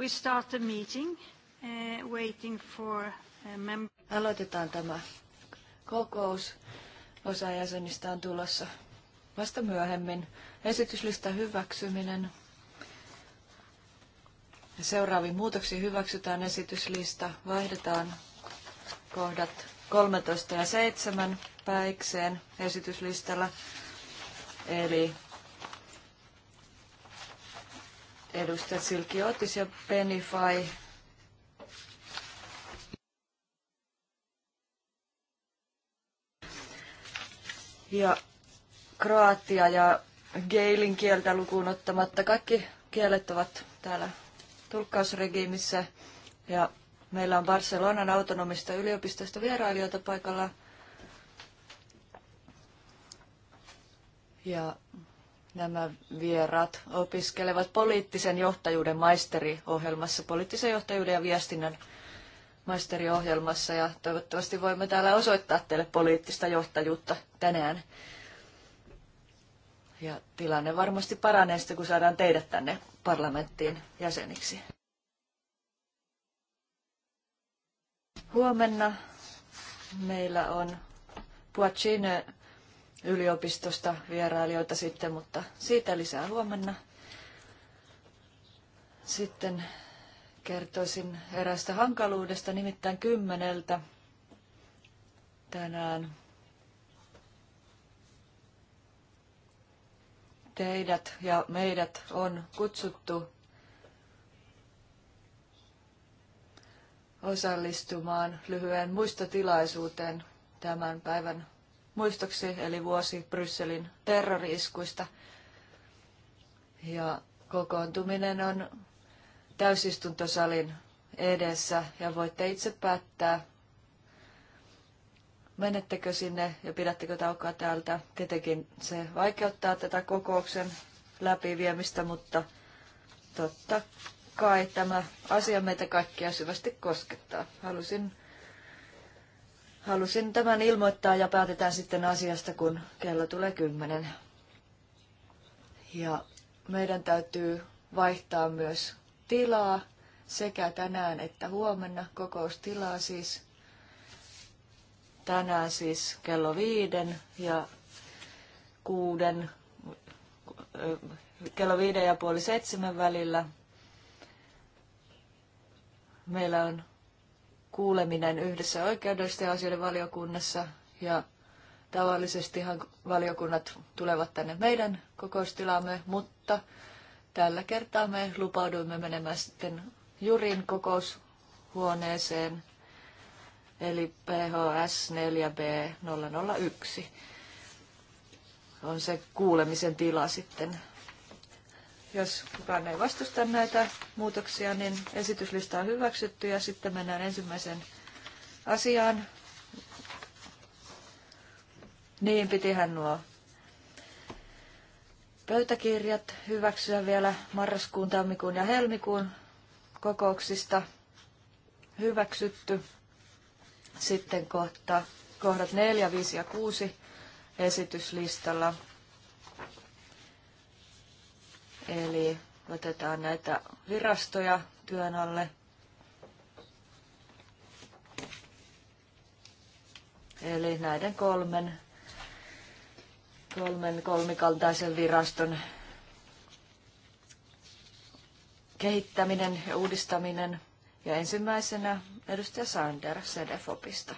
We start the meeting, uh, waiting for a uh, member. Aloitetaan tämä kokous. Osa jäsenistä on tulossa vasta myöhemmin. Esityslistan hyväksyminen. Seuraaviin muutoksiin hyväksytään esityslista. Vaihdetaan kohdat 13 ja 7 päikseen esityslistalla. Eli edustajat Silki Otis ja Benify. Ja kroatia ja geilin kieltä lukuun ottamatta. Kaikki kielet ovat täällä tulkkausregiimissä ja meillä on Barcelonan autonomista yliopistosta vierailijoita paikalla. Ja Nämä vierat opiskelevat poliittisen johtajuuden maisteriohjelmassa, poliittisen johtajuuden ja viestinnän maisteriohjelmassa ja toivottavasti voimme täällä osoittaa teille poliittista johtajuutta tänään. Ja tilanne varmasti paranee sitten, kun saadaan teidät tänne parlamenttiin jäseniksi. Huomenna meillä on Puacine yliopistosta vierailijoita sitten, mutta siitä lisää huomenna. Sitten kertoisin erästä hankaluudesta, nimittäin kymmeneltä tänään teidät ja meidät on kutsuttu osallistumaan lyhyen muistotilaisuuteen tämän päivän muistoksi, eli vuosi Brysselin terroriiskuista. Ja kokoontuminen on täysistuntosalin edessä ja voitte itse päättää, menettekö sinne ja pidättekö taukoa täältä. Tietenkin se vaikeuttaa tätä kokouksen läpiviemistä, mutta totta kai tämä asia meitä kaikkia syvästi koskettaa. Halusin Halusin tämän ilmoittaa ja päätetään sitten asiasta, kun kello tulee kymmenen. Ja meidän täytyy vaihtaa myös tilaa sekä tänään että huomenna. Kokoustilaa siis tänään siis kello viiden ja kuuden, kello viiden ja puoli seitsemän välillä. Meillä on kuuleminen yhdessä oikeudellisten asioiden valiokunnassa ja tavallisestihan valiokunnat tulevat tänne meidän kokoustilaamme, mutta tällä kertaa me lupauduimme menemään sitten Jurin kokoushuoneeseen, eli PHS 4B001 on se kuulemisen tila sitten jos kukaan ei vastusta näitä muutoksia, niin esityslista on hyväksytty ja sitten mennään ensimmäiseen asiaan. Niin pitihän nuo pöytäkirjat hyväksyä vielä marraskuun, tammikuun ja helmikuun kokouksista hyväksytty. Sitten kohta, kohdat 4, 5 ja 6 esityslistalla. Eli otetaan näitä virastoja työn alle. Eli näiden kolmen, kolmen kolmikaltaisen viraston kehittäminen ja uudistaminen. Ja ensimmäisenä edustaja Sander CDFOPista.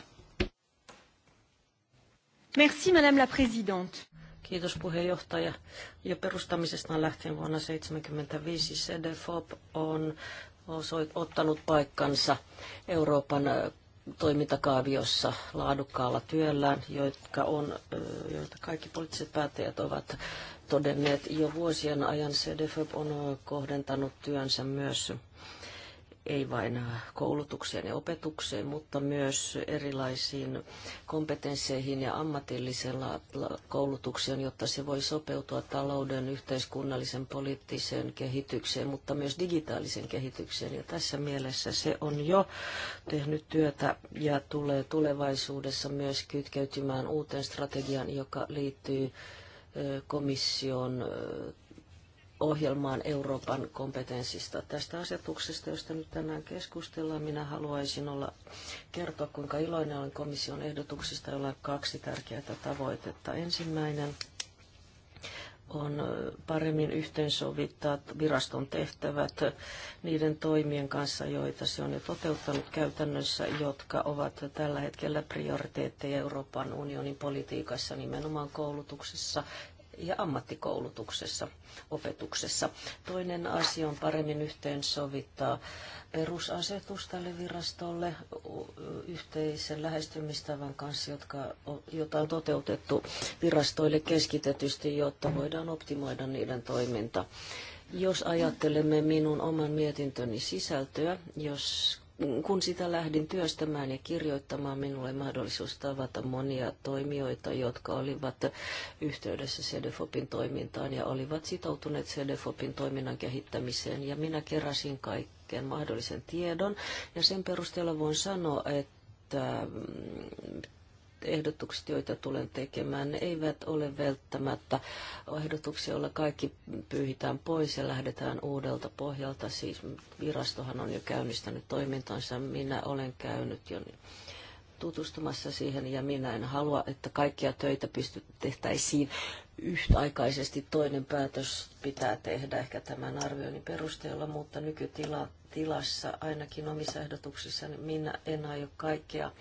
Merci, Madame la Présidente. Kiitos puheenjohtaja. Jo perustamisestaan lähtien vuonna 1975 CDFOP on ottanut paikkansa Euroopan toimintakaaviossa laadukkaalla työllään, jotka on, joita kaikki poliittiset päättäjät ovat todenneet jo vuosien ajan. CDFOP on kohdentanut työnsä myös ei vain koulutukseen ja opetukseen, mutta myös erilaisiin kompetensseihin ja ammatillisella koulutukseen, jotta se voi sopeutua talouden, yhteiskunnallisen, poliittiseen kehitykseen, mutta myös digitaalisen kehitykseen. Ja tässä mielessä se on jo tehnyt työtä ja tulee tulevaisuudessa myös kytkeytymään uuteen strategiaan, joka liittyy komission ohjelmaan Euroopan kompetenssista. Tästä asetuksesta, josta nyt tänään keskustellaan, minä haluaisin olla kertoa, kuinka iloinen olen komission ehdotuksista, jolla on kaksi tärkeää tavoitetta. Ensimmäinen on paremmin yhteensovittaa viraston tehtävät niiden toimien kanssa, joita se on jo toteuttanut käytännössä, jotka ovat tällä hetkellä prioriteetteja Euroopan unionin politiikassa, nimenomaan koulutuksessa ja ammattikoulutuksessa, opetuksessa. Toinen asia on paremmin yhteensovittaa perusasetus tälle virastolle yhteisen lähestymistavan kanssa, jotka, jota on toteutettu virastoille keskitetysti, jotta voidaan optimoida niiden toiminta. Jos ajattelemme minun oman mietintöni sisältöä, jos kun sitä lähdin työstämään ja kirjoittamaan, minulle oli mahdollisuus tavata monia toimijoita, jotka olivat yhteydessä CDFOPin toimintaan ja olivat sitoutuneet CDFOPin toiminnan kehittämiseen. Ja minä keräsin kaiken mahdollisen tiedon ja sen perusteella voin sanoa, että ehdotukset, joita tulen tekemään, ne eivät ole välttämättä ehdotuksia, joilla kaikki pyyhitään pois ja lähdetään uudelta pohjalta. Siis virastohan on jo käynnistänyt toimintansa, minä olen käynyt jo tutustumassa siihen ja minä en halua, että kaikkia töitä pystyt tehtäisiin yhtäaikaisesti. Toinen päätös pitää tehdä ehkä tämän arvioinnin perusteella, mutta nykytilassa ainakin omissa ehdotuksissani minä en aio kaikkea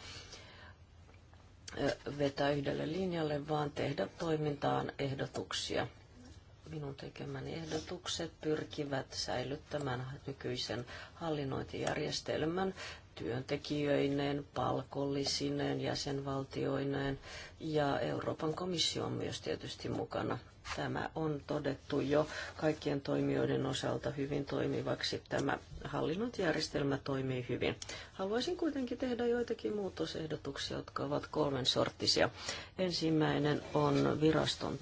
vetää yhdelle linjalle, vaan tehdä toimintaan ehdotuksia. Minun tekemäni ehdotukset pyrkivät säilyttämään nykyisen hallinnointijärjestelmän työntekijöineen, palkollisineen, jäsenvaltioineen ja Euroopan komissio on myös tietysti mukana Tämä on todettu jo kaikkien toimijoiden osalta hyvin toimivaksi. Tämä hallinnointijärjestelmä toimii hyvin. Haluaisin kuitenkin tehdä joitakin muutosehdotuksia, jotka ovat kolmen sorttisia. Ensimmäinen on viraston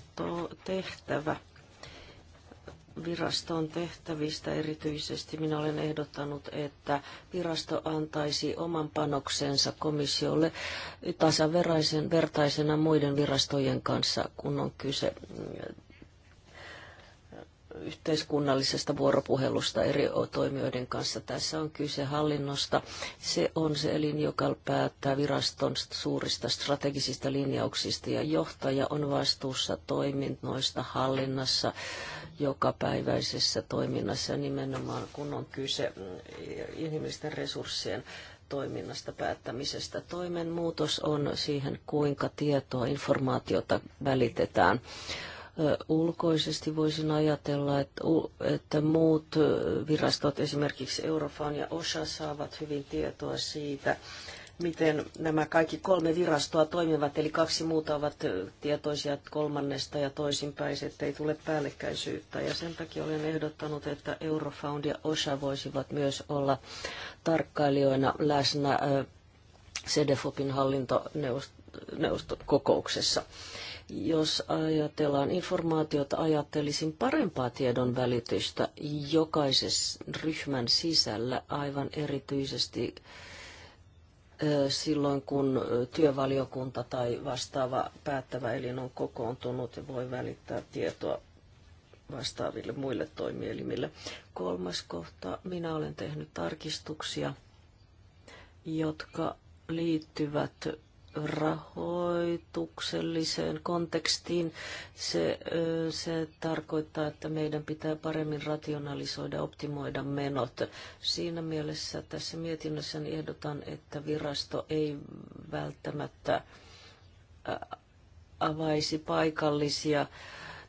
tehtävä viraston tehtävistä erityisesti minä olen ehdottanut, että virasto antaisi oman panoksensa komissiolle tasavertaisen vertaisena muiden virastojen kanssa, kun on kyse mm, yhteiskunnallisesta vuoropuhelusta eri toimijoiden kanssa. Tässä on kyse hallinnosta. Se on se elin, joka päättää viraston suurista strategisista linjauksista ja johtaja on vastuussa toiminnoista hallinnassa jokapäiväisessä toiminnassa nimenomaan, kun on kyse mm, ihmisten resurssien toiminnasta päättämisestä. Toimen muutos on siihen, kuinka tietoa, informaatiota välitetään. Ulkoisesti voisin ajatella, että, että muut virastot, esimerkiksi Eurofan ja OSHA, saavat hyvin tietoa siitä, miten nämä kaikki kolme virastoa toimivat, eli kaksi muuta ovat tietoisia kolmannesta ja toisinpäin, ettei tule päällekkäisyyttä. Ja sen takia olen ehdottanut, että Eurofound ja OSA voisivat myös olla tarkkailijoina läsnä CDFOPin hallintoneuvostokokouksessa. Jos ajatellaan informaatiota, ajattelisin parempaa tiedon välitystä jokaisen ryhmän sisällä aivan erityisesti silloin, kun työvaliokunta tai vastaava päättävä elin on kokoontunut ja voi välittää tietoa vastaaville muille toimielimille. Kolmas kohta, minä olen tehnyt tarkistuksia, jotka liittyvät rahoitukselliseen kontekstiin. Se, se tarkoittaa, että meidän pitää paremmin rationalisoida, optimoida menot. Siinä mielessä tässä mietinnössä ehdotan, että virasto ei välttämättä avaisi paikallisia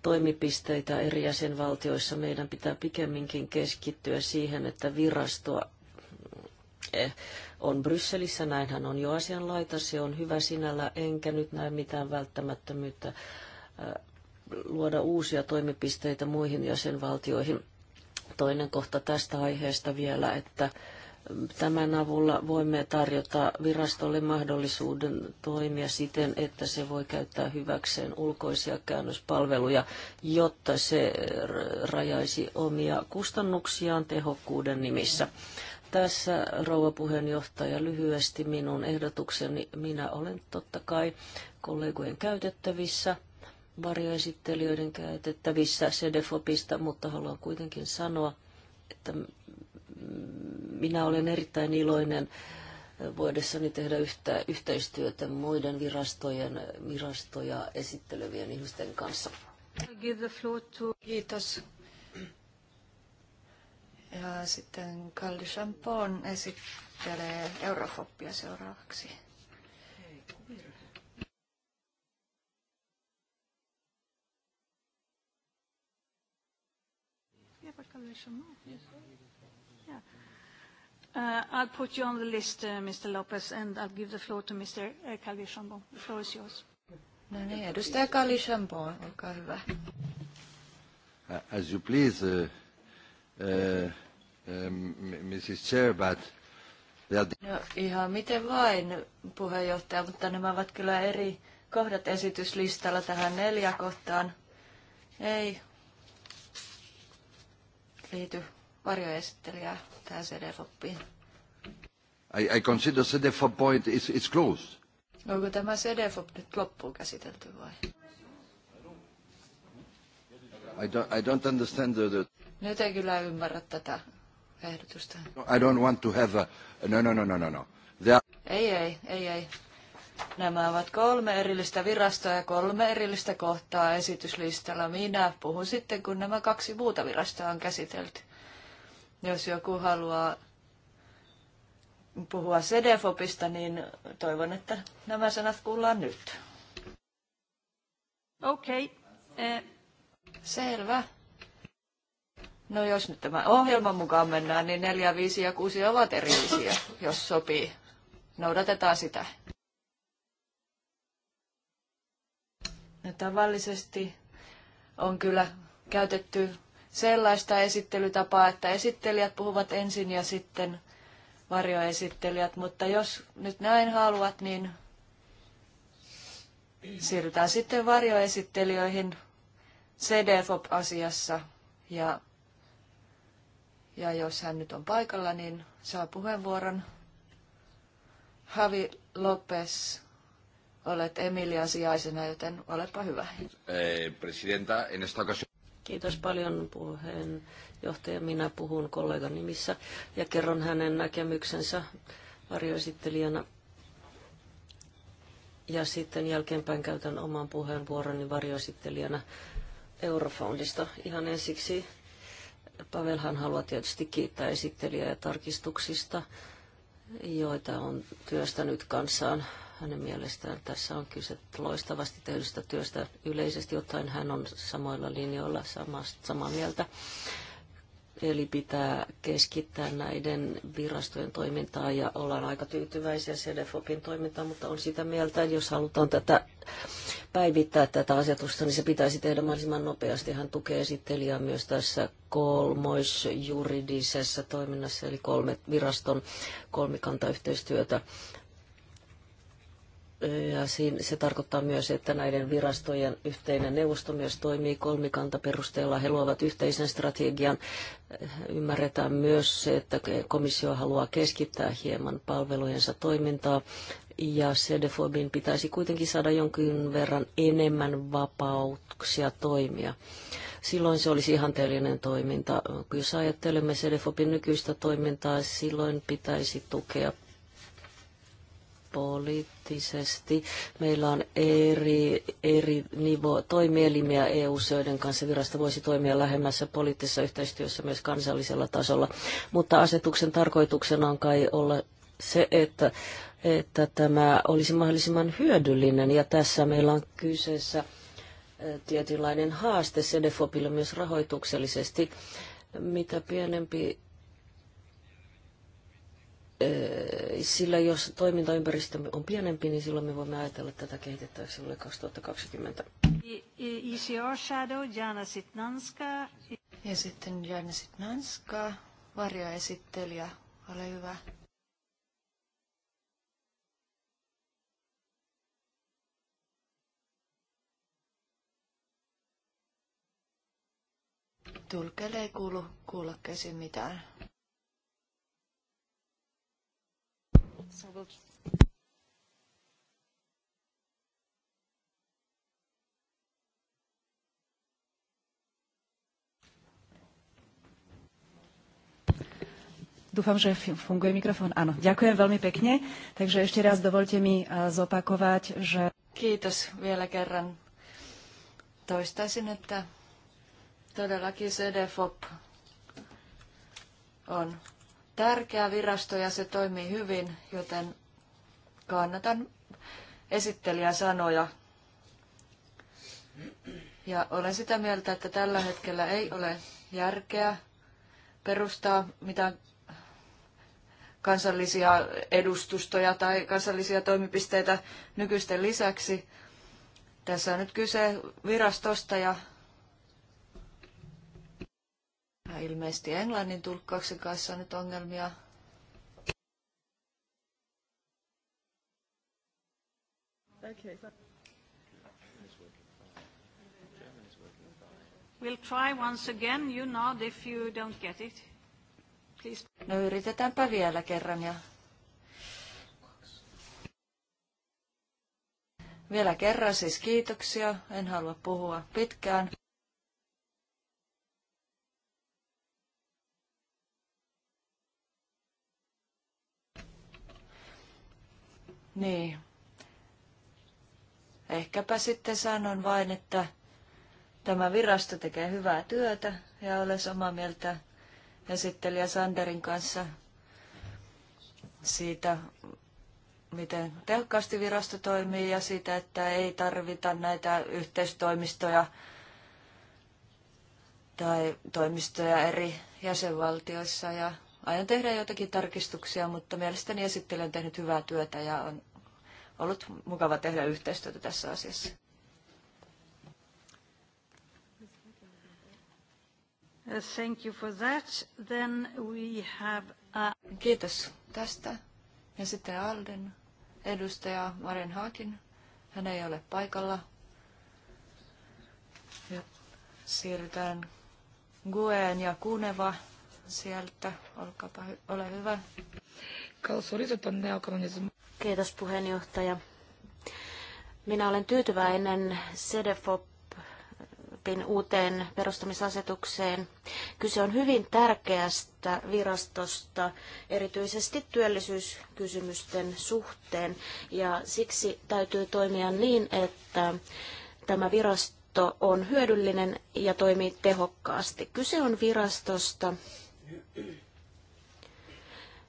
toimipisteitä eri jäsenvaltioissa. Meidän pitää pikemminkin keskittyä siihen, että virastoa on Brysselissä, näinhän on jo asianlaita, se on hyvä sinällä, enkä nyt näe mitään välttämättömyyttä äh, luoda uusia toimipisteitä muihin jäsenvaltioihin. Toinen kohta tästä aiheesta vielä, että ähm, Tämän avulla voimme tarjota virastolle mahdollisuuden toimia siten, että se voi käyttää hyväkseen ulkoisia käännöspalveluja, jotta se rajaisi omia kustannuksiaan tehokkuuden nimissä. Mm tässä rouva puheenjohtaja lyhyesti minun ehdotukseni. Minä olen totta kai kollegojen käytettävissä, varjoesittelijöiden käytettävissä Sedefopista, mutta haluan kuitenkin sanoa, että minä olen erittäin iloinen voidessani tehdä yhtä, yhteistyötä muiden virastojen, virastoja esittelevien ihmisten kanssa. Kiitos. Ja sitten Kalli Champon esittelee Eurofoppia seuraavaksi. Uh, I'll put you on the list, uh, Mr. Lopez, and I'll give the floor to Mr. Kalli uh, chambon The floor is yours. No niin, edustaja Calvi-Chambon, olkaa hyvä. Uh, as you please, uh... Eh, eh, Mrs. Chair, but No ihan miten vain, puheenjohtaja, mutta nämä ovat kyllä eri kohdat esityslistalla tähän neljä kohtaan. Ei liity varjoesittelijää tähän CDFOPiin. I, I consider cd point is, is closed. Onko tämä CDFOP nyt loppuun käsitelty vai? I don't, I don't understand the, the... Nyt ei kyllä ymmärrä tätä ehdotusta. No, I don't want to have a... No, no, no, no, no, no. Are... Ei, ei, ei, ei. Nämä ovat kolme erillistä virastoa ja kolme erillistä kohtaa esityslistalla. Minä puhun sitten, kun nämä kaksi muuta virastoa on käsitelty. Jos joku haluaa puhua Sedefopista, niin toivon, että nämä sanat kuullaan nyt. Okei. Okay. Eh. Selvä. No jos nyt tämä ohjelman mukaan mennään, niin neljä, viisi ja kuusi ovat erillisiä, jos sopii. Noudatetaan sitä. No, tavallisesti on kyllä käytetty sellaista esittelytapaa, että esittelijät puhuvat ensin ja sitten varjoesittelijät, mutta jos nyt näin haluat, niin siirrytään sitten varjoesittelijöihin CDFOP-asiassa ja ja jos hän nyt on paikalla, niin saa puheenvuoron. Javi Lopes, olet Emilian sijaisena, joten olepa hyvä. Eh, presidenta, en Kiitos paljon puheenjohtaja. Minä puhun kollegan nimissä ja kerron hänen näkemyksensä varjoesittelijänä. Ja sitten jälkeenpäin käytän oman puheenvuoroni varjoesittelijänä Eurofoundista. Ihan ensiksi Pavelhan haluaa tietysti kiittää esittelijää ja tarkistuksista, joita on työstänyt kanssaan. Hänen mielestään tässä on kyse loistavasti tehdystä työstä yleisesti ottaen. Hän on samoilla linjoilla samaa, samaa mieltä Eli pitää keskittää näiden virastojen toimintaa ja ollaan aika tyytyväisiä CDFOPin toimintaan, mutta on sitä mieltä, että jos halutaan tätä päivittää tätä asetusta, niin se pitäisi tehdä mahdollisimman nopeasti. Hän tukee esittelijää myös tässä kolmoisjuridisessa toiminnassa, eli kolme viraston kolmikantayhteistyötä. Ja siinä, se tarkoittaa myös, että näiden virastojen yhteinen neuvosto myös toimii kolmikantaperusteella. He luovat yhteisen strategian. Ymmärretään myös se, että komissio haluaa keskittää hieman palvelujensa toimintaa. Ja CDFOBin pitäisi kuitenkin saada jonkin verran enemmän vapauksia toimia silloin se olisi ihanteellinen toiminta. Jos ajattelemme CDFOBin nykyistä toimintaa, silloin pitäisi tukea poliittisesti. Meillä on eri, eri nivo, toimielimiä EU-söiden kanssa. Virasto voisi toimia lähemmässä poliittisessa yhteistyössä myös kansallisella tasolla. Mutta asetuksen tarkoituksena on kai olla se, että, että tämä olisi mahdollisimman hyödyllinen. Ja tässä meillä on kyseessä tietynlainen haaste Sedefopille myös rahoituksellisesti. Mitä pienempi sillä jos toimintaympäristö on pienempi, niin silloin me voimme ajatella tätä kehitettäväksi vuodelle 2020. ECR Shadow, Jana Sitnanska. Ja sitten Jana Sitnanska, varjoesittelijä, ole hyvä. Tulkelle ei kuulu kuulokkeisiin mitään. So we'll Dúfam, že funguje mikrofón. Áno, ďakujem veľmi pekne. Takže ešte raz dovolte mi eh, zopakovať, že... Kiitos vielä kerran. Toistaisin, että todellakin CDFOP on tärkeä virasto ja se toimii hyvin, joten kannatan esittelijän sanoja. Ja olen sitä mieltä, että tällä hetkellä ei ole järkeä perustaa mitään kansallisia edustustoja tai kansallisia toimipisteitä nykyisten lisäksi. Tässä on nyt kyse virastosta ja ilmeisesti englannin tulkkauksen kanssa on nyt ongelmia. Okay, We'll try once again. You nod if you don't get it. Please. No yritetäänpä vielä kerran ja Vielä kerran siis kiitoksia. En halua puhua pitkään. Niin. Ehkäpä sitten sanon vain, että tämä virasto tekee hyvää työtä ja olen samaa mieltä esittelijä Sanderin kanssa siitä, miten tehokkaasti virasto toimii ja siitä, että ei tarvita näitä yhteistoimistoja tai toimistoja eri jäsenvaltioissa. Ja aion tehdä jotakin tarkistuksia, mutta mielestäni esittelijä on tehnyt hyvää työtä ja on ollut mukava tehdä yhteistyötä tässä asiassa. Uh, thank you for that. Then we have a... Uh, Kiitos tästä. Ja sitten Alden edustaja Maren Haakin. Hän ei ole paikalla. Ja siirrytään Guen ja Kuneva sieltä. Olkaapa hy- ole hyvä. Kalsoriset tota, on ne, Kiitos puheenjohtaja. Minä olen tyytyväinen SEDEFOPin uuteen perustamisasetukseen. Kyse on hyvin tärkeästä virastosta, erityisesti työllisyyskysymysten suhteen, ja siksi täytyy toimia niin, että tämä virasto on hyödyllinen ja toimii tehokkaasti. Kyse on virastosta,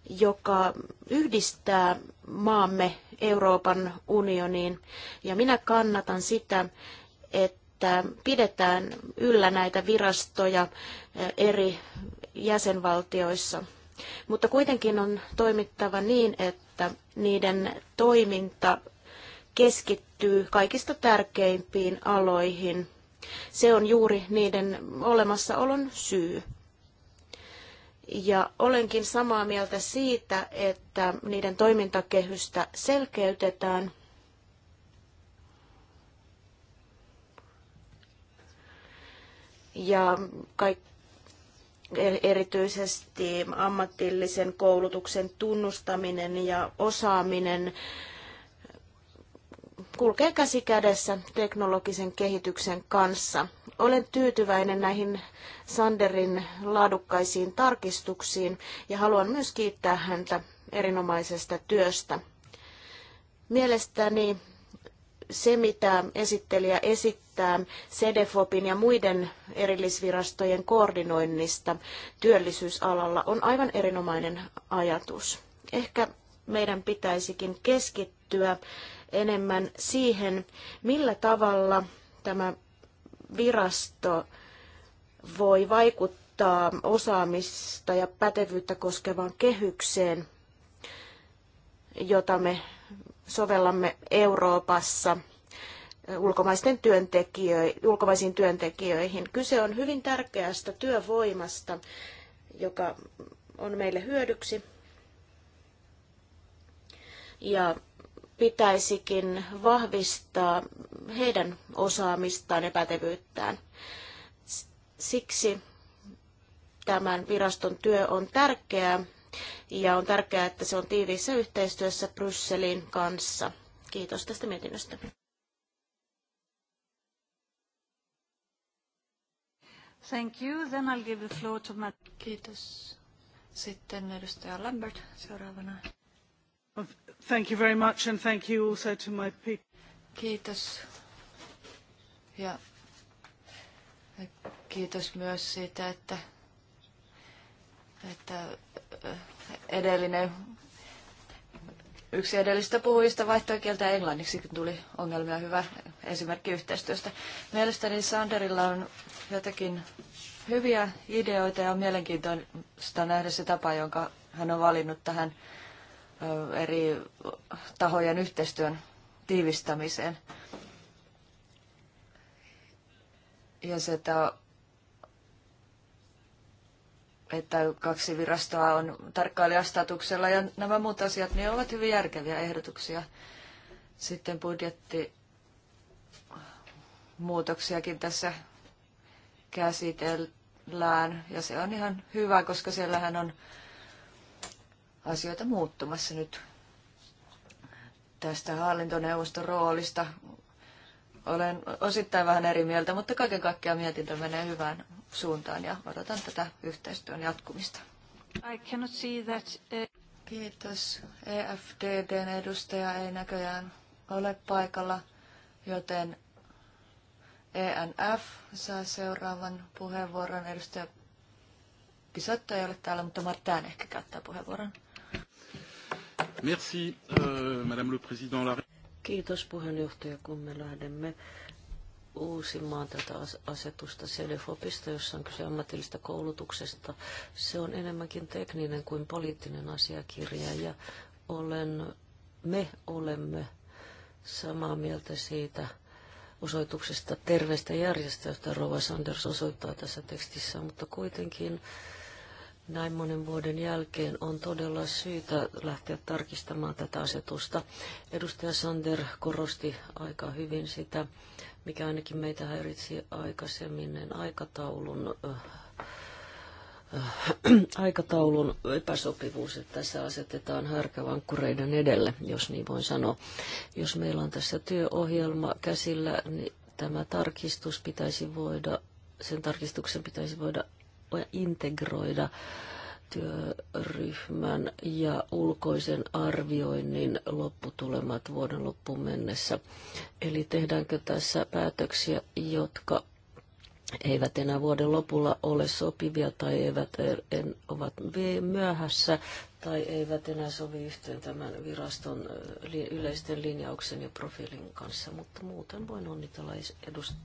joka yhdistää maamme Euroopan unioniin. Ja minä kannatan sitä, että pidetään yllä näitä virastoja eh, eri jäsenvaltioissa. Mutta kuitenkin on toimittava niin, että niiden toiminta keskittyy kaikista tärkeimpiin aloihin. Se on juuri niiden olemassaolon syy. Ja olenkin samaa mieltä siitä, että niiden toimintakehystä selkeytetään. Ja kaik erityisesti ammatillisen koulutuksen tunnustaminen ja osaaminen kulkee käsi kädessä teknologisen kehityksen kanssa. Olen tyytyväinen näihin Sanderin laadukkaisiin tarkistuksiin ja haluan myös kiittää häntä erinomaisesta työstä. Mielestäni se, mitä esittelijä esittää CDFOPin ja muiden erillisvirastojen koordinoinnista työllisyysalalla, on aivan erinomainen ajatus. Ehkä meidän pitäisikin keskittyä enemmän siihen, millä tavalla tämä virasto voi vaikuttaa osaamista ja pätevyyttä koskevaan kehykseen, jota me sovellamme Euroopassa ulkomaisten työntekijöihin, ulkomaisiin työntekijöihin. Kyse on hyvin tärkeästä työvoimasta, joka on meille hyödyksi. Ja pitäisikin vahvistaa heidän osaamistaan ja pätevyyttään. Siksi tämän viraston työ on tärkeää ja on tärkeää, että se on tiiviissä yhteistyössä Brysselin kanssa. Kiitos tästä mietinnöstä. Thank you. Then I'll give the floor to Matt. Kiitos. Sitten edustaja Lambert seuraavana. Thank you very much and thank you also to my people. Kiitos. Ja kiitos myös siitä, että, että äh, edellinen, yksi edellisistä puhujista vaihtoi kieltä englanniksi, kun tuli ongelmia. Hyvä esimerkki yhteistyöstä. Mielestäni Sanderilla on jotakin hyviä ideoita ja on mielenkiintoista nähdä se tapa, jonka hän on valinnut tähän eri tahojen yhteistyön tiivistämiseen. Ja että, että kaksi virastoa on tarkkailijastatuksella ja nämä muut asiat, niin ovat hyvin järkeviä ehdotuksia. Sitten budjetti muutoksiakin tässä käsitellään ja se on ihan hyvä, koska siellähän on asioita muuttumassa nyt. Tästä hallintoneuvoston roolista olen osittain vähän eri mieltä, mutta kaiken kaikkiaan mietintö menee hyvään suuntaan ja odotan tätä yhteistyön jatkumista. I cannot see that, uh... Kiitos. EFDDn edustaja ei näköjään ole paikalla, joten ENF saa seuraavan puheenvuoron. Edustaja Pisotto ei ole täällä, mutta Martään ehkä käyttää puheenvuoron. Merci, euh, Madame le Président. Kiitos puheenjohtaja, kun me lähdemme uusimaan tätä asetusta CDFOPista, jossa on kyse ammatillisesta koulutuksesta. Se on enemmänkin tekninen kuin poliittinen asiakirja ja olen, me olemme samaa mieltä siitä osoituksesta terveistä järjestöstä, Rova Sanders osoittaa tässä tekstissä, mutta kuitenkin näin monen vuoden jälkeen on todella syytä lähteä tarkistamaan tätä asetusta. Edustaja Sander korosti aika hyvin sitä, mikä ainakin meitä häiritsi aikaisemmin aikataulun äh, äh, aikataulun epäsopivuus, että tässä asetetaan härkävankkureiden edelle, jos niin voin sanoa. Jos meillä on tässä työohjelma käsillä, niin tämä tarkistus pitäisi voida, sen tarkistuksen pitäisi voida integroida työryhmän ja ulkoisen arvioinnin lopputulemat vuoden loppuun mennessä. Eli tehdäänkö tässä päätöksiä, jotka eivät enää vuoden lopulla ole sopivia tai eivät e- en, ovat myöhässä tai eivät enää sovi yhteen tämän viraston yleisten linjauksen ja profiilin kanssa, mutta muuten voin onnitella edustaja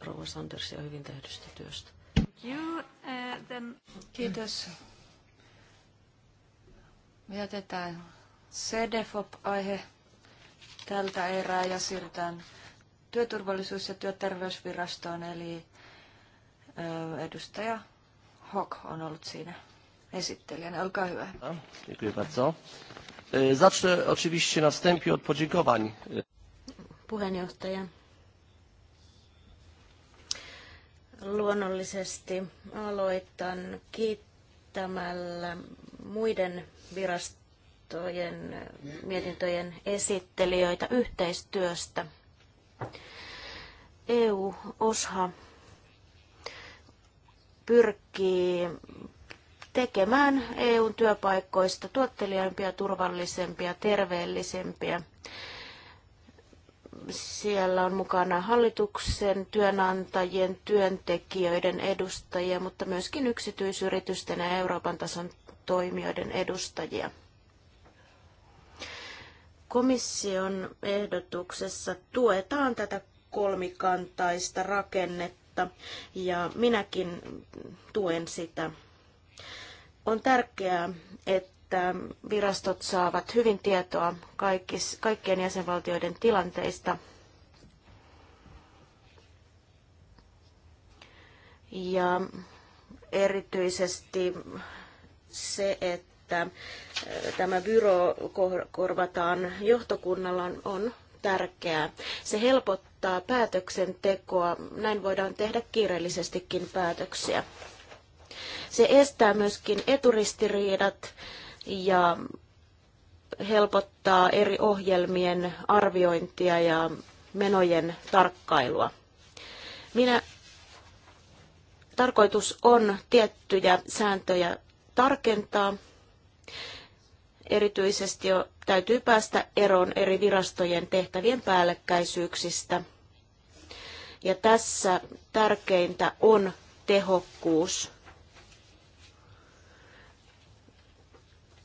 Rova Sandersia hyvin tehdystä työstä. Uh, Kiitos. Me Jätetään CDFOP-aihe tältä erää ja siirrytään työturvallisuus- ja työterveysvirastoon, eli edustaja Hock on ollut siinä esittelijänä. Olkaa hyvä. E, zacznę oczywiście na wstępie od podziękowań. Puheenjohtaja, Luonnollisesti aloitan kiittämällä muiden virastojen mietintöjen esittelijöitä yhteistyöstä. EU-osha pyrkii tekemään EUn työpaikoista tuottelijampia, turvallisempia, terveellisempiä. Siellä on mukana hallituksen, työnantajien, työntekijöiden edustajia, mutta myöskin yksityisyritysten ja Euroopan tason toimijoiden edustajia. Komission ehdotuksessa tuetaan tätä kolmikantaista rakennetta ja minäkin tuen sitä. On tärkeää, että että virastot saavat hyvin tietoa kaikis, kaikkien jäsenvaltioiden tilanteista. Ja erityisesti se, että äh, tämä byro korvataan johtokunnalla on tärkeää. Se helpottaa päätöksentekoa. Näin voidaan tehdä kiireellisestikin päätöksiä. Se estää myöskin eturistiriidat ja helpottaa eri ohjelmien arviointia ja menojen tarkkailua. Minä tarkoitus on tiettyjä sääntöjä tarkentaa. Erityisesti jo täytyy päästä eroon eri virastojen tehtävien päällekkäisyyksistä. Ja tässä tärkeintä on tehokkuus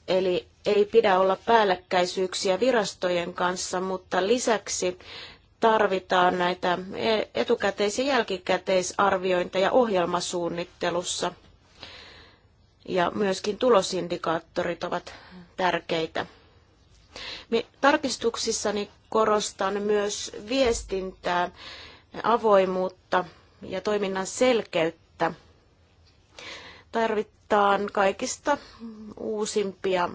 Eli ei pidä olla päällekkäisyyksiä virastojen kanssa, mutta lisäksi tarvitaan näitä etukäteis- ja jälkikäteisarviointeja ohjelmasuunnittelussa. Ja myöskin tulosindikaattorit ovat tärkeitä. Tarkistuksissani korostan myös viestintää, avoimuutta ja toiminnan selkeyttä. Tarvit, mittaan kaikista uusimpia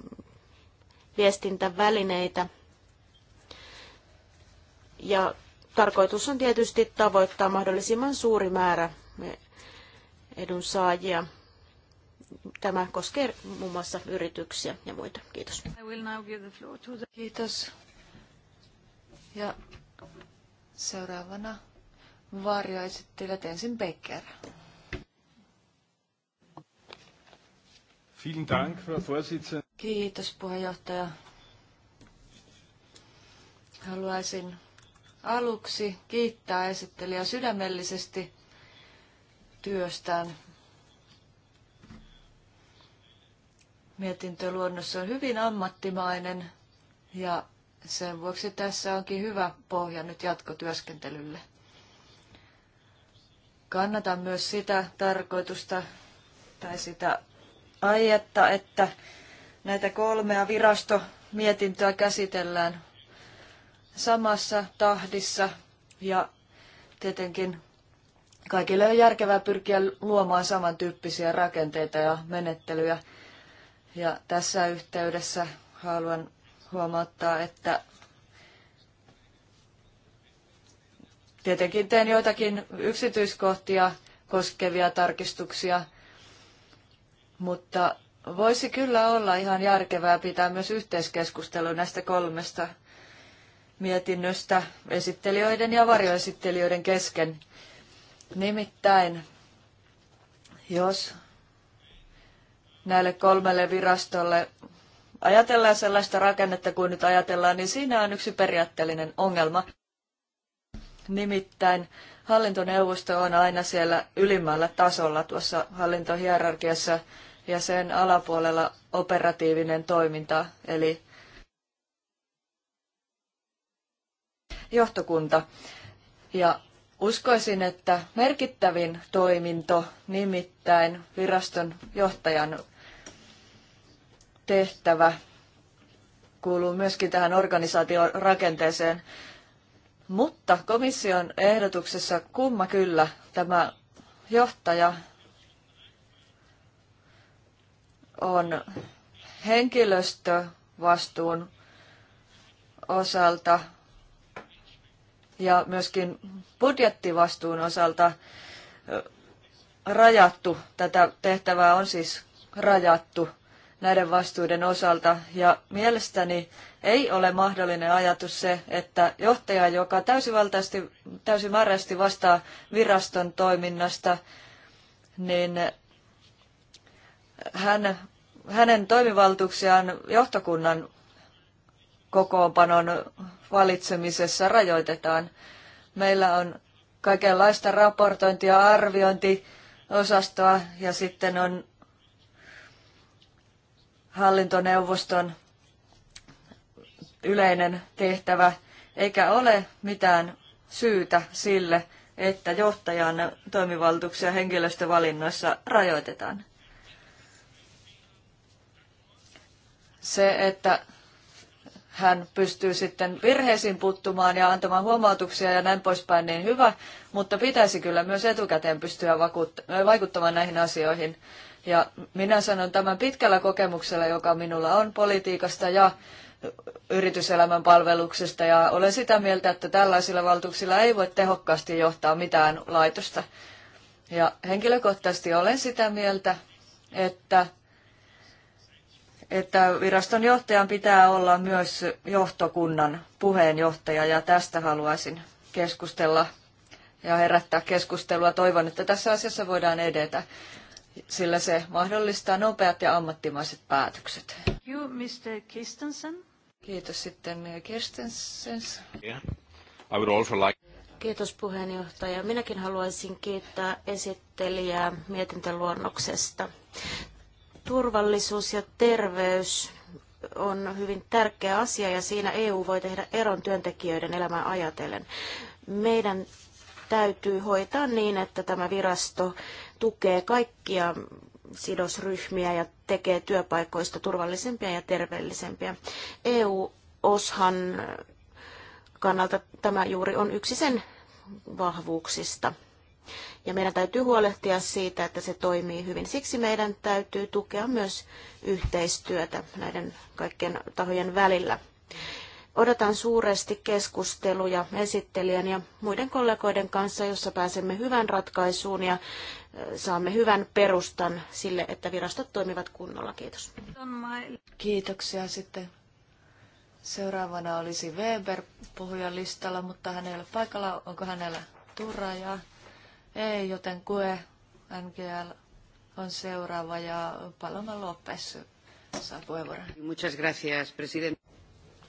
viestintävälineitä. Ja tarkoitus on tietysti tavoittaa mahdollisimman suuri määrä edunsaajia. Tämä koskee muun mm. muassa yrityksiä ja muita. Kiitos. Kiitos. Ja seuraavana varjoesittelijät ensin Becker. Vielen Dank, Frau Vorsitzende. Kiitos puheenjohtaja. Haluaisin aluksi kiittää esittelijä sydämellisesti työstään. Mietintöluonnos on hyvin ammattimainen ja sen vuoksi tässä onkin hyvä pohja nyt jatkotyöskentelylle. Kannatan myös sitä tarkoitusta tai sitä aietta, että näitä kolmea virastomietintöä käsitellään samassa tahdissa ja tietenkin kaikille on järkevää pyrkiä luomaan samantyyppisiä rakenteita ja menettelyjä. Ja tässä yhteydessä haluan huomauttaa, että tietenkin teen joitakin yksityiskohtia koskevia tarkistuksia – mutta voisi kyllä olla ihan järkevää pitää myös yhteiskeskustelu näistä kolmesta mietinnöstä esittelijöiden ja varjoesittelijöiden kesken. Nimittäin, jos näille kolmelle virastolle ajatellaan sellaista rakennetta kuin nyt ajatellaan, niin siinä on yksi periaatteellinen ongelma. Nimittäin hallintoneuvosto on aina siellä ylimmällä tasolla tuossa hallintohierarkiassa ja sen alapuolella operatiivinen toiminta, eli johtokunta. Ja uskoisin, että merkittävin toiminto, nimittäin viraston johtajan tehtävä, kuuluu myöskin tähän organisaation rakenteeseen, Mutta komission ehdotuksessa kumma kyllä tämä johtaja on henkilöstövastuun osalta ja myöskin budjettivastuun osalta rajattu. Tätä tehtävää on siis rajattu näiden vastuuden osalta. Ja mielestäni ei ole mahdollinen ajatus se, että johtaja, joka täysivaltaisesti, täysimääräisesti vastaa viraston toiminnasta, niin hän hänen toimivaltuuksiaan johtokunnan kokoonpanon valitsemisessa rajoitetaan. Meillä on kaikenlaista raportointia, arviointiosastoa ja sitten on hallintoneuvoston yleinen tehtävä, eikä ole mitään syytä sille, että johtajan toimivaltuuksia henkilöstövalinnoissa rajoitetaan. Se, että hän pystyy sitten virheisiin puuttumaan ja antamaan huomautuksia ja näin poispäin, niin hyvä, mutta pitäisi kyllä myös etukäteen pystyä vaikuttamaan näihin asioihin. Ja minä sanon tämän pitkällä kokemuksella, joka minulla on politiikasta ja yrityselämän palveluksesta, ja olen sitä mieltä, että tällaisilla valtuuksilla ei voi tehokkaasti johtaa mitään laitosta. Ja henkilökohtaisesti olen sitä mieltä, että että viraston johtajan pitää olla myös johtokunnan puheenjohtaja ja tästä haluaisin keskustella ja herättää keskustelua. Toivon, että tässä asiassa voidaan edetä, sillä se mahdollistaa nopeat ja ammattimaiset päätökset. You, Mr. Kirstensen. Kiitos sitten Kirstensen. Eh, yeah. I would also like... Kiitos puheenjohtaja. Minäkin haluaisin kiittää esittelijää mietintöluonnoksesta. Turvallisuus ja terveys on hyvin tärkeä asia ja siinä EU voi tehdä eron työntekijöiden elämää ajatellen. Meidän täytyy hoitaa niin, että tämä virasto tukee kaikkia sidosryhmiä ja tekee työpaikoista turvallisempia ja terveellisempiä. EU-oshan kannalta tämä juuri on yksi sen vahvuuksista. Ja meidän täytyy huolehtia siitä, että se toimii hyvin. Siksi meidän täytyy tukea myös yhteistyötä näiden kaikkien tahojen välillä. Odotan suuresti keskusteluja esittelijän ja muiden kollegoiden kanssa, jossa pääsemme hyvän ratkaisuun ja saamme hyvän perustan sille, että virastot toimivat kunnolla. Kiitos. Kiitoksia sitten. Seuraavana olisi Weber puhujan listalla, mutta hänellä paikalla. Onko hänellä turrajaa? Ei, joten QE NGL on seuraava ja Paloma Lopes saa puheenvuoron. Muchas gracias, president.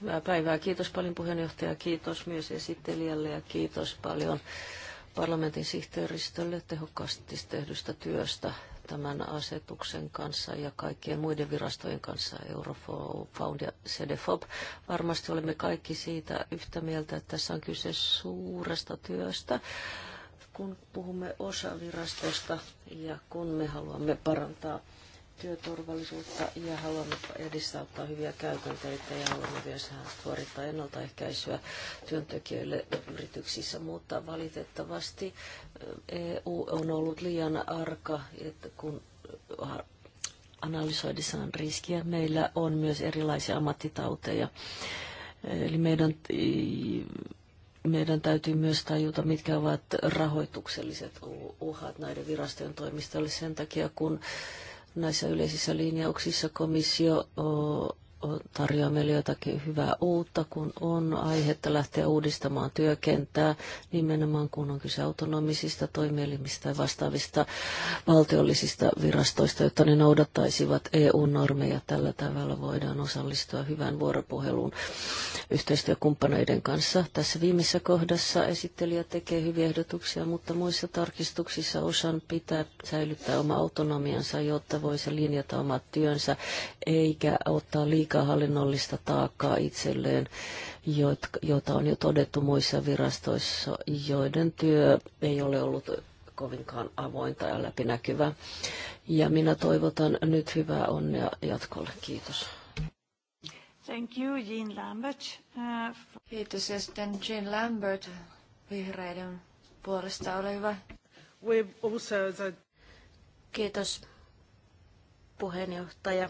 Hyvää päivää. Kiitos paljon puheenjohtaja. Kiitos myös esittelijälle ja kiitos paljon parlamentin sihteeristölle tehokkaasti tehdystä työstä tämän asetuksen kanssa ja kaikkien muiden virastojen kanssa, Eurofound ja CDFOB. Varmasti olemme kaikki siitä yhtä mieltä, että tässä on kyse suuresta työstä kun puhumme osavirastosta ja kun me haluamme parantaa työturvallisuutta ja haluamme edistää hyviä käytänteitä ja haluamme myös suorittaa ennaltaehkäisyä työntekijöille yrityksissä, mutta valitettavasti EU on ollut liian arka, että kun analysoidessaan riskiä meillä on myös erilaisia ammattitauteja. Eli meidän meidän täytyy myös tajuta, mitkä ovat rahoitukselliset uhat näiden virastojen toimistolle sen takia, kun näissä yleisissä linjauksissa komissio tarjoaa meille jotakin hyvää uutta, kun on aihetta lähteä uudistamaan työkenttää, nimenomaan kun on kyse autonomisista toimielimistä ja vastaavista valtiollisista virastoista, jotta ne noudattaisivat EU-normeja. Tällä tavalla voidaan osallistua hyvään vuoropuheluun yhteistyökumppaneiden kanssa. Tässä viimeisessä kohdassa esittelijä tekee hyviä ehdotuksia, mutta muissa tarkistuksissa osan pitää säilyttää oma autonomiansa, jotta voisi linjata omat työnsä, eikä ottaa liikaa pitkää hallinnollista taakkaa itselleen, jota on jo todettu muissa virastoissa, joiden työ ei ole ollut kovinkaan avointa ja läpinäkyvää. Ja minä toivotan nyt hyvää onnea jatkolle. Kiitos. Thank you, Jean Lambert. Uh, Kiitos ja sitten Jean Lambert vihreiden puolesta. Ole hyvä. also the... Kiitos puheenjohtaja.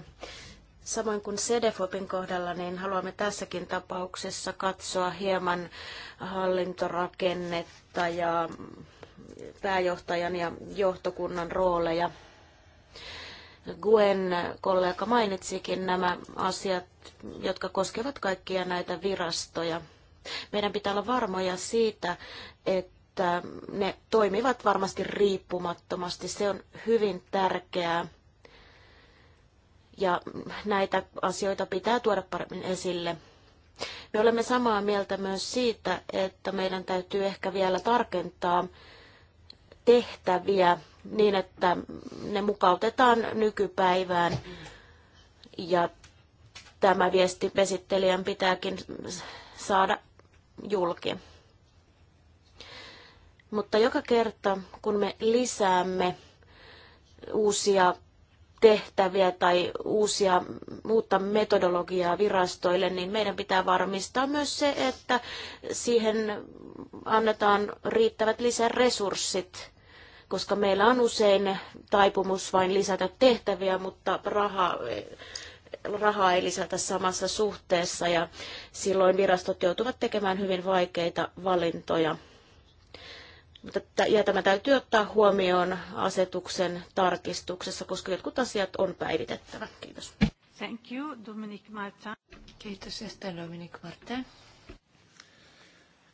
Samoin kuin Sedefopin kohdalla, niin haluamme tässäkin tapauksessa katsoa hieman hallintorakennetta ja pääjohtajan ja johtokunnan rooleja. Gwen kollega mainitsikin nämä asiat, jotka koskevat kaikkia näitä virastoja. Meidän pitää olla varmoja siitä, että ne toimivat varmasti riippumattomasti. Se on hyvin tärkeää ja näitä asioita pitää tuoda paremmin esille. Me olemme samaa mieltä myös siitä, että meidän täytyy ehkä vielä tarkentaa tehtäviä niin, että ne mukautetaan nykypäivään. Ja tämä viesti vesittelijän pitääkin saada julki. Mutta joka kerta, kun me lisäämme uusia tehtäviä tai uusia, uutta metodologiaa virastoille, niin meidän pitää varmistaa myös se, että siihen annetaan riittävät lisäresurssit, koska meillä on usein taipumus vain lisätä tehtäviä, mutta raha, rahaa ei lisätä samassa suhteessa ja silloin virastot joutuvat tekemään hyvin vaikeita valintoja ja tämä täytyy ottaa huomioon asetuksen tarkistuksessa, koska jotkut asiat on päivitettävä. Kiitos. Thank you, Dominique Martin. Kiitos, Estelle Dominique Martin.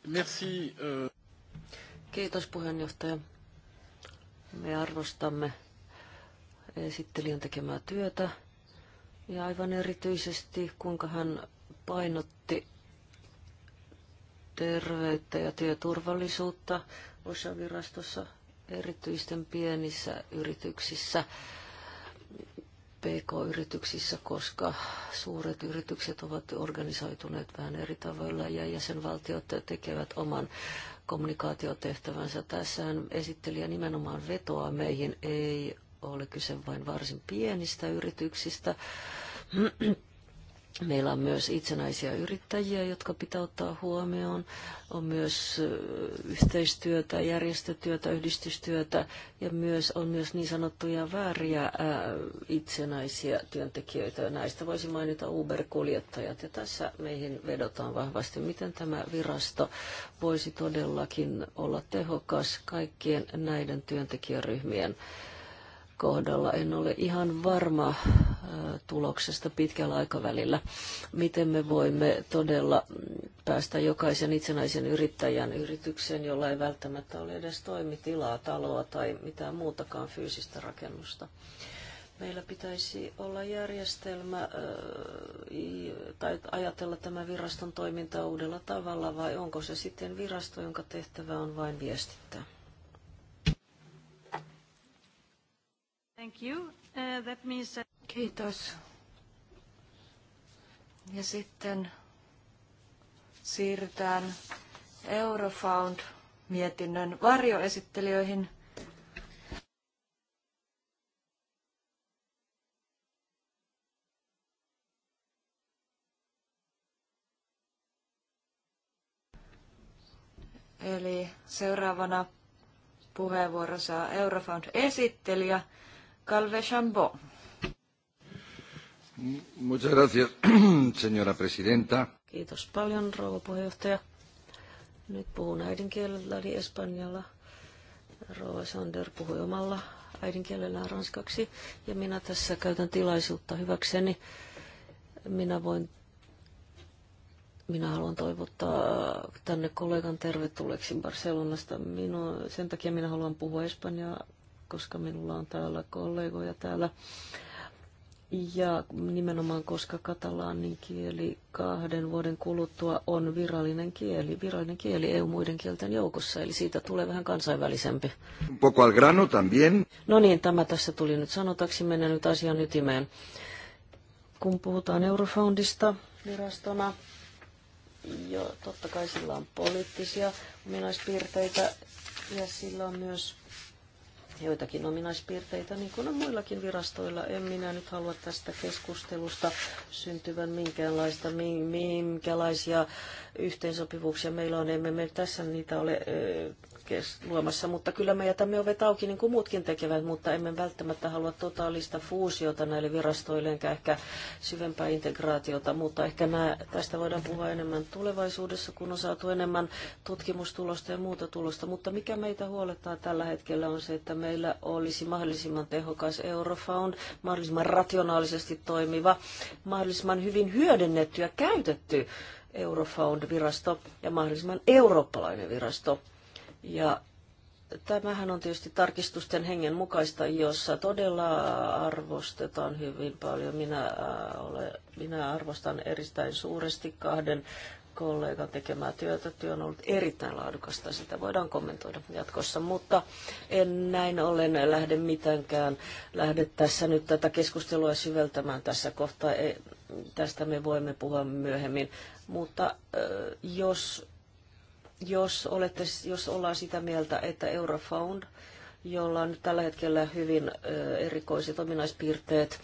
Merci. Euh. Kiitos puheenjohtaja. Me arvostamme esittelijän tekemää työtä ja aivan erityisesti kuinka hän painotti terveyttä ja työturvallisuutta OSHA-virastossa, erityisten pienissä yrityksissä, PK-yrityksissä, koska suuret yritykset ovat organisoituneet vähän eri tavoilla ja jäsenvaltiot tekevät oman kommunikaatiotehtävänsä. Tässähän esittelijä nimenomaan vetoaa meihin, ei ole kyse vain varsin pienistä yrityksistä Meillä on myös itsenäisiä yrittäjiä, jotka pitää ottaa huomioon. On myös yhteistyötä, järjestötyötä, yhdistystyötä ja myös, on myös niin sanottuja vääriä ää, itsenäisiä työntekijöitä. Näistä voisi mainita Uber-kuljettajat ja tässä meihin vedotaan vahvasti, miten tämä virasto voisi todellakin olla tehokas kaikkien näiden työntekijäryhmien kohdalla en ole ihan varma tuloksesta pitkällä aikavälillä, miten me voimme todella päästä jokaisen itsenäisen yrittäjän yritykseen, jolla ei välttämättä ole edes toimitilaa, taloa tai mitään muutakaan fyysistä rakennusta. Meillä pitäisi olla järjestelmä tai ajatella tämä viraston toiminta uudella tavalla vai onko se sitten virasto, jonka tehtävä on vain viestittää? Thank you. Uh, that means that... Kiitos. Ja sitten siirrytään Eurofound-mietinnön varjoesittelijöihin. Eli seuraavana puheenvuoro saa Eurofound-esittelijä señora presidenta. Kiitos paljon, rouva puheenjohtaja. Nyt puhun äidinkielelläni espanjalla. Rouva Sander puhui omalla äidinkielellään ranskaksi, ja minä tässä käytän tilaisuutta hyväkseni. Minä voin minä haluan toivottaa tänne kollegan tervetulleeksi Barcelonasta. Minu, sen takia minä haluan puhua espanjaa koska minulla on täällä kollegoja täällä. Ja nimenomaan koska katalaanin kieli kahden vuoden kuluttua on virallinen kieli, virallinen kieli EU-muiden kielten joukossa, eli siitä tulee vähän kansainvälisempi. Poco al grano también. No niin, tämä tässä tuli nyt sanotaksi, menen nyt asian ytimeen. Kun puhutaan Eurofoundista virastona, jo totta kai sillä on poliittisia ominaispiirteitä ja sillä on myös joitakin ominaispiirteitä, niin kuin on muillakin virastoilla. En minä nyt halua tästä keskustelusta syntyvän minkäänlaista, minkälaisia yhteensopivuuksia meillä on. Emme me tässä niitä ole luomassa, mutta kyllä me jätämme ovet auki niin kuin muutkin tekevät, mutta emme välttämättä halua totaalista fuusiota näille virastoille, enkä ehkä syvempää integraatiota, mutta ehkä nämä, tästä voidaan puhua enemmän tulevaisuudessa, kun on saatu enemmän tutkimustulosta ja muuta tulosta, mutta mikä meitä huolettaa tällä hetkellä on se, että me meillä olisi mahdollisimman tehokas Eurofound, mahdollisimman rationaalisesti toimiva, mahdollisimman hyvin hyödynnetty ja käytetty Eurofound-virasto ja mahdollisimman eurooppalainen virasto. Ja tämähän on tietysti tarkistusten hengen mukaista, jossa todella arvostetaan hyvin paljon. Minä, äh, olen, minä arvostan erittäin suuresti kahden kollegan tekemää työtä. Työ on ollut erittäin laadukasta, sitä voidaan kommentoida jatkossa, mutta en näin ollen lähde mitenkään, lähde tässä nyt tätä keskustelua syveltämään tässä kohtaa. E, tästä me voimme puhua myöhemmin, mutta jos, jos, olette, jos ollaan sitä mieltä, että Eurofound – jolla on tällä hetkellä hyvin erikoiset ominaispiirteet,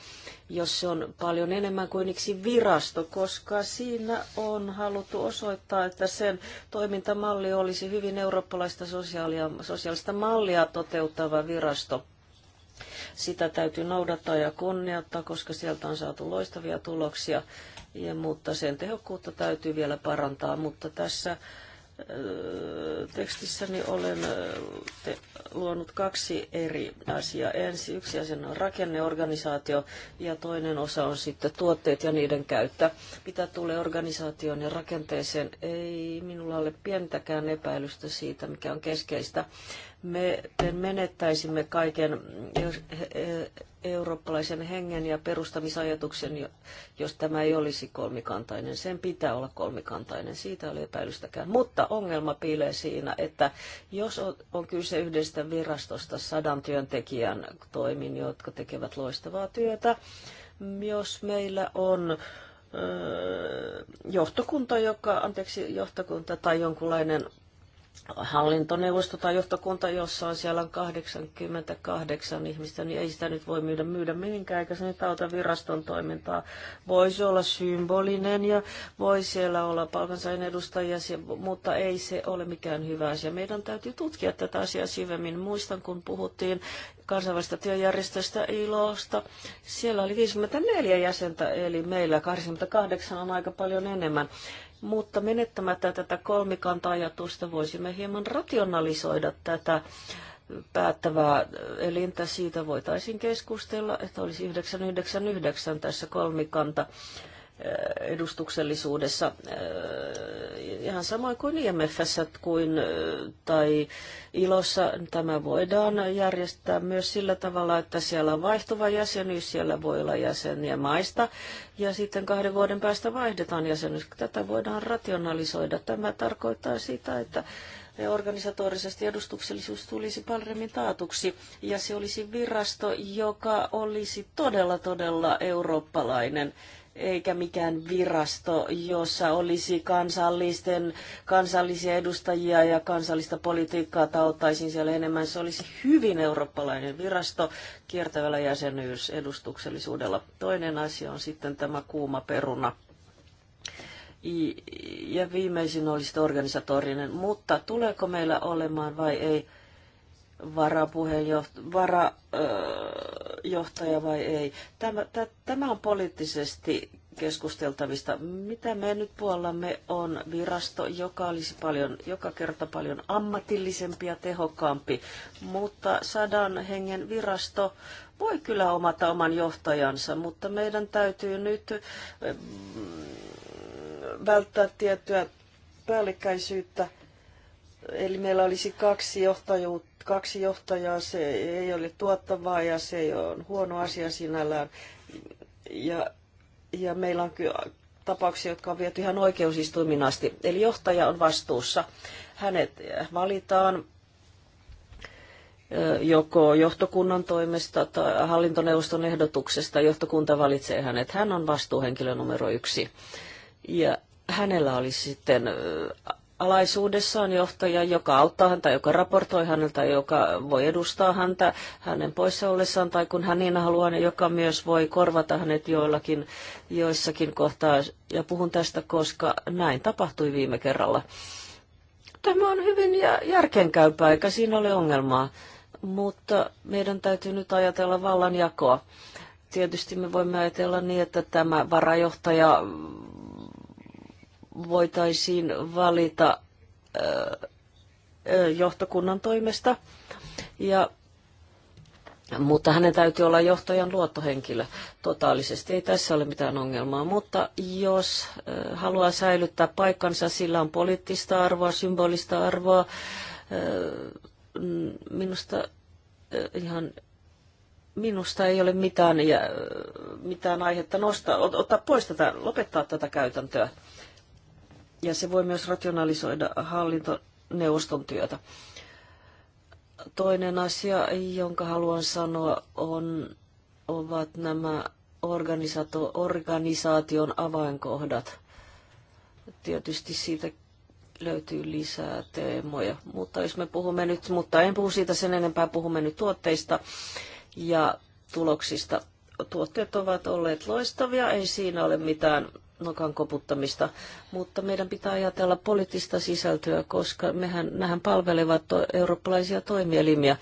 jos se on paljon enemmän kuin yksi virasto, koska siinä on haluttu osoittaa, että sen toimintamalli olisi hyvin eurooppalaista sosiaalia, sosiaalista mallia toteuttava virasto. Sitä täytyy noudattaa ja kunnioittaa, koska sieltä on saatu loistavia tuloksia, ja, mutta sen tehokkuutta täytyy vielä parantaa, mutta tässä Öö, tekstissäni olen öö, te, luonut kaksi eri asiaa. Ensi yksi asia on rakenneorganisaatio ja toinen osa on sitten tuotteet ja niiden käyttö. Mitä tulee organisaatioon ja rakenteeseen, ei minulla ole pientäkään epäilystä siitä, mikä on keskeistä. Me menettäisimme kaiken eurooppalaisen hengen ja perustamisajatuksen, jos tämä ei olisi kolmikantainen. Sen pitää olla kolmikantainen, siitä oli epäilystäkään. Mutta ongelma piilee siinä, että jos on kyse yhdestä virastosta sadan työntekijän toimin, jotka tekevät loistavaa työtä, jos meillä on johtokunta, joka, anteeksi, johtokunta tai jonkunlainen hallintoneuvosto tai johtokunta, jossa on siellä on 88 ihmistä, niin ei sitä nyt voi myydä, myydä mihinkään, eikä se nyt auta viraston toimintaa. Voisi olla symbolinen ja voi siellä olla palkansain edustajia, mutta ei se ole mikään hyvä asia. Meidän täytyy tutkia tätä asiaa syvemmin. Muistan, kun puhuttiin kansainvälistä työjärjestöstä ILOsta. Siellä oli 54 jäsentä, eli meillä 88 on aika paljon enemmän mutta menettämättä tätä kolmikanta-ajatusta voisimme hieman rationalisoida tätä päättävää elintä. Siitä voitaisiin keskustella, että olisi 999 tässä kolmikanta edustuksellisuudessa ihan samoin kuin IMFssä kuin, tai ILOssa. Tämä voidaan järjestää myös sillä tavalla, että siellä on vaihtuva jäsenyys, siellä voi olla jäseniä maista ja sitten kahden vuoden päästä vaihdetaan jäsenyys. Tätä voidaan rationalisoida. Tämä tarkoittaa sitä, että organisatorisesti edustuksellisuus tulisi paremmin taatuksi ja se olisi virasto, joka olisi todella todella eurooppalainen eikä mikään virasto, jossa olisi kansallisten, kansallisia edustajia ja kansallista politiikkaa tauttaisin siellä enemmän. Se olisi hyvin eurooppalainen virasto kiertävällä jäsenyysedustuksellisuudella. Toinen asia on sitten tämä kuuma peruna. Ja viimeisin olisi organisatorinen, mutta tuleeko meillä olemaan vai ei – varajohtaja vai ei. Tämä, tämä on poliittisesti keskusteltavista. Mitä me nyt puollamme on virasto, joka olisi paljon, joka kerta paljon ammatillisempi ja tehokkaampi, mutta sadan hengen virasto voi kyllä omata oman johtajansa, mutta meidän täytyy nyt välttää tiettyä päällekkäisyyttä. Eli meillä olisi kaksi johtajuutta kaksi johtajaa, se ei ole tuottavaa ja se on huono asia sinällään. Ja, ja meillä on kyllä tapauksia, jotka on viety ihan oikeusistuimin asti. Eli johtaja on vastuussa. Hänet valitaan joko johtokunnan toimesta tai hallintoneuvoston ehdotuksesta. Johtokunta valitsee hänet. Hän on vastuuhenkilö numero yksi. Ja hänellä olisi sitten alaisuudessa on johtaja, joka auttaa häntä, joka raportoi häneltä, joka voi edustaa häntä hänen poissa ollessaan tai kun hän niin haluaa, niin joka myös voi korvata hänet joillakin, joissakin kohtaa. Ja puhun tästä, koska näin tapahtui viime kerralla. Tämä on hyvin järkenkäypä, eikä siinä ole ongelmaa, mutta meidän täytyy nyt ajatella vallanjakoa tietysti me voimme ajatella niin, että tämä varajohtaja voitaisiin valita johtokunnan toimesta. Ja, mutta hänen täytyy olla johtajan luottohenkilö totaalisesti. Ei tässä ole mitään ongelmaa, mutta jos haluaa säilyttää paikkansa, sillä on poliittista arvoa, symbolista arvoa. Minusta ihan minusta ei ole mitään, mitään aihetta nostaa, ottaa pois tätä, lopettaa tätä käytäntöä ja se voi myös rationalisoida hallintoneuvoston työtä. Toinen asia, jonka haluan sanoa, on, ovat nämä organisaation avainkohdat. Tietysti siitä löytyy lisää teemoja, mutta jos me puhumme nyt, mutta en puhu siitä sen enempää, puhumme nyt tuotteista ja tuloksista. Tuotteet ovat olleet loistavia, ei siinä ole mitään nokan koputtamista, mutta meidän pitää ajatella poliittista sisältöä, koska mehän mehän palvelevat to- eurooppalaisia toimielimiä,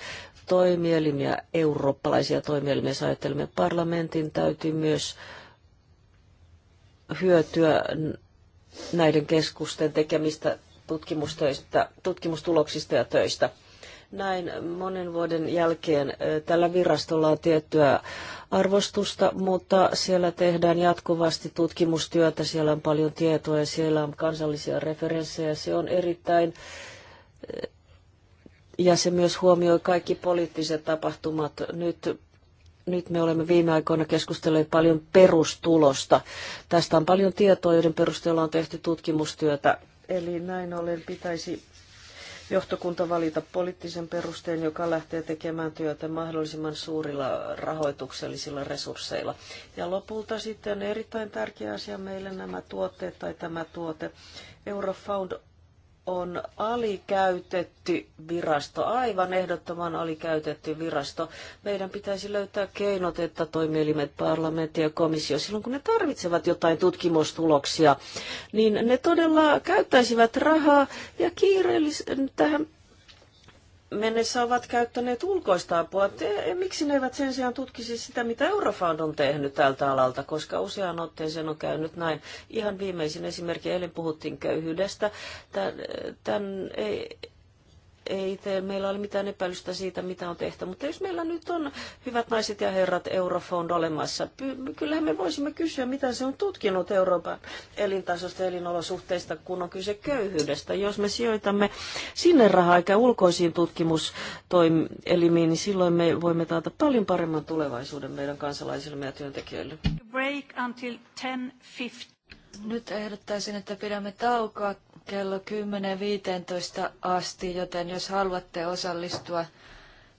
toimielimiä, eurooppalaisia toimielimiä, ajattelemme parlamentin, täytyy myös hyötyä näiden keskusten tekemistä tutkimustöistä, tutkimustuloksista ja töistä näin monen vuoden jälkeen tällä virastolla on tiettyä arvostusta, mutta siellä tehdään jatkuvasti tutkimustyötä, siellä on paljon tietoa ja siellä on kansallisia referenssejä. Se on erittäin ja se myös huomioi kaikki poliittiset tapahtumat. Nyt, nyt me olemme viime aikoina keskustelleet paljon perustulosta. Tästä on paljon tietoa, joiden perusteella on tehty tutkimustyötä. Eli näin ollen pitäisi johtokunta valita poliittisen perusteen, joka lähtee tekemään työtä mahdollisimman suurilla rahoituksellisilla resursseilla. Ja lopulta sitten erittäin tärkeä asia meille nämä tuotteet tai tämä tuote. Eurofound on alikäytetty virasto, aivan ehdottoman alikäytetty virasto. Meidän pitäisi löytää keinot, että toimielimet, parlamentti ja komissio, silloin kun ne tarvitsevat jotain tutkimustuloksia, niin ne todella käyttäisivät rahaa ja kiireellis- tähän mennessä ovat käyttäneet ulkoista apua. Te, miksi ne eivät sen sijaan tutkisi sitä, mitä Eurofound on tehnyt tältä alalta, koska useaan otteeseen on käynyt näin. Ihan viimeisin esimerkki, eilen puhuttiin köyhyydestä. Tän, tän, ei, ei te, meillä ole mitään epäilystä siitä, mitä on tehty. Mutta jos meillä nyt on hyvät naiset ja herrat Eurofond olemassa, kyllähän me voisimme kysyä, mitä se on tutkinut Euroopan elintasosta ja elinolosuhteista, kun on kyse köyhyydestä. Jos me sijoitamme sinne rahaa eikä ulkoisiin tutkimustoimelimiin, niin silloin me voimme taata paljon paremman tulevaisuuden meidän kansalaisillemme ja työntekijöille. Break until 10.50. Nyt ehdottaisin, että pidämme taukoa kello 10.15 asti, joten jos haluatte osallistua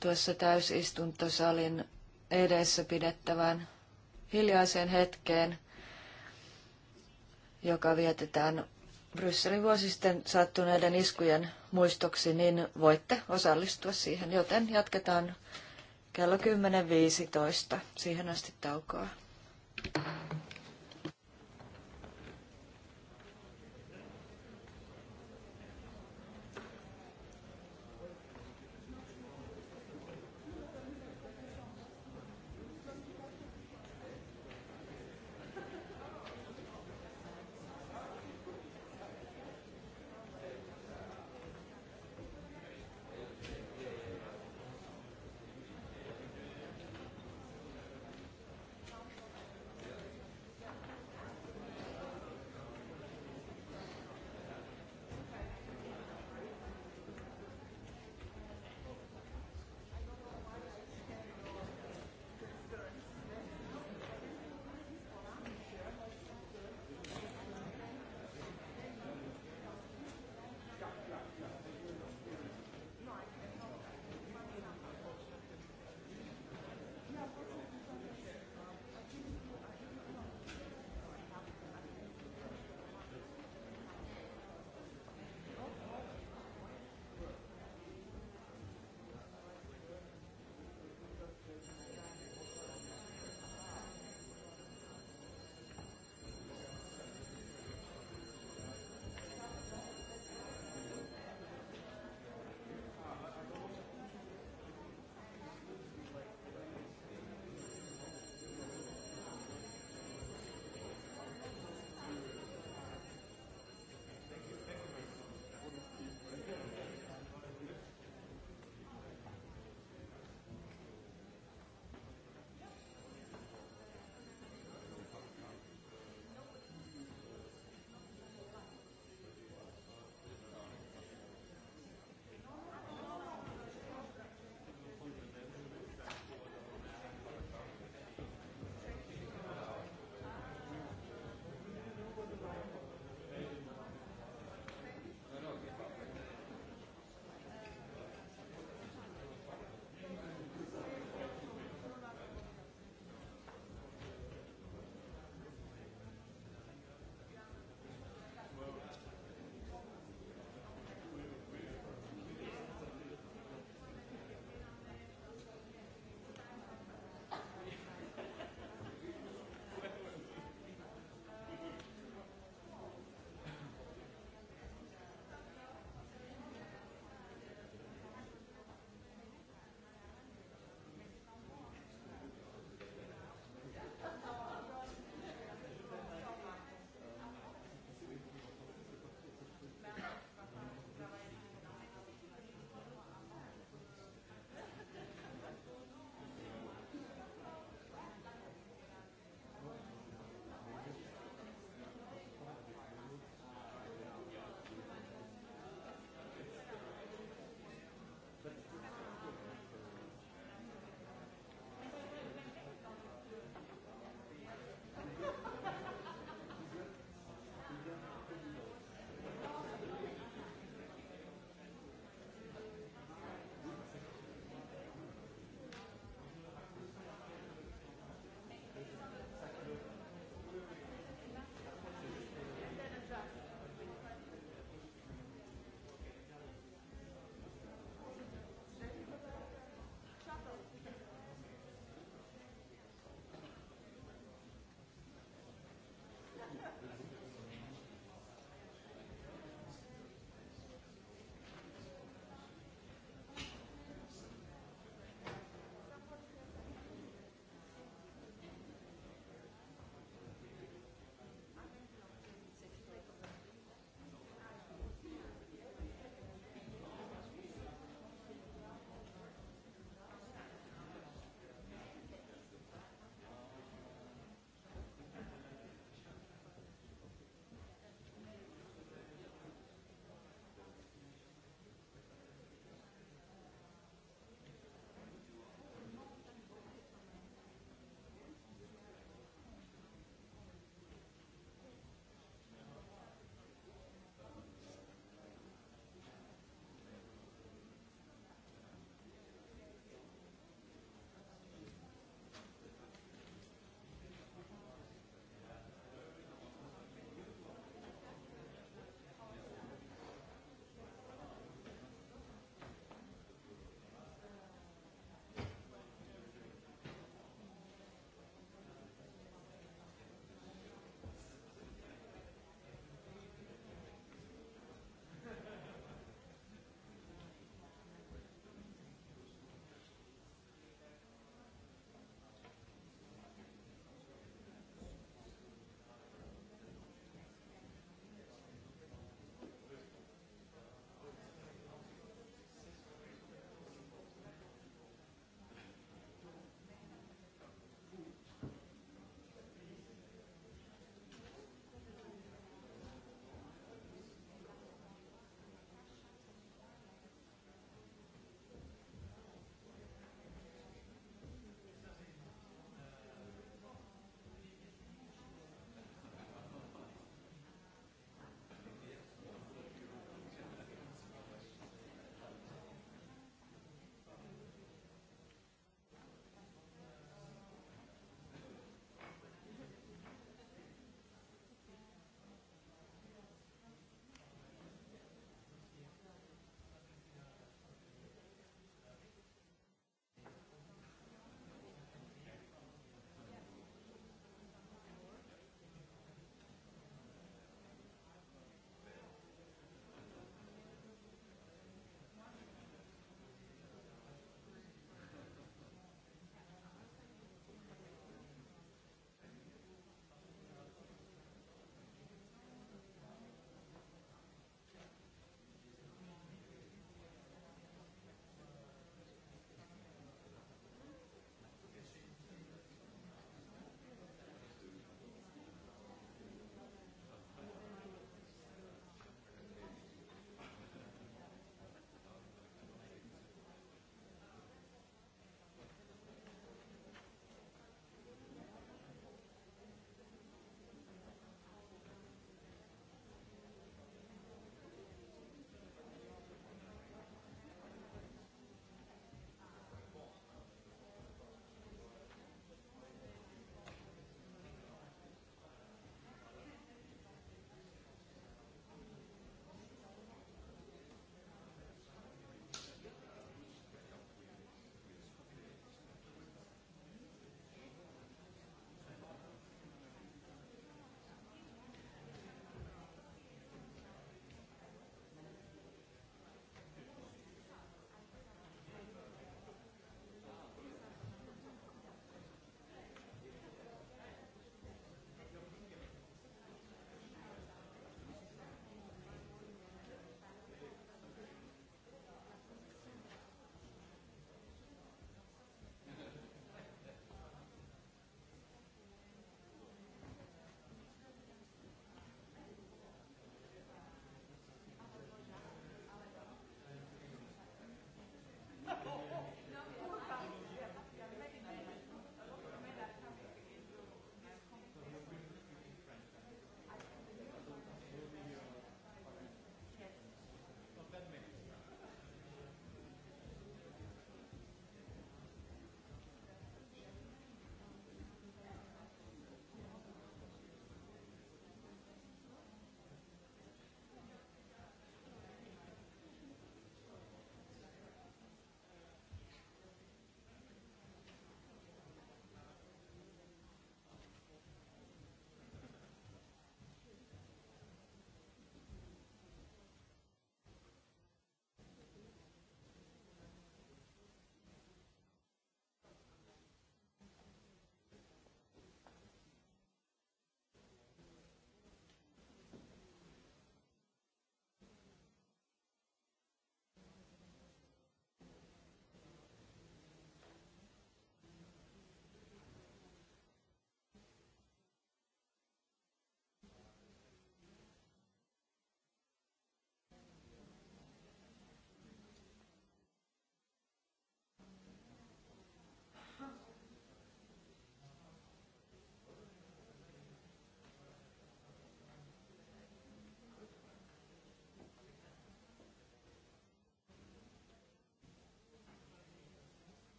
tuossa täysistuntosalin edessä pidettävään hiljaiseen hetkeen, joka vietetään Brysselin vuosi sitten sattuneiden iskujen muistoksi, niin voitte osallistua siihen, joten jatketaan kello 10.15. Siihen asti taukoa.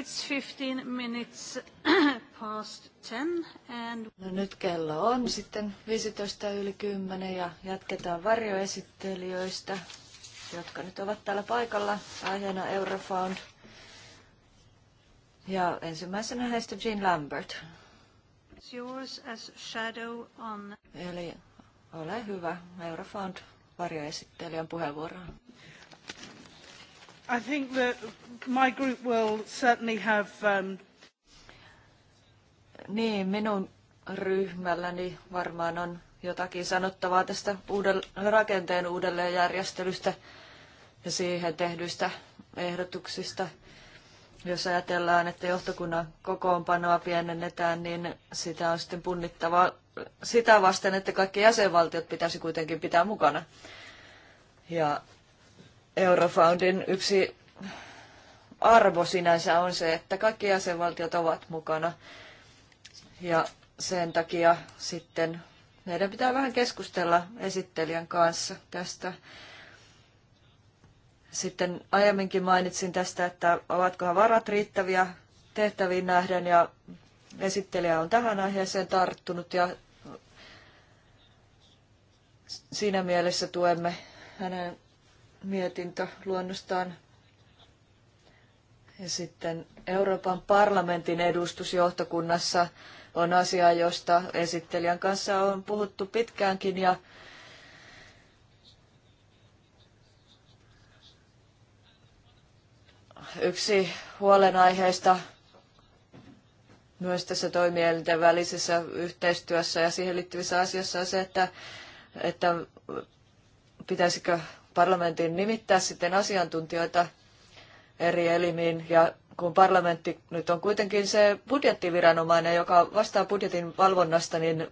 It's 15 minutes past 10 and... No nyt kello on sitten 15 yli 10 ja jatketaan varjoesittelijöistä, jotka nyt ovat täällä paikalla. Aiheena Eurofound. Ja ensimmäisenä heistä Jean Lambert. It's yours as shadow on... Eli ole hyvä, Eurofound varjoesittelijän puheenvuoroon. I think that my group will certainly have... Um... Niin, minun ryhmälläni varmaan on jotakin sanottavaa tästä uudel- rakenteen uudelleenjärjestelystä ja siihen tehdyistä ehdotuksista. Jos ajatellaan, että johtokunnan kokoonpanoa pienennetään, niin sitä on sitten punnittava sitä vasten, että kaikki jäsenvaltiot pitäisi kuitenkin pitää mukana. Ja Eurofoundin yksi arvo sinänsä on se, että kaikki jäsenvaltiot ovat mukana. Ja sen takia sitten meidän pitää vähän keskustella esittelijän kanssa tästä. Sitten aiemminkin mainitsin tästä, että ovatkohan varat riittäviä tehtäviin nähden ja esittelijä on tähän aiheeseen tarttunut ja siinä mielessä tuemme hänen mietintö luonnostaan. Ja sitten Euroopan parlamentin edustusjohtokunnassa on asia, josta esittelijän kanssa on puhuttu pitkäänkin ja yksi huolenaiheista myös tässä toimielinten välisessä yhteistyössä ja siihen liittyvissä asioissa on se, että, että pitäisikö parlamentin nimittää sitten asiantuntijoita eri elimiin ja kun parlamentti nyt on kuitenkin se budjettiviranomainen, joka vastaa budjetin valvonnasta, niin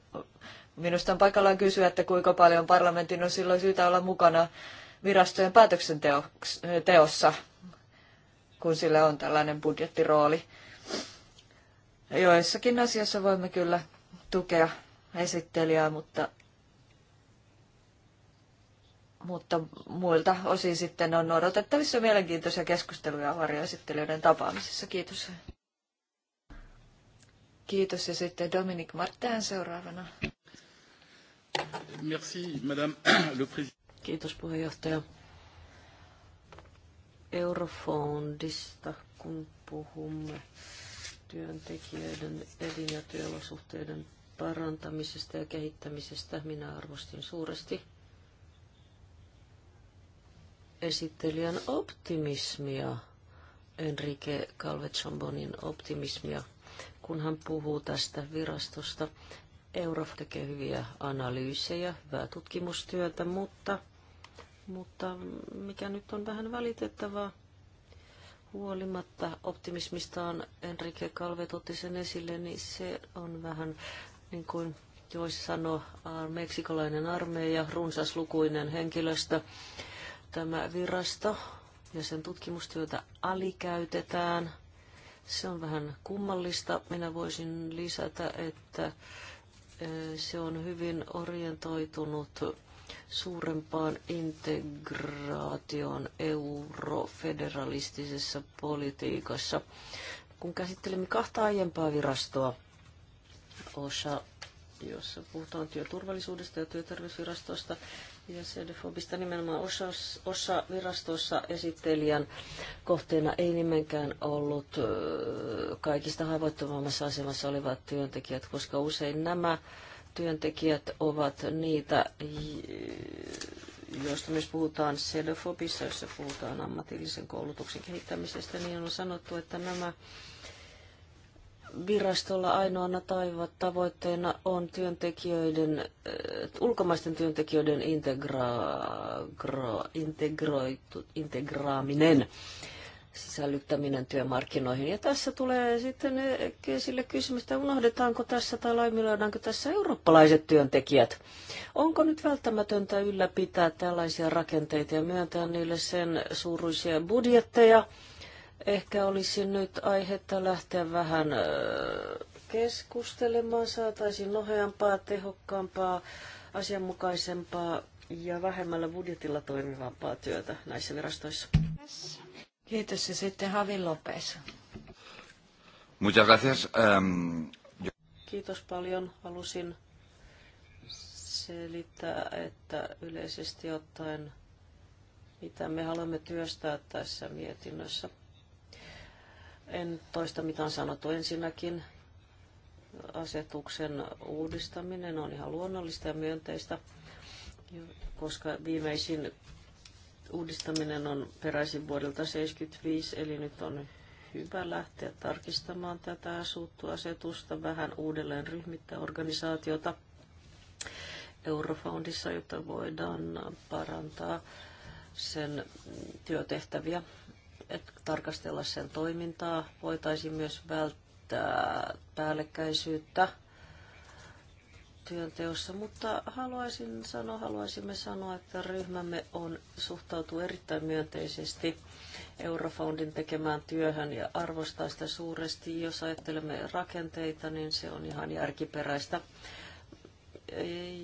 minusta on paikallaan kysyä, että kuinka paljon parlamentin on silloin syytä olla mukana virastojen päätöksenteossa, kun sillä on tällainen budjettirooli. Joissakin asioissa voimme kyllä tukea esittelijää, mutta mutta muilta osin sitten on odotettavissa mielenkiintoisia keskusteluja varjoesittelijöiden tapaamisissa. Kiitos. Kiitos ja sitten Dominik Martin seuraavana. Merci, madame Kiitos puheenjohtaja. Eurofondista, kun puhumme työntekijöiden edin- ja työolosuhteiden parantamisesta ja kehittämisestä, minä arvostin suuresti esittelijän optimismia, Enrique Calvechambonin optimismia, kun hän puhuu tästä virastosta. Eurof tekee hyviä analyysejä, hyvää tutkimustyötä, mutta, mutta mikä nyt on vähän välitettävää, huolimatta optimismistaan Enrique Calvet otti sen esille, niin se on vähän niin kuin Jois sanoa, meksikolainen armeija, runsaslukuinen henkilöstö, tämä virasto ja sen tutkimustyötä alikäytetään. Se on vähän kummallista. Minä voisin lisätä, että eh, se on hyvin orientoitunut suurempaan integraation eurofederalistisessa politiikassa. Kun käsittelimme kahta aiempaa virastoa, osa, jossa puhutaan työturvallisuudesta ja työterveysvirastosta, ja nimenomaan osa, osa virastoissa esittelijän kohteena ei nimenkään ollut kaikista haavoittuvammassa asemassa olevat työntekijät, koska usein nämä työntekijät ovat niitä, joista myös puhutaan Sedefobissa, jossa puhutaan ammatillisen koulutuksen kehittämisestä, niin on sanottu, että nämä virastolla ainoana tavoitteena on työntekijöiden, äh, ulkomaisten työntekijöiden integra, integroitu, integraaminen, sisällyttäminen työmarkkinoihin. Ja tässä tulee sitten esille kysymys, että unohdetaanko tässä tai laiminlyödäänkö tässä eurooppalaiset työntekijät. Onko nyt välttämätöntä ylläpitää tällaisia rakenteita ja myöntää niille sen suuruisia budjetteja, Ehkä olisi nyt aihetta lähteä vähän keskustelemaan, saataisiin nopeampaa, tehokkaampaa, asianmukaisempaa ja vähemmällä budjetilla toimivampaa työtä näissä virastoissa. Kiitos ja sitten Havin Lopes. Kiitos paljon. Halusin selittää, että yleisesti ottaen, mitä me haluamme työstää tässä mietinnössä – en toista mitä on sanottu. Ensinnäkin asetuksen uudistaminen on ihan luonnollista ja myönteistä, koska viimeisin uudistaminen on peräisin vuodelta 1975, eli nyt on hyvä lähteä tarkistamaan tätä asuttua asetusta, vähän uudelleen ryhmittää organisaatiota Eurofoundissa, jotta voidaan parantaa sen työtehtäviä että tarkastella sen toimintaa. Voitaisiin myös välttää päällekkäisyyttä työnteossa, mutta haluaisin sanoa, haluaisimme sanoa, että ryhmämme on, suhtautuu erittäin myönteisesti Eurofoundin tekemään työhön ja arvostaa sitä suuresti. Jos ajattelemme rakenteita, niin se on ihan järkiperäistä.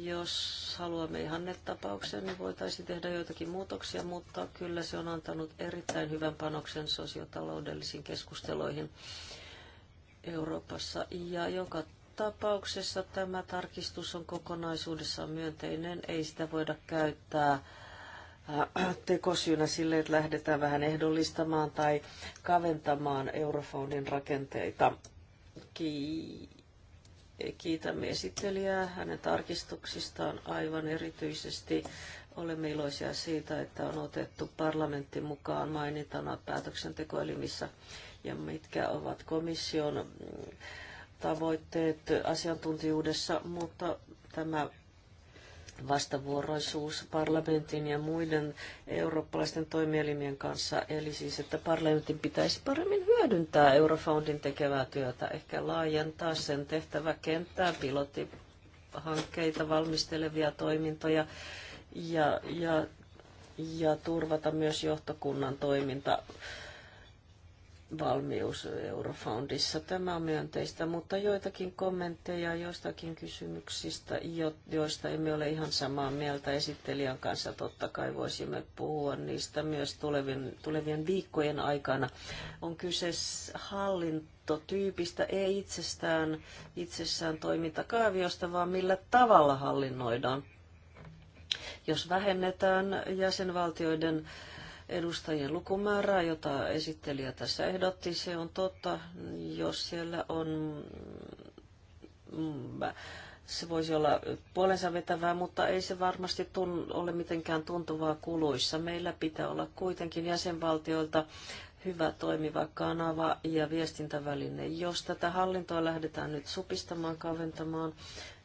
Jos haluamme ihannetapauksen, niin voitaisiin tehdä joitakin muutoksia, mutta kyllä se on antanut erittäin hyvän panoksen sosiotaloudellisiin keskusteluihin Euroopassa. Ja joka tapauksessa tämä tarkistus on kokonaisuudessaan myönteinen. Ei sitä voida käyttää äh, tekosyynä sille, että lähdetään vähän ehdollistamaan tai kaventamaan Eurofoundin rakenteita. Kiitos. Kiitämme esittelijää hänen tarkistuksistaan aivan erityisesti. Olemme iloisia siitä, että on otettu parlamentti mukaan mainintana päätöksentekoelimissä ja mitkä ovat komission mm, tavoitteet asiantuntijuudessa, mutta tämä vastavuoroisuus parlamentin ja muiden eurooppalaisten toimielimien kanssa, eli siis, että parlamentin pitäisi paremmin hyödyntää Eurofoundin tekevää työtä, ehkä laajentaa sen tehtäväkenttää, pilottihankkeita, valmistelevia toimintoja ja, ja, ja turvata myös johtokunnan toiminta valmius Eurofoundissa. Tämä on myönteistä, mutta joitakin kommentteja joistakin kysymyksistä, joista emme ole ihan samaa mieltä esittelijän kanssa. Totta kai voisimme puhua niistä myös tulevien, tulevien viikkojen aikana. On kyse hallintotyypistä, ei itsestään, itsessään toimintakaaviosta, vaan millä tavalla hallinnoidaan. Jos vähennetään jäsenvaltioiden äh, edustajien lukumäärää, jota esittelijä tässä ehdotti. Se on totta, jos siellä on mm, se voisi olla puolensa vetävää, mutta ei se varmasti tun, ole mitenkään tuntuvaa kuluissa. Meillä pitää olla kuitenkin jäsenvaltioilta hyvä toimiva kanava ja viestintäväline. Jos tätä hallintoa lähdetään nyt supistamaan, kaventamaan,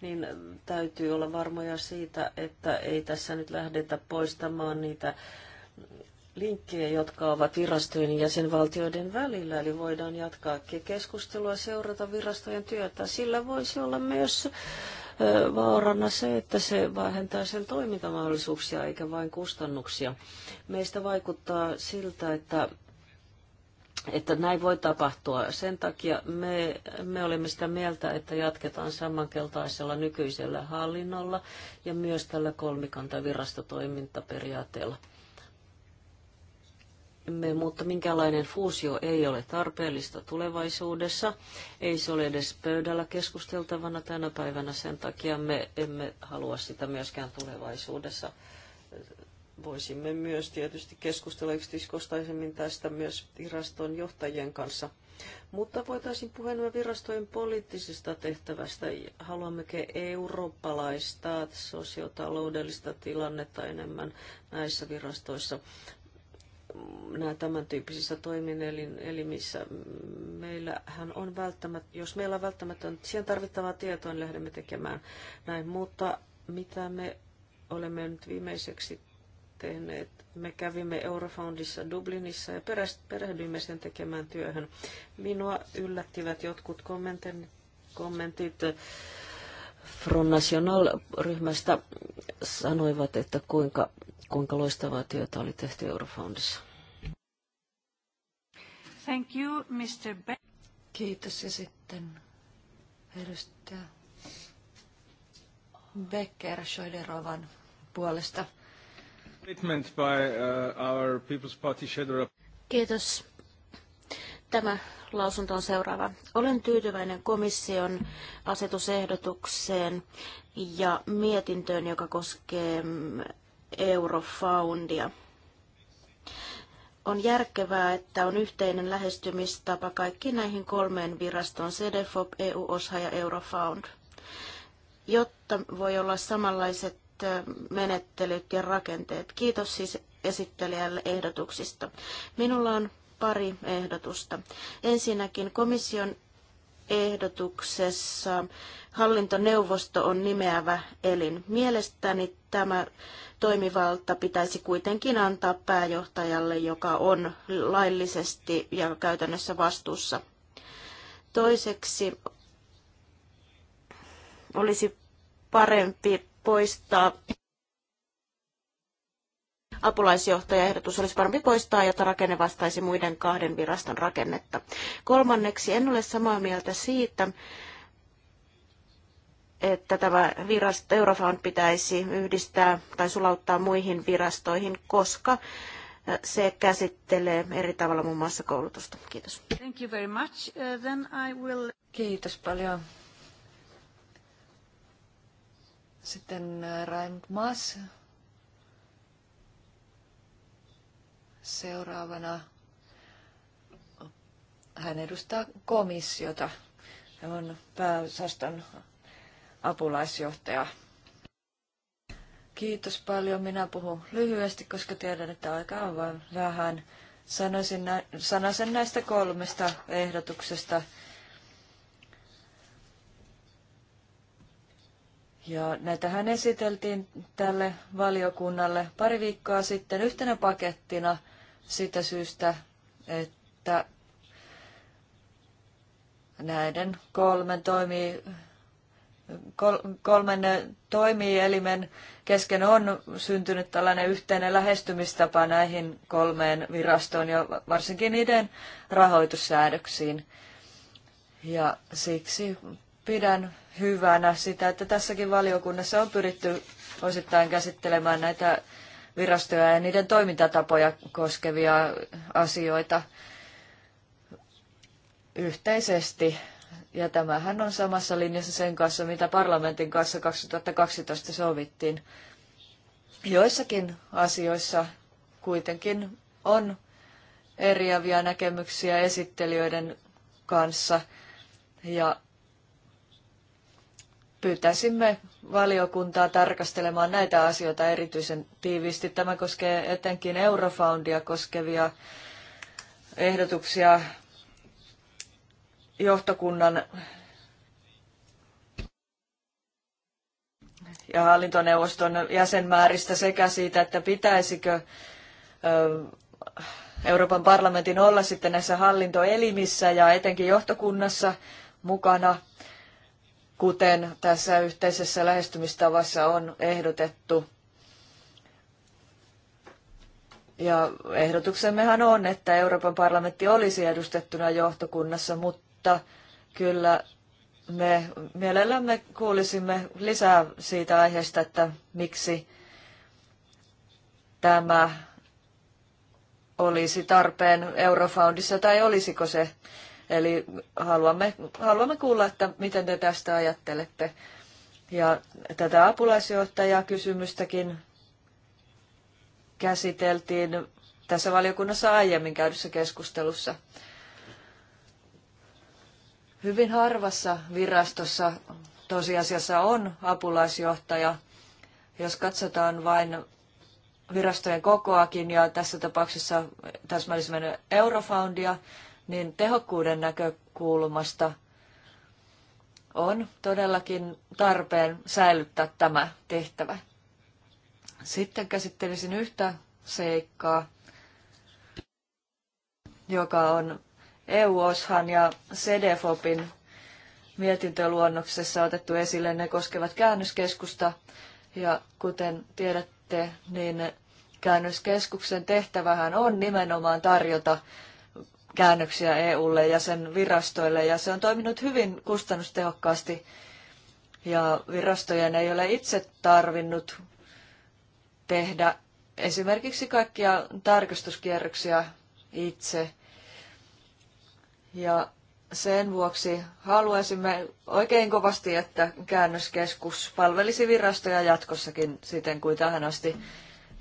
niin täytyy olla varmoja siitä, että ei tässä nyt lähdetä poistamaan niitä linkkejä, jotka ovat virastojen ja jäsenvaltioiden välillä, eli voidaan jatkaa keskustelua, seurata virastojen työtä. Sillä voisi olla myös vaarana se, että se vähentää sen toimintamahdollisuuksia eikä vain kustannuksia. Meistä vaikuttaa siltä, että että näin voi tapahtua. Sen takia me, me olemme sitä mieltä, että jatketaan samankeltaisella nykyisellä hallinnolla ja myös tällä kolmikantavirastotoimintaperiaatteella me, mutta minkälainen fuusio ei ole tarpeellista tulevaisuudessa. Ei se ole edes pöydällä keskusteltavana tänä päivänä, sen takia me emme halua sitä myöskään tulevaisuudessa. Voisimme myös tietysti keskustella yksityiskohtaisemmin tästä myös viraston johtajien kanssa. Mutta voitaisiin puhua virastojen poliittisesta tehtävästä. Haluammeko eurooppalaista sosiotaloudellista tilannetta enemmän näissä virastoissa? nämä tämän tyyppisissä toimielimissä meillähän on välttämättä, jos meillä on on siihen tarvittavaa tietoa, niin lähdemme tekemään näin. Mutta mitä me olemme nyt viimeiseksi tehneet. Me kävimme Eurofoundissa Dublinissa ja perehdyimme sen tekemään työhön. Minua yllättivät jotkut kommentit, kommentit Front National-ryhmästä sanoivat, että kuinka, kuinka loistavaa työtä oli tehty Eurofoundissa. Thank you, Mr. Be- Kiitos ja sitten edustaja Becker Schöderovan puolesta. By, uh, our People's Party Kiitos Tämä lausunto on seuraava. Olen tyytyväinen komission asetusehdotukseen ja mietintöön, joka koskee Eurofoundia. On järkevää, että on yhteinen lähestymistapa kaikki näihin kolmeen virastoon, CDFOP, EU-OSHA ja Eurofound, jotta voi olla samanlaiset menettelyt ja rakenteet. Kiitos siis esittelijälle ehdotuksista. Minulla on pari ehdotusta. Ensinnäkin komission ehdotuksessa hallintoneuvosto on nimeävä elin. Mielestäni tämä toimivalta pitäisi kuitenkin antaa pääjohtajalle, joka on laillisesti ja käytännössä vastuussa. Toiseksi olisi parempi poistaa apulaisjohtajaehdotus olisi parempi poistaa, jotta rakenne vastaisi muiden kahden viraston rakennetta. Kolmanneksi, en ole samaa mieltä siitä, että tämä virasto Eurofound pitäisi yhdistää tai sulauttaa muihin virastoihin, koska se käsittelee eri tavalla muun muassa koulutusta. Kiitos. Thank you very much. Uh, then I will... Kiitos paljon. Sitten uh, Raimund Maas. Seuraavana hän edustaa komissiota. Hän on pääosaston apulaisjohtaja. Kiitos paljon. Minä puhun lyhyesti, koska tiedän, että aika on vain vähän. Sanoisin nä- sanasen näistä kolmesta ehdotuksesta. Ja näitähän esiteltiin tälle valiokunnalle pari viikkoa sitten yhtenä pakettina – sitä syystä, että näiden kolmen toimi, kolmen toimielimen kesken on syntynyt tällainen yhteinen lähestymistapa näihin kolmeen virastoon ja varsinkin niiden rahoitussäädöksiin. Ja siksi pidän hyvänä sitä, että tässäkin valiokunnassa on pyritty osittain käsittelemään näitä virastoja ja niiden toimintatapoja koskevia asioita yhteisesti. Ja tämähän on samassa linjassa sen kanssa, mitä parlamentin kanssa 2012 sovittiin. Joissakin asioissa kuitenkin on eriäviä näkemyksiä esittelijöiden kanssa. Ja pyytäisimme valiokuntaa tarkastelemaan näitä asioita erityisen tiiviisti. Tämä koskee etenkin Eurofoundia koskevia ehdotuksia johtokunnan ja hallintoneuvoston jäsenmääristä sekä siitä, että pitäisikö Euroopan parlamentin olla sitten näissä hallintoelimissä ja etenkin johtokunnassa mukana kuten tässä yhteisessä lähestymistavassa on ehdotettu. Ja ehdotuksemmehan on, että Euroopan parlamentti olisi edustettuna johtokunnassa, mutta kyllä me mielellämme kuulisimme lisää siitä aiheesta, että miksi tämä olisi tarpeen Eurofoundissa tai olisiko se Eli haluamme, haluamme kuulla, että miten te tästä ajattelette. Ja tätä apulaisjohtajakysymystäkin käsiteltiin tässä valiokunnassa aiemmin käydyssä keskustelussa. Hyvin harvassa virastossa tosiasiassa on apulaisjohtaja. Jos katsotaan vain virastojen kokoakin ja tässä tapauksessa täsmällisemmin Eurofoundia, niin tehokkuuden näkökulmasta on todellakin tarpeen säilyttää tämä tehtävä. Sitten käsittelisin yhtä seikkaa, joka on EU-oshan ja CDFOPin mietintöluonnoksessa otettu esille. Ne koskevat käännöskeskusta ja kuten tiedätte, niin käännöskeskuksen tehtävähän on nimenomaan tarjota käännöksiä EUlle ja sen virastoille, ja se on toiminut hyvin kustannustehokkaasti, ja virastojen ei ole itse tarvinnut tehdä esimerkiksi kaikkia tarkastuskierroksia itse. Ja sen vuoksi haluaisimme oikein kovasti, että käännöskeskus palvelisi virastoja jatkossakin siten kuin tähän asti,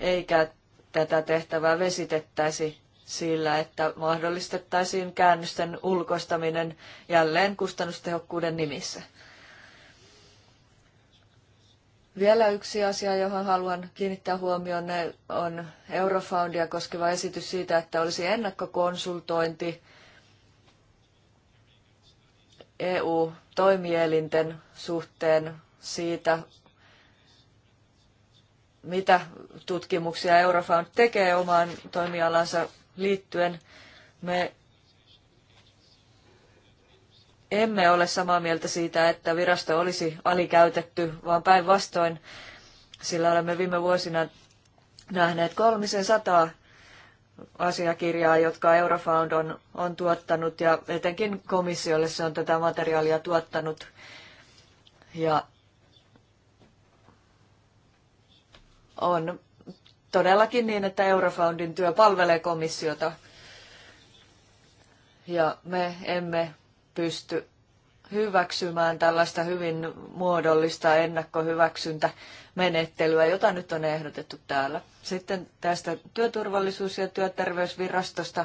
eikä tätä tehtävää vesitettäisi sillä, että mahdollistettaisiin käännösten ulkoistaminen jälleen kustannustehokkuuden nimissä. Vielä yksi asia, johon haluan kiinnittää huomioon, on Eurofoundia koskeva esitys siitä, että olisi ennakkokonsultointi EU-toimielinten suhteen siitä, mitä tutkimuksia Eurofound tekee omaan toimialansa liittyen. Me emme ole samaa mieltä siitä, että virasto olisi alikäytetty, vaan päinvastoin, sillä olemme viime vuosina nähneet 300 asiakirjaa, jotka Eurofound on, on tuottanut ja etenkin komissiolle se on tätä materiaalia tuottanut. Ja on todellakin niin, että Eurofoundin työ palvelee komissiota. Ja me emme pysty hyväksymään tällaista hyvin muodollista ennakkohyväksyntämenettelyä, jota nyt on ehdotettu täällä. Sitten tästä työturvallisuus- ja työterveysvirastosta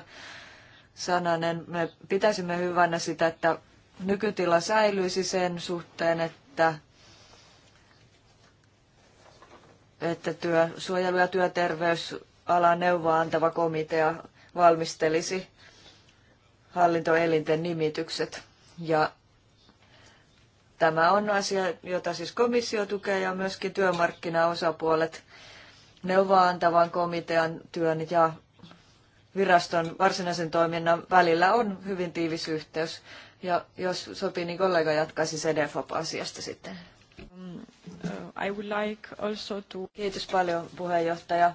sananen. Me pitäisimme hyvänä sitä, että nykytila säilyisi sen suhteen, että että työ, suojelu- ja työterveysalan neuvoa antava komitea valmistelisi hallintoelinten nimitykset. Ja tämä on asia, jota siis komissio tukee ja myöskin työmarkkinaosapuolet neuvoa antavan komitean työn ja viraston varsinaisen toiminnan välillä on hyvin tiivis yhteys. Ja jos sopii, niin kollega jatkaisi CDFOP-asiasta sitten. I would like also to... Kiitos paljon puheenjohtaja.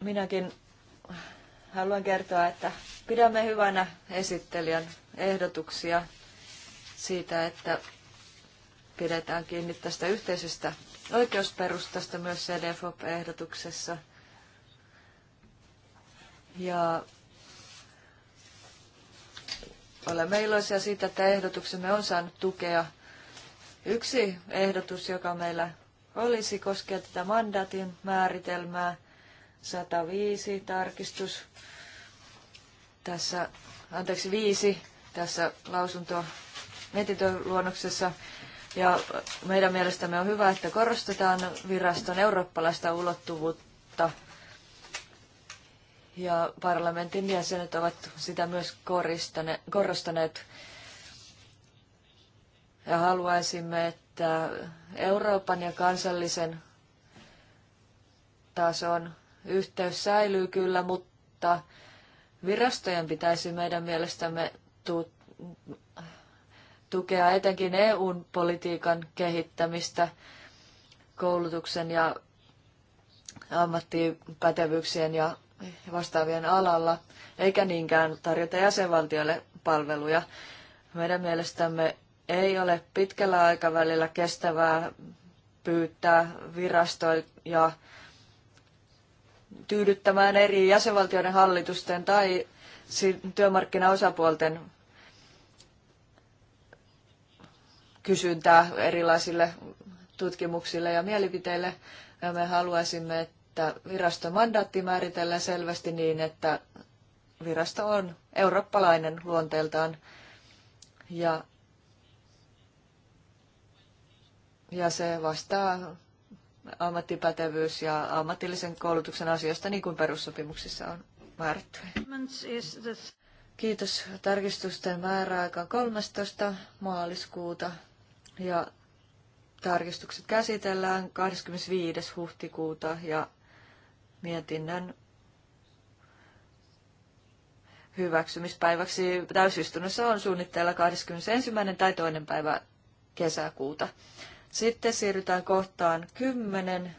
Minäkin haluan kertoa, että pidämme hyvänä esittelijän ehdotuksia siitä, että pidetään kiinni tästä yhteisestä oikeusperustasta myös CDFOP-ehdotuksessa. Ja olemme iloisia siitä, että ehdotuksemme on saanut tukea Yksi ehdotus, joka meillä olisi, koskee tätä mandaatin määritelmää. 105 tarkistus. Tässä, anteeksi, viisi tässä lausunto mietintöluonnoksessa. Ja meidän mielestämme on hyvä, että korostetaan viraston eurooppalaista ulottuvuutta. Ja parlamentin jäsenet ovat sitä myös korostaneet ja haluaisimme, että Euroopan ja kansallisen tason yhteys säilyy kyllä, mutta virastojen pitäisi meidän mielestämme tukea etenkin EUn politiikan kehittämistä koulutuksen ja ammattipätevyyksien ja vastaavien alalla, eikä niinkään tarjota jäsenvaltioille palveluja. Meidän mielestämme ei ole pitkällä aikavälillä kestävää pyytää virastoja tyydyttämään eri jäsenvaltioiden hallitusten tai työmarkkinaosapuolten kysyntää erilaisille tutkimuksille ja mielipiteille. Me haluaisimme, että viraston mandaatti määritellään selvästi niin, että virasto on eurooppalainen luonteeltaan ja ja se vastaa ammattipätevyys- ja ammatillisen koulutuksen asioista niin kuin perussopimuksissa on määrätty. Kiitos. Tarkistusten määräaika 13. maaliskuuta ja tarkistukset käsitellään 25. huhtikuuta ja mietinnön hyväksymispäiväksi täysistunnossa on suunnitteilla 21. tai toinen päivä kesäkuuta. Sitten siirrytään kohtaan 10,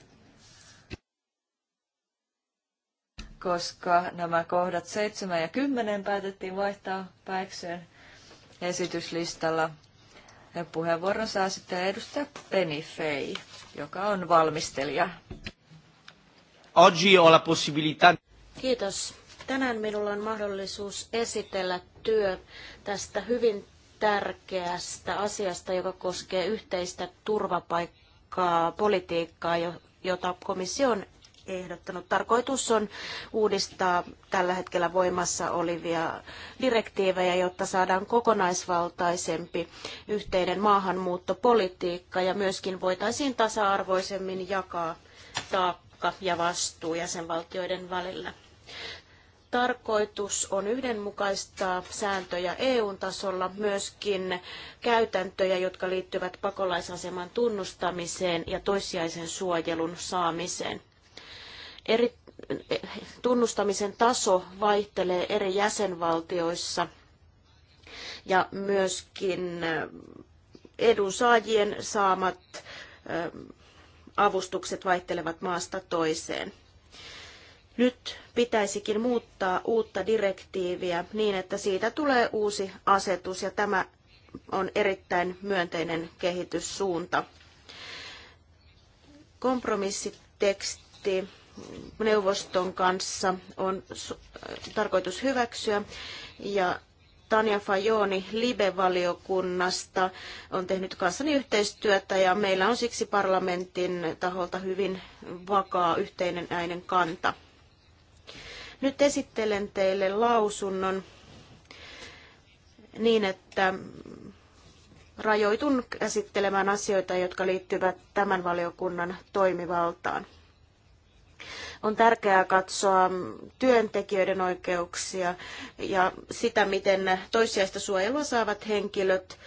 koska nämä kohdat 7 ja 10 päätettiin vaihtaa päikseen esityslistalla. Ja puheenvuoron saa sitten edustaja Penny Fay, joka on valmistelija. Oggi ho la possibilità... Kiitos. Tänään minulla on mahdollisuus esitellä työ tästä hyvin tärkeästä asiasta, joka koskee yhteistä turvapaikkaa, politiikkaa, jota komissio on ehdottanut. Tarkoitus on uudistaa tällä hetkellä voimassa olivia direktiivejä, jotta saadaan kokonaisvaltaisempi yhteinen maahanmuuttopolitiikka ja myöskin voitaisiin tasa-arvoisemmin jakaa taakka ja vastuu jäsenvaltioiden välillä. Tarkoitus on yhdenmukaistaa sääntöjä EU-tasolla, myöskin käytäntöjä, jotka liittyvät pakolaisaseman tunnustamiseen ja toissijaisen suojelun saamiseen. Eri, tunnustamisen taso vaihtelee eri jäsenvaltioissa ja myöskin edunsaajien saamat avustukset vaihtelevat maasta toiseen. Nyt pitäisikin muuttaa uutta direktiiviä niin, että siitä tulee uusi asetus ja tämä on erittäin myönteinen kehityssuunta. Kompromissiteksti neuvoston kanssa on tarkoitus hyväksyä ja Tanja Fajoni Libe-valiokunnasta on tehnyt kanssani yhteistyötä ja meillä on siksi parlamentin taholta hyvin vakaa yhteinen äinen kanta. Nyt esittelen teille lausunnon niin, että rajoitun käsittelemään asioita, jotka liittyvät tämän valiokunnan toimivaltaan. On tärkeää katsoa työntekijöiden oikeuksia ja sitä, miten toissijaista suojelua saavat henkilöt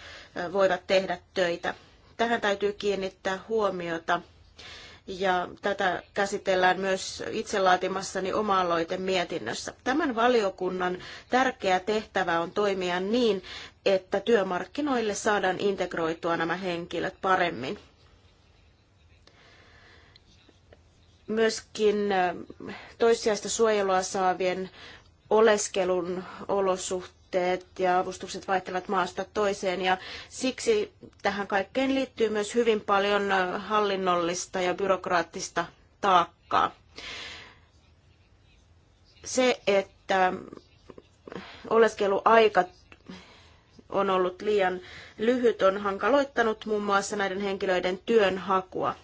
voivat tehdä töitä. Tähän täytyy kiinnittää huomiota ja tätä käsitellään myös itse laatimassani oma-aloite mietinnössä. Tämän valiokunnan tärkeä tehtävä on toimia niin, että työmarkkinoille saadaan integroitua nämä henkilöt paremmin. Myöskin toissijaista suojelua saavien oleskelun olosuhteet puutteet ja avustukset vaihtelevat maasta toiseen ja siksi tähän kaikkeen liittyy myös hyvin paljon hallinnollista ja byrokraattista taakkaa. Se, että oleskeluaika on ollut liian lyhyt, on hankaloittanut muun muassa näiden henkilöiden työnhakua.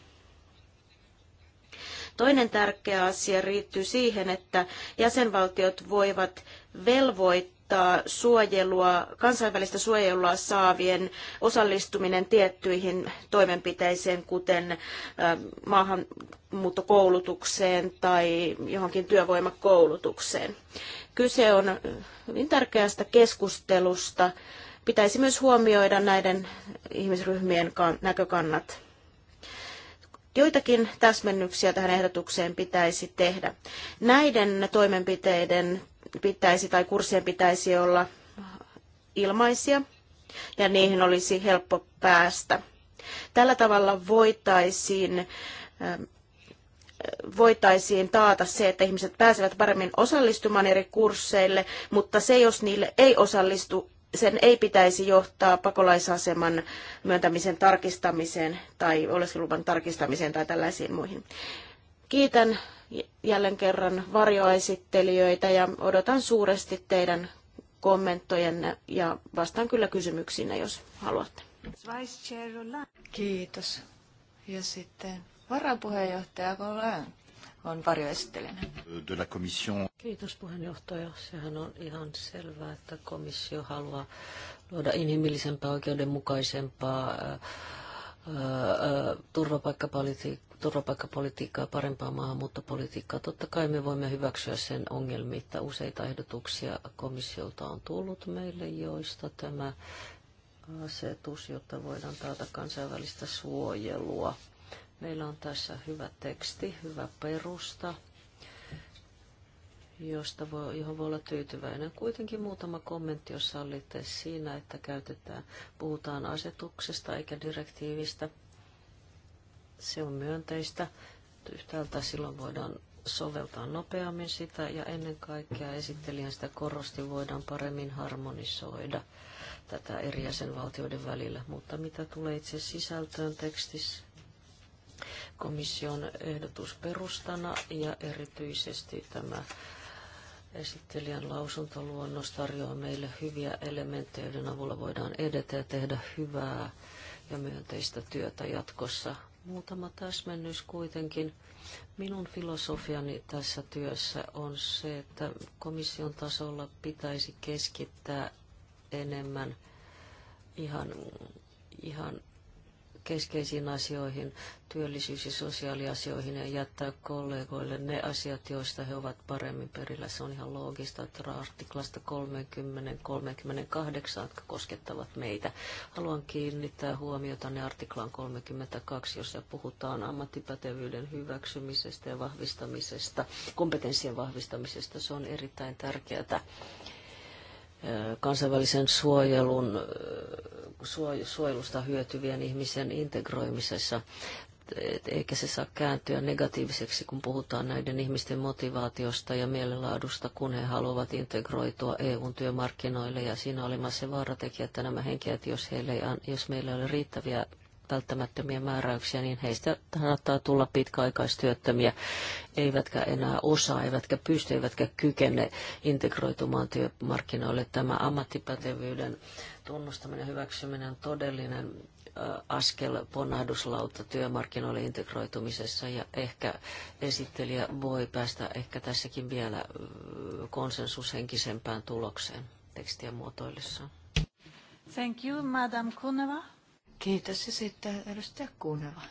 Toinen tärkeä asia riittyy siihen, että jäsenvaltiot voivat velvoittaa helpottaa suojelua, kansainvälistä suojelua saavien osallistuminen tiettyihin toimenpiteisiin, kuten maahanmuuttokoulutukseen tai johonkin työvoimakoulutukseen. Kyse on hyvin tärkeästä keskustelusta. Pitäisi myös huomioida näiden ihmisryhmien näkökannat joitakin täsmennyksiä tähän ehdotukseen pitäisi tehdä. Näiden toimenpiteiden pitäisi tai kurssien pitäisi olla ilmaisia ja niihin olisi helppo päästä. Tällä tavalla voitaisiin, ähm, voitaisiin taata se, että ihmiset pääsevät paremmin osallistumaan eri kursseille, mutta se, jos niille ei osallistu, sen ei pitäisi johtaa pakolaisaseman myöntämisen tarkistamiseen tai oleskeluluvan tarkistamiseen tai tällaisiin muihin. Kiitän jälleen kerran varjoesittelijöitä ja odotan suuresti teidän kommenttojenne ja vastaan kyllä kysymyksiinne, jos haluatte. Kiitos. Ja sitten varapuheenjohtaja Golan on varjoesittelijänä. Kiitos puheenjohtaja. Sehän on ihan selvää, että komissio haluaa luoda inhimillisempää, oikeudenmukaisempaa turvapaikkapolitiikkaa, turvapaikkapolitiikkaa, parempaa maahanmuuttopolitiikkaa. Totta kai me voimme hyväksyä sen että Useita ehdotuksia komissiolta on tullut meille, joista tämä asetus, jotta voidaan taata kansainvälistä suojelua. Meillä on tässä hyvä teksti, hyvä perusta josta voi, johon voi olla tyytyväinen. Kuitenkin muutama kommentti, jos sallitte siinä, että käytetään, puhutaan asetuksesta eikä direktiivistä. Se on myönteistä. Yhtäältä silloin voidaan soveltaa nopeammin sitä ja ennen kaikkea esittelijän sitä korosti voidaan paremmin harmonisoida tätä eri jäsenvaltioiden välillä. Mutta mitä tulee itse sisältöön tekstissä, komission ehdotusperustana ja erityisesti tämä Esittelijän lausuntoluonnos tarjoaa meille hyviä elementtejä, joiden avulla voidaan edetä ja tehdä hyvää ja myönteistä työtä jatkossa. Muutama täsmennys kuitenkin. Minun filosofiani tässä työssä on se, että komission tasolla pitäisi keskittää enemmän ihan, ihan keskeisiin asioihin, työllisyys- ja sosiaaliasioihin ja jättää kollegoille ne asiat, joista he ovat paremmin perillä. Se on ihan loogista, että artiklasta 30-38, jotka koskettavat meitä. Haluan kiinnittää huomiota ne artiklaan 32, jossa puhutaan ammattipätevyyden hyväksymisestä ja vahvistamisesta, kompetenssien vahvistamisesta. Se on erittäin tärkeää kansainvälisen suojelun, suojelusta hyötyvien ihmisen integroimisessa eikä se saa kääntyä negatiiviseksi, kun puhutaan näiden ihmisten motivaatiosta ja mielenlaadusta, kun he haluavat integroitua EUn työmarkkinoille. Ja siinä on olemassa se vaaratekijä, että nämä henkilöt, jos, heille jos meillä ei ole riittäviä välttämättömiä määräyksiä, niin heistä saattaa tulla pitkäaikaistyöttömiä, eivätkä enää osaa, eivätkä pysty, eivätkä kykene integroitumaan työmarkkinoille. Tämä ammattipätevyyden tunnustaminen ja hyväksyminen on todellinen askel ponnahduslauta työmarkkinoille integroitumisessa ja ehkä esittelijä voi päästä ehkä tässäkin vielä konsensushenkisempään tulokseen tekstiä muotoillessaan. Thank you, Madam Kuneva. Kiitos. Ja sitten edustaja Kuuneva.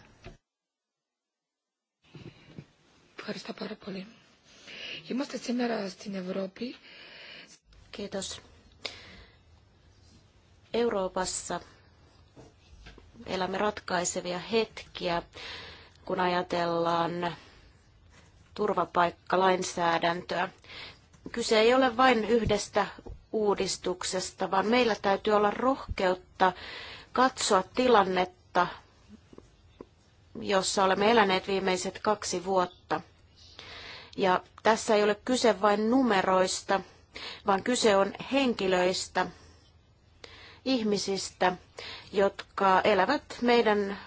Ευχαριστώ πάρα πολύ. Είμαστε σήμερα στην Kiitos. Euroopassa elämme ratkaisevia hetkiä, kun ajatellaan turvapaikkalainsäädäntöä. Kyse ei ole vain yhdestä uudistuksesta, vaan meillä täytyy olla rohkeutta katsoa tilannetta, jossa olemme eläneet viimeiset kaksi vuotta. Ja tässä ei ole kyse vain numeroista, vaan kyse on henkilöistä, ihmisistä, jotka elävät meidän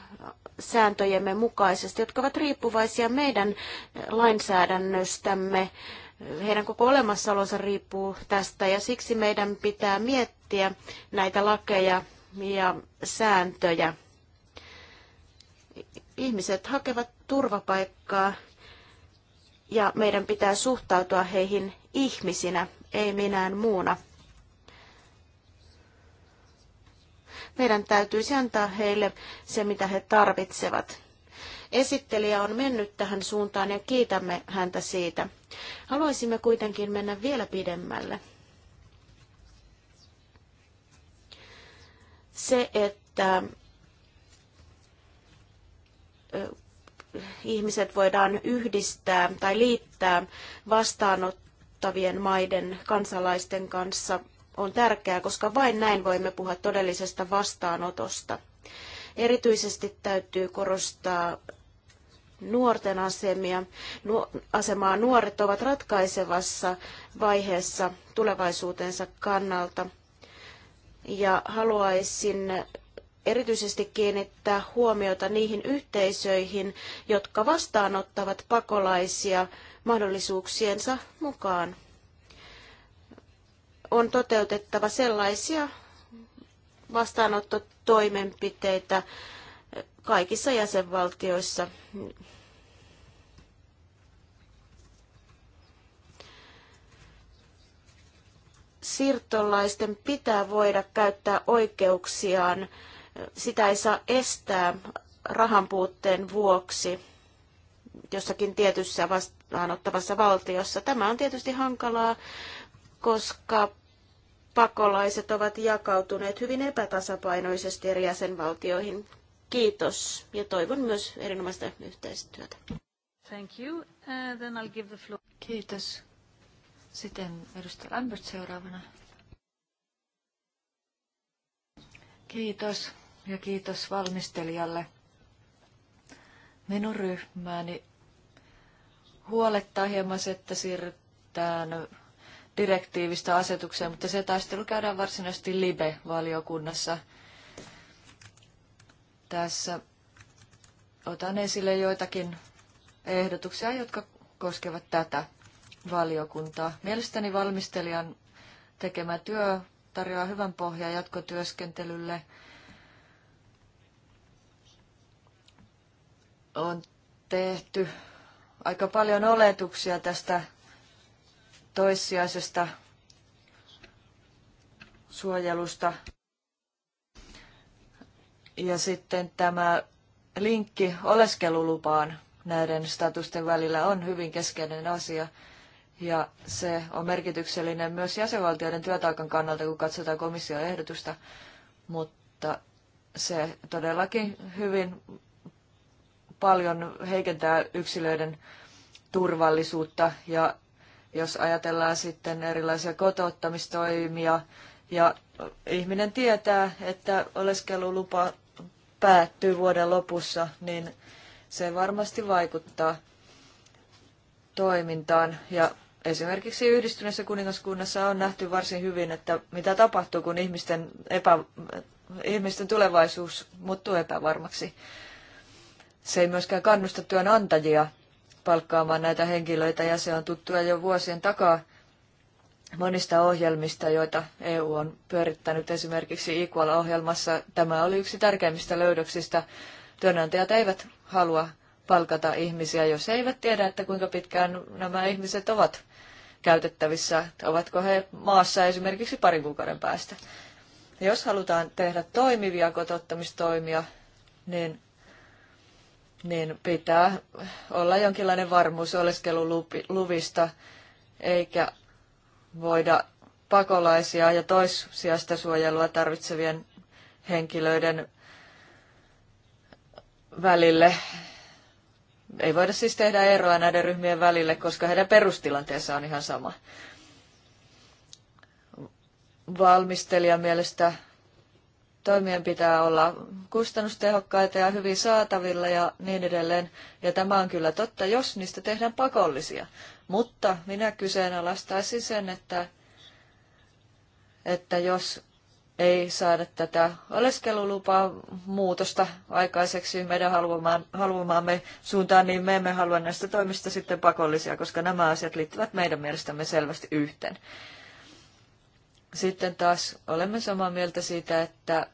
sääntöjemme mukaisesti, jotka ovat riippuvaisia meidän lainsäädännöstämme. Heidän koko olemassaolonsa riippuu tästä ja siksi meidän pitää miettiä näitä lakeja ja sääntöjä. Ihmiset hakevat turvapaikkaa ja meidän pitää suhtautua heihin ihmisinä, ei minään muuna. Meidän täytyisi antaa heille se, mitä he tarvitsevat. Esittelijä on mennyt tähän suuntaan ja kiitämme häntä siitä. Haluaisimme kuitenkin mennä vielä pidemmälle. se, että ihmiset voidaan yhdistää tai liittää vastaanottavien maiden kansalaisten kanssa on tärkeää, koska vain näin voimme puhua todellisesta vastaanotosta. Erityisesti täytyy korostaa nuorten asemia. Nu- asemaa nuoret ovat ratkaisevassa vaiheessa tulevaisuutensa kannalta ja haluaisin erityisesti kiinnittää huomiota niihin yhteisöihin, jotka vastaanottavat pakolaisia mahdollisuuksiensa mukaan. On toteutettava sellaisia vastaanottotoimenpiteitä kaikissa jäsenvaltioissa, siirtolaisten pitää voida käyttää oikeuksiaan. Sitä ei saa estää rahanpuutteen vuoksi jossakin tietyssä vastaanottavassa valtiossa. Tämä on tietysti hankalaa, koska pakolaiset ovat jakautuneet hyvin epätasapainoisesti eri jäsenvaltioihin. Kiitos ja toivon myös erinomaista yhteistyötä. Thank you. Uh, then I'll give the floor. Kiitos. Sitten edustaja Lambert seuraavana. Kiitos ja kiitos valmistelijalle. Minun ryhmääni huolettaa hieman se, että siirrytään direktiivistä asetukseen, mutta se taistelu käydään varsinaisesti LIBE-valiokunnassa. Tässä otan esille joitakin ehdotuksia, jotka koskevat tätä valiokunta. Mielestäni valmistelijan tekemä työ tarjoaa hyvän pohjan jatkotyöskentelylle. On tehty aika paljon oletuksia tästä toissijaisesta suojelusta. Ja sitten tämä linkki oleskelulupaan näiden statusten välillä on hyvin keskeinen asia ja se on merkityksellinen myös jäsenvaltioiden työtaakan kannalta, kun katsotaan komission ehdotusta, mutta se todellakin hyvin paljon heikentää yksilöiden turvallisuutta ja jos ajatellaan sitten erilaisia kotouttamistoimia ja ihminen tietää, että oleskelulupa päättyy vuoden lopussa, niin se varmasti vaikuttaa toimintaan ja esimerkiksi yhdistyneessä kuningaskunnassa on nähty varsin hyvin, että mitä tapahtuu, kun ihmisten, epä, ihmisten tulevaisuus muuttuu epävarmaksi. Se ei myöskään kannusta työnantajia palkkaamaan näitä henkilöitä, ja se on tuttua jo vuosien takaa monista ohjelmista, joita EU on pyörittänyt esimerkiksi Equal-ohjelmassa. Tämä oli yksi tärkeimmistä löydöksistä. Työnantajat eivät halua palkata ihmisiä, jos he eivät tiedä, että kuinka pitkään nämä ihmiset ovat käytettävissä, ovatko he maassa esimerkiksi parin kuukauden päästä. jos halutaan tehdä toimivia kotouttamistoimia, niin, niin pitää olla jonkinlainen varmuus oleskeluluvista, eikä voida pakolaisia ja toissijaista suojelua tarvitsevien henkilöiden välille ei voida siis tehdä eroa näiden ryhmien välille, koska heidän perustilanteensa on ihan sama. Valmistelijan mielestä toimien pitää olla kustannustehokkaita ja hyvin saatavilla ja niin edelleen. Ja tämä on kyllä totta, jos niistä tehdään pakollisia. Mutta minä kyseenalaistaisin sen, että, että jos ei saada tätä oleskelulupaa muutosta aikaiseksi meidän haluamaamme suuntaan, niin me emme halua näistä toimista sitten pakollisia, koska nämä asiat liittyvät meidän mielestämme selvästi yhteen. Sitten taas olemme samaa mieltä siitä, että,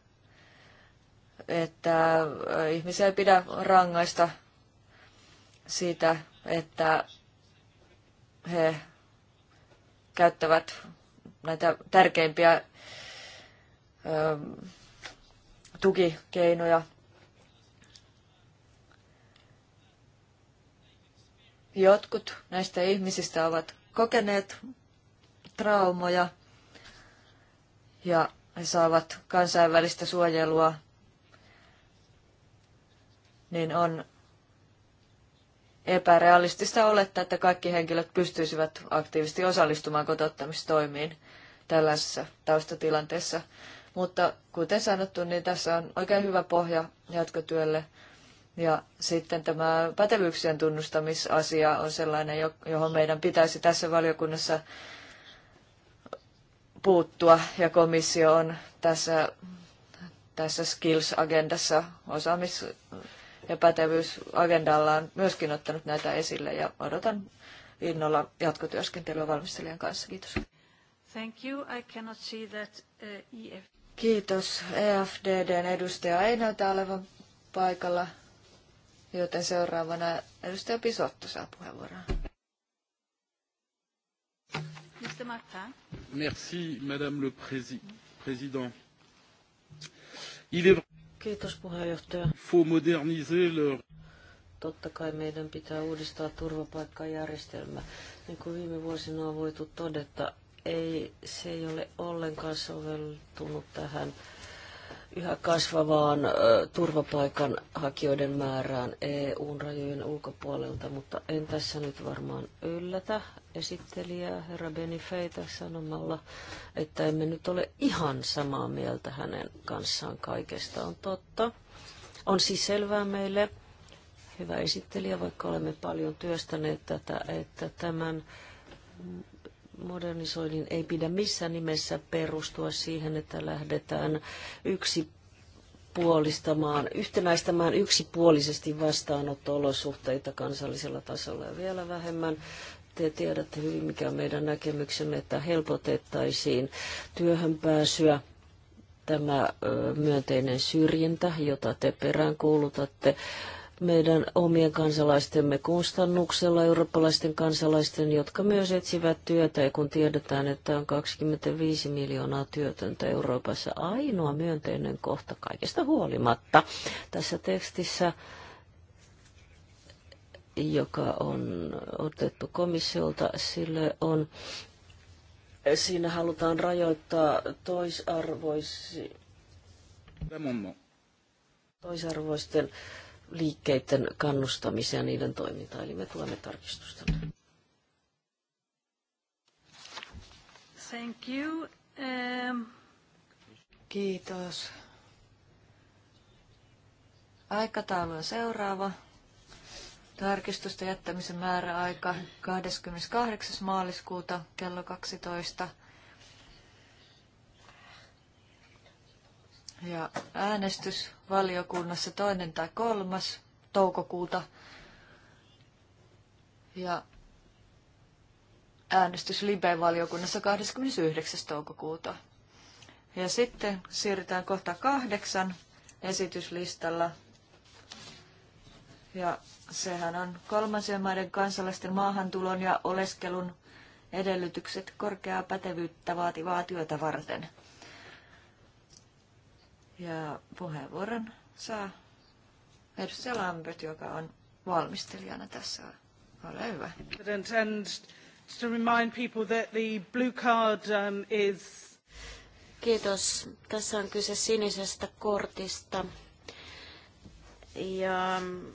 että äh, ihmisiä ei pidä rangaista siitä, että he käyttävät näitä tärkeimpiä tukikeinoja. Jotkut näistä ihmisistä ovat kokeneet traumoja ja he saavat kansainvälistä suojelua, niin on epärealistista olettaa, että kaikki henkilöt pystyisivät aktiivisesti osallistumaan kotouttamistoimiin tällaisessa taustatilanteessa. Mutta kuten sanottu, niin tässä on oikein hyvä pohja jatkotyölle. Ja sitten tämä pätevyyksien tunnustamisasia on sellainen, johon meidän pitäisi tässä valiokunnassa puuttua. Ja komissio on tässä, tässä skills-agendassa osaamis- ja pätevyysagendallaan myöskin ottanut näitä esille. Ja odotan innolla jatkotyöskentelyä valmistelijan kanssa. Kiitos. Thank you. I cannot see that uh, EF. Kiitos. EFDDn edustaja ei näytä olevan paikalla, joten seuraavana edustaja Pisotto saa puheenvuoron. Mr. Martin. Merci, Madame le Président. Il est... Kiitos puheenjohtaja. Faut moderniser leur... Totta kai meidän pitää uudistaa turvapaikkajärjestelmä. Niin kuin viime vuosina on voitu todeta, ei, se ei ole ollenkaan soveltunut tähän yhä kasvavaan turvapaikanhakijoiden määrään eu rajojen ulkopuolelta, mutta en tässä nyt varmaan yllätä esittelijää herra Benifeitä sanomalla, että emme nyt ole ihan samaa mieltä hänen kanssaan kaikesta on totta. On siis selvää meille, hyvä esittelijä, vaikka olemme paljon työstäneet tätä, että tämän modernisoinnin ei pidä missään nimessä perustua siihen, että lähdetään yksi puolistamaan, yhtenäistämään yksipuolisesti vastaanotto-olosuhteita kansallisella tasolla ja vielä vähemmän te tiedätte hyvin, mikä on meidän näkemyksemme, että helpotettaisiin työhön pääsyä tämä myönteinen syrjintä, jota te peräänkuulutatte. kuulutatte meidän omien kansalaistemme kustannuksella, eurooppalaisten kansalaisten, jotka myös etsivät työtä, ja kun tiedetään, että on 25 miljoonaa työtöntä Euroopassa, ainoa myönteinen kohta kaikesta huolimatta tässä tekstissä, joka on otettu komissiolta, sille on, siinä halutaan rajoittaa toisarvoisi, toisarvoisten liikkeiden kannustamiseen ja niiden toimintaa. Eli me tuemme tarkistusta. Thank you. Um... Kiitos. Aikataulu on seuraava. Tarkistusten jättämisen määräaika 28. maaliskuuta kello 12. ja äänestysvaliokunnassa toinen tai kolmas toukokuuta. Ja äänestys Libe-valiokunnassa 29. toukokuuta. Ja sitten siirrytään kohta kahdeksan esityslistalla. Ja sehän on kolmansien maiden kansalaisten maahantulon ja oleskelun edellytykset korkeaa pätevyyttä vaativaa työtä varten – ja puheenvuoron saa edustaja Lambert, joka on valmistelijana tässä. Ole hyvä. To remind people that the blue card um, is Kiitos. Tässä on kyse sinisestä kortista. Ja um,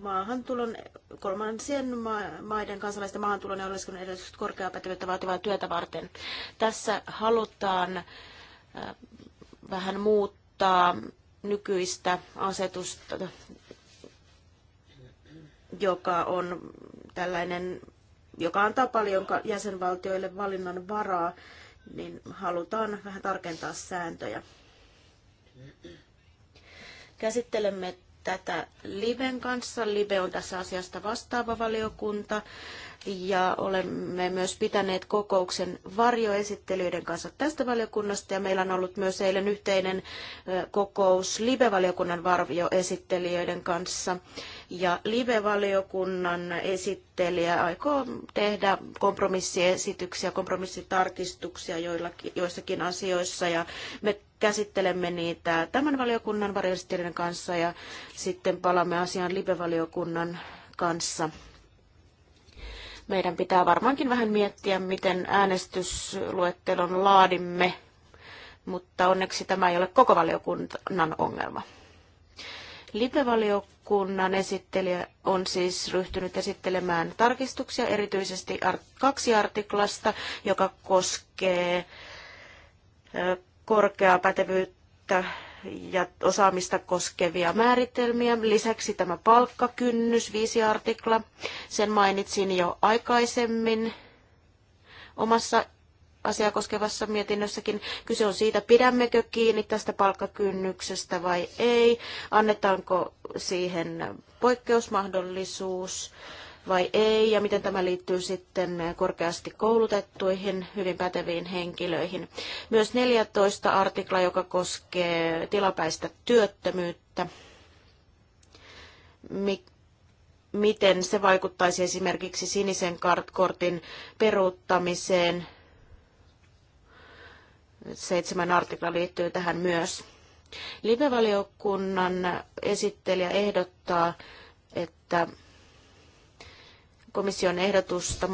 maahantulon, kolmansien maiden kansalaisten maahantulon ja oleskelun edellytykset korkeaa pätevyyttä vaativaa työtä varten. Tässä halutaan vähän muuttaa nykyistä asetusta, joka on tällainen, joka antaa paljon jäsenvaltioille valinnan varaa, niin halutaan vähän tarkentaa sääntöjä. Käsittelemme tätä Liven kanssa. Live on tässä asiasta vastaava valiokunta ja olemme myös pitäneet kokouksen varjoesittelyiden kanssa tästä valiokunnasta ja meillä on ollut myös eilen yhteinen kokous Live-valiokunnan varjoesittelijöiden kanssa ja Live-valiokunnan esittelijä aikoo tehdä kompromissiesityksiä, kompromissitarkistuksia joissakin asioissa ja me käsittelemme niitä tämän valiokunnan varjoesittelijöiden kanssa ja sitten palaamme asiaan Live-valiokunnan kanssa meidän pitää varmaankin vähän miettiä, miten äänestysluettelon laadimme, mutta onneksi tämä ei ole koko valiokunnan ongelma. Lipevaliokunnan esittelijä on siis ryhtynyt esittelemään tarkistuksia erityisesti kaksi artiklasta, joka koskee korkeaa pätevyyttä ja osaamista koskevia määritelmiä. Lisäksi tämä palkkakynnys, viisi artikla, sen mainitsin jo aikaisemmin omassa asia koskevassa mietinnössäkin. Kyse on siitä, pidämmekö kiinni tästä palkkakynnyksestä vai ei, annetaanko siihen poikkeusmahdollisuus vai ei, ja miten tämä liittyy sitten korkeasti koulutettuihin, hyvin päteviin henkilöihin. Myös 14 artikla, joka koskee tilapäistä työttömyyttä, miten se vaikuttaisi esimerkiksi sinisen kortin peruuttamiseen. Seitsemän artikla liittyy tähän myös. live esittelijä ehdottaa, että komission ehdotusta,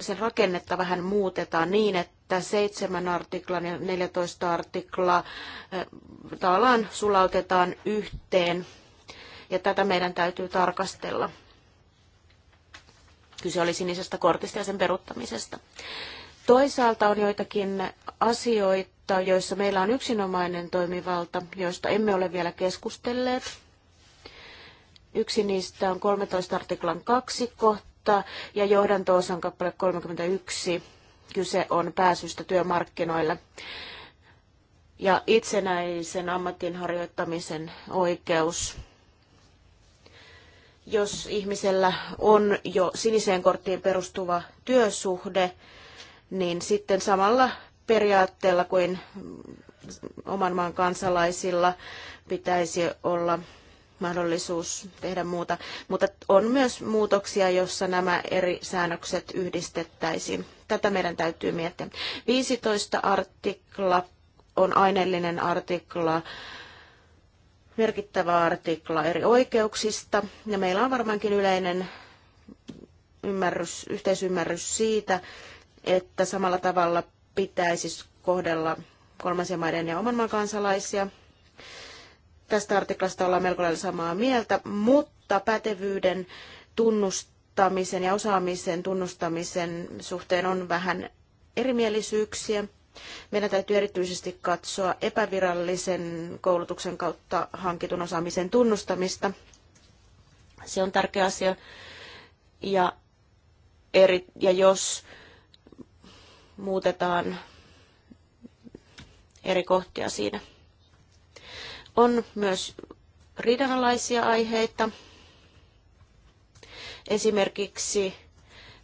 sen rakennetta vähän muutetaan niin, että seitsemän artiklan ja 14 artiklaa eh, tavallaan sulautetaan yhteen, ja tätä meidän täytyy tarkastella. Kyse oli sinisestä kortista ja sen peruuttamisesta. Toisaalta on joitakin asioita, joissa meillä on yksinomainen toimivalta, joista emme ole vielä keskustelleet. Yksi niistä on 13 artiklan kaksi kohta kautta ja johdanto-osan kappale 31. Kyse on pääsystä työmarkkinoille ja itsenäisen ammatin harjoittamisen oikeus. Jos ihmisellä on jo siniseen korttiin perustuva työsuhde, niin sitten samalla periaatteella kuin oman maan kansalaisilla pitäisi olla mahdollisuus tehdä muuta, mutta on myös muutoksia, jossa nämä eri säännökset yhdistettäisiin. Tätä meidän täytyy miettiä. 15 artikla on aineellinen artikla, merkittävä artikla eri oikeuksista, ja meillä on varmaankin yleinen ymmärrys, yhteisymmärrys siitä, että samalla tavalla pitäisi kohdella kolmansien maiden ja oman maan kansalaisia – Tästä artiklasta ollaan melko lailla samaa mieltä, mutta pätevyyden tunnustamisen ja osaamisen tunnustamisen suhteen on vähän erimielisyyksiä. Meidän täytyy erityisesti katsoa epävirallisen koulutuksen kautta hankitun osaamisen tunnustamista. Se on tärkeä asia. Ja, eri, ja jos muutetaan eri kohtia siinä. On myös riidanalaisia aiheita, esimerkiksi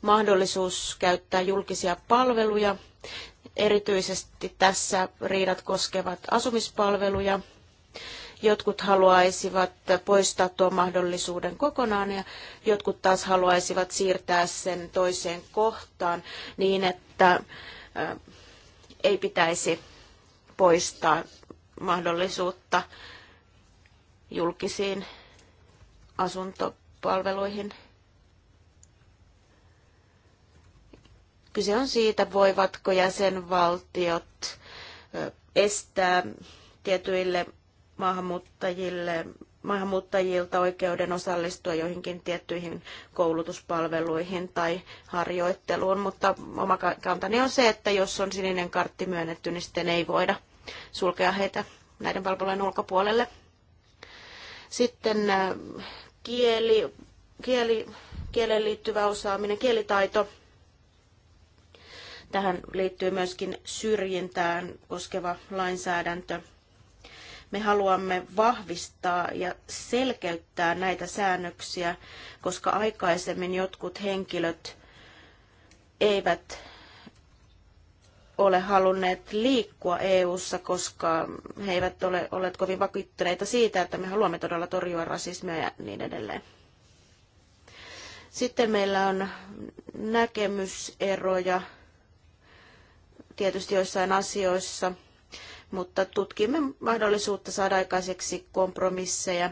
mahdollisuus käyttää julkisia palveluja. Erityisesti tässä riidat koskevat asumispalveluja. Jotkut haluaisivat poistaa tuon mahdollisuuden kokonaan ja jotkut taas haluaisivat siirtää sen toiseen kohtaan niin, että ei pitäisi poistaa mahdollisuutta julkisiin asuntopalveluihin. Kyse on siitä, voivatko jäsenvaltiot estää tietyille maahanmuuttajille, maahanmuuttajilta oikeuden osallistua joihinkin tiettyihin koulutuspalveluihin tai harjoitteluun, mutta oma kantani on se, että jos on sininen kartti myönnetty, niin sitten ei voida sulkea heitä näiden palvelujen ulkopuolelle. Sitten äh, kieli, kieli, kieleen liittyvä osaaminen, kielitaito. Tähän liittyy myöskin syrjintään koskeva lainsäädäntö. Me haluamme vahvistaa ja selkeyttää näitä säännöksiä, koska aikaisemmin jotkut henkilöt eivät ole halunneet liikkua EU:ssa, koska he eivät ole olleet kovin vakuuttuneita siitä, että me haluamme todella torjua rasismia ja niin edelleen. Sitten meillä on näkemyseroja tietysti joissain asioissa, mutta tutkimme mahdollisuutta saada aikaiseksi kompromisseja.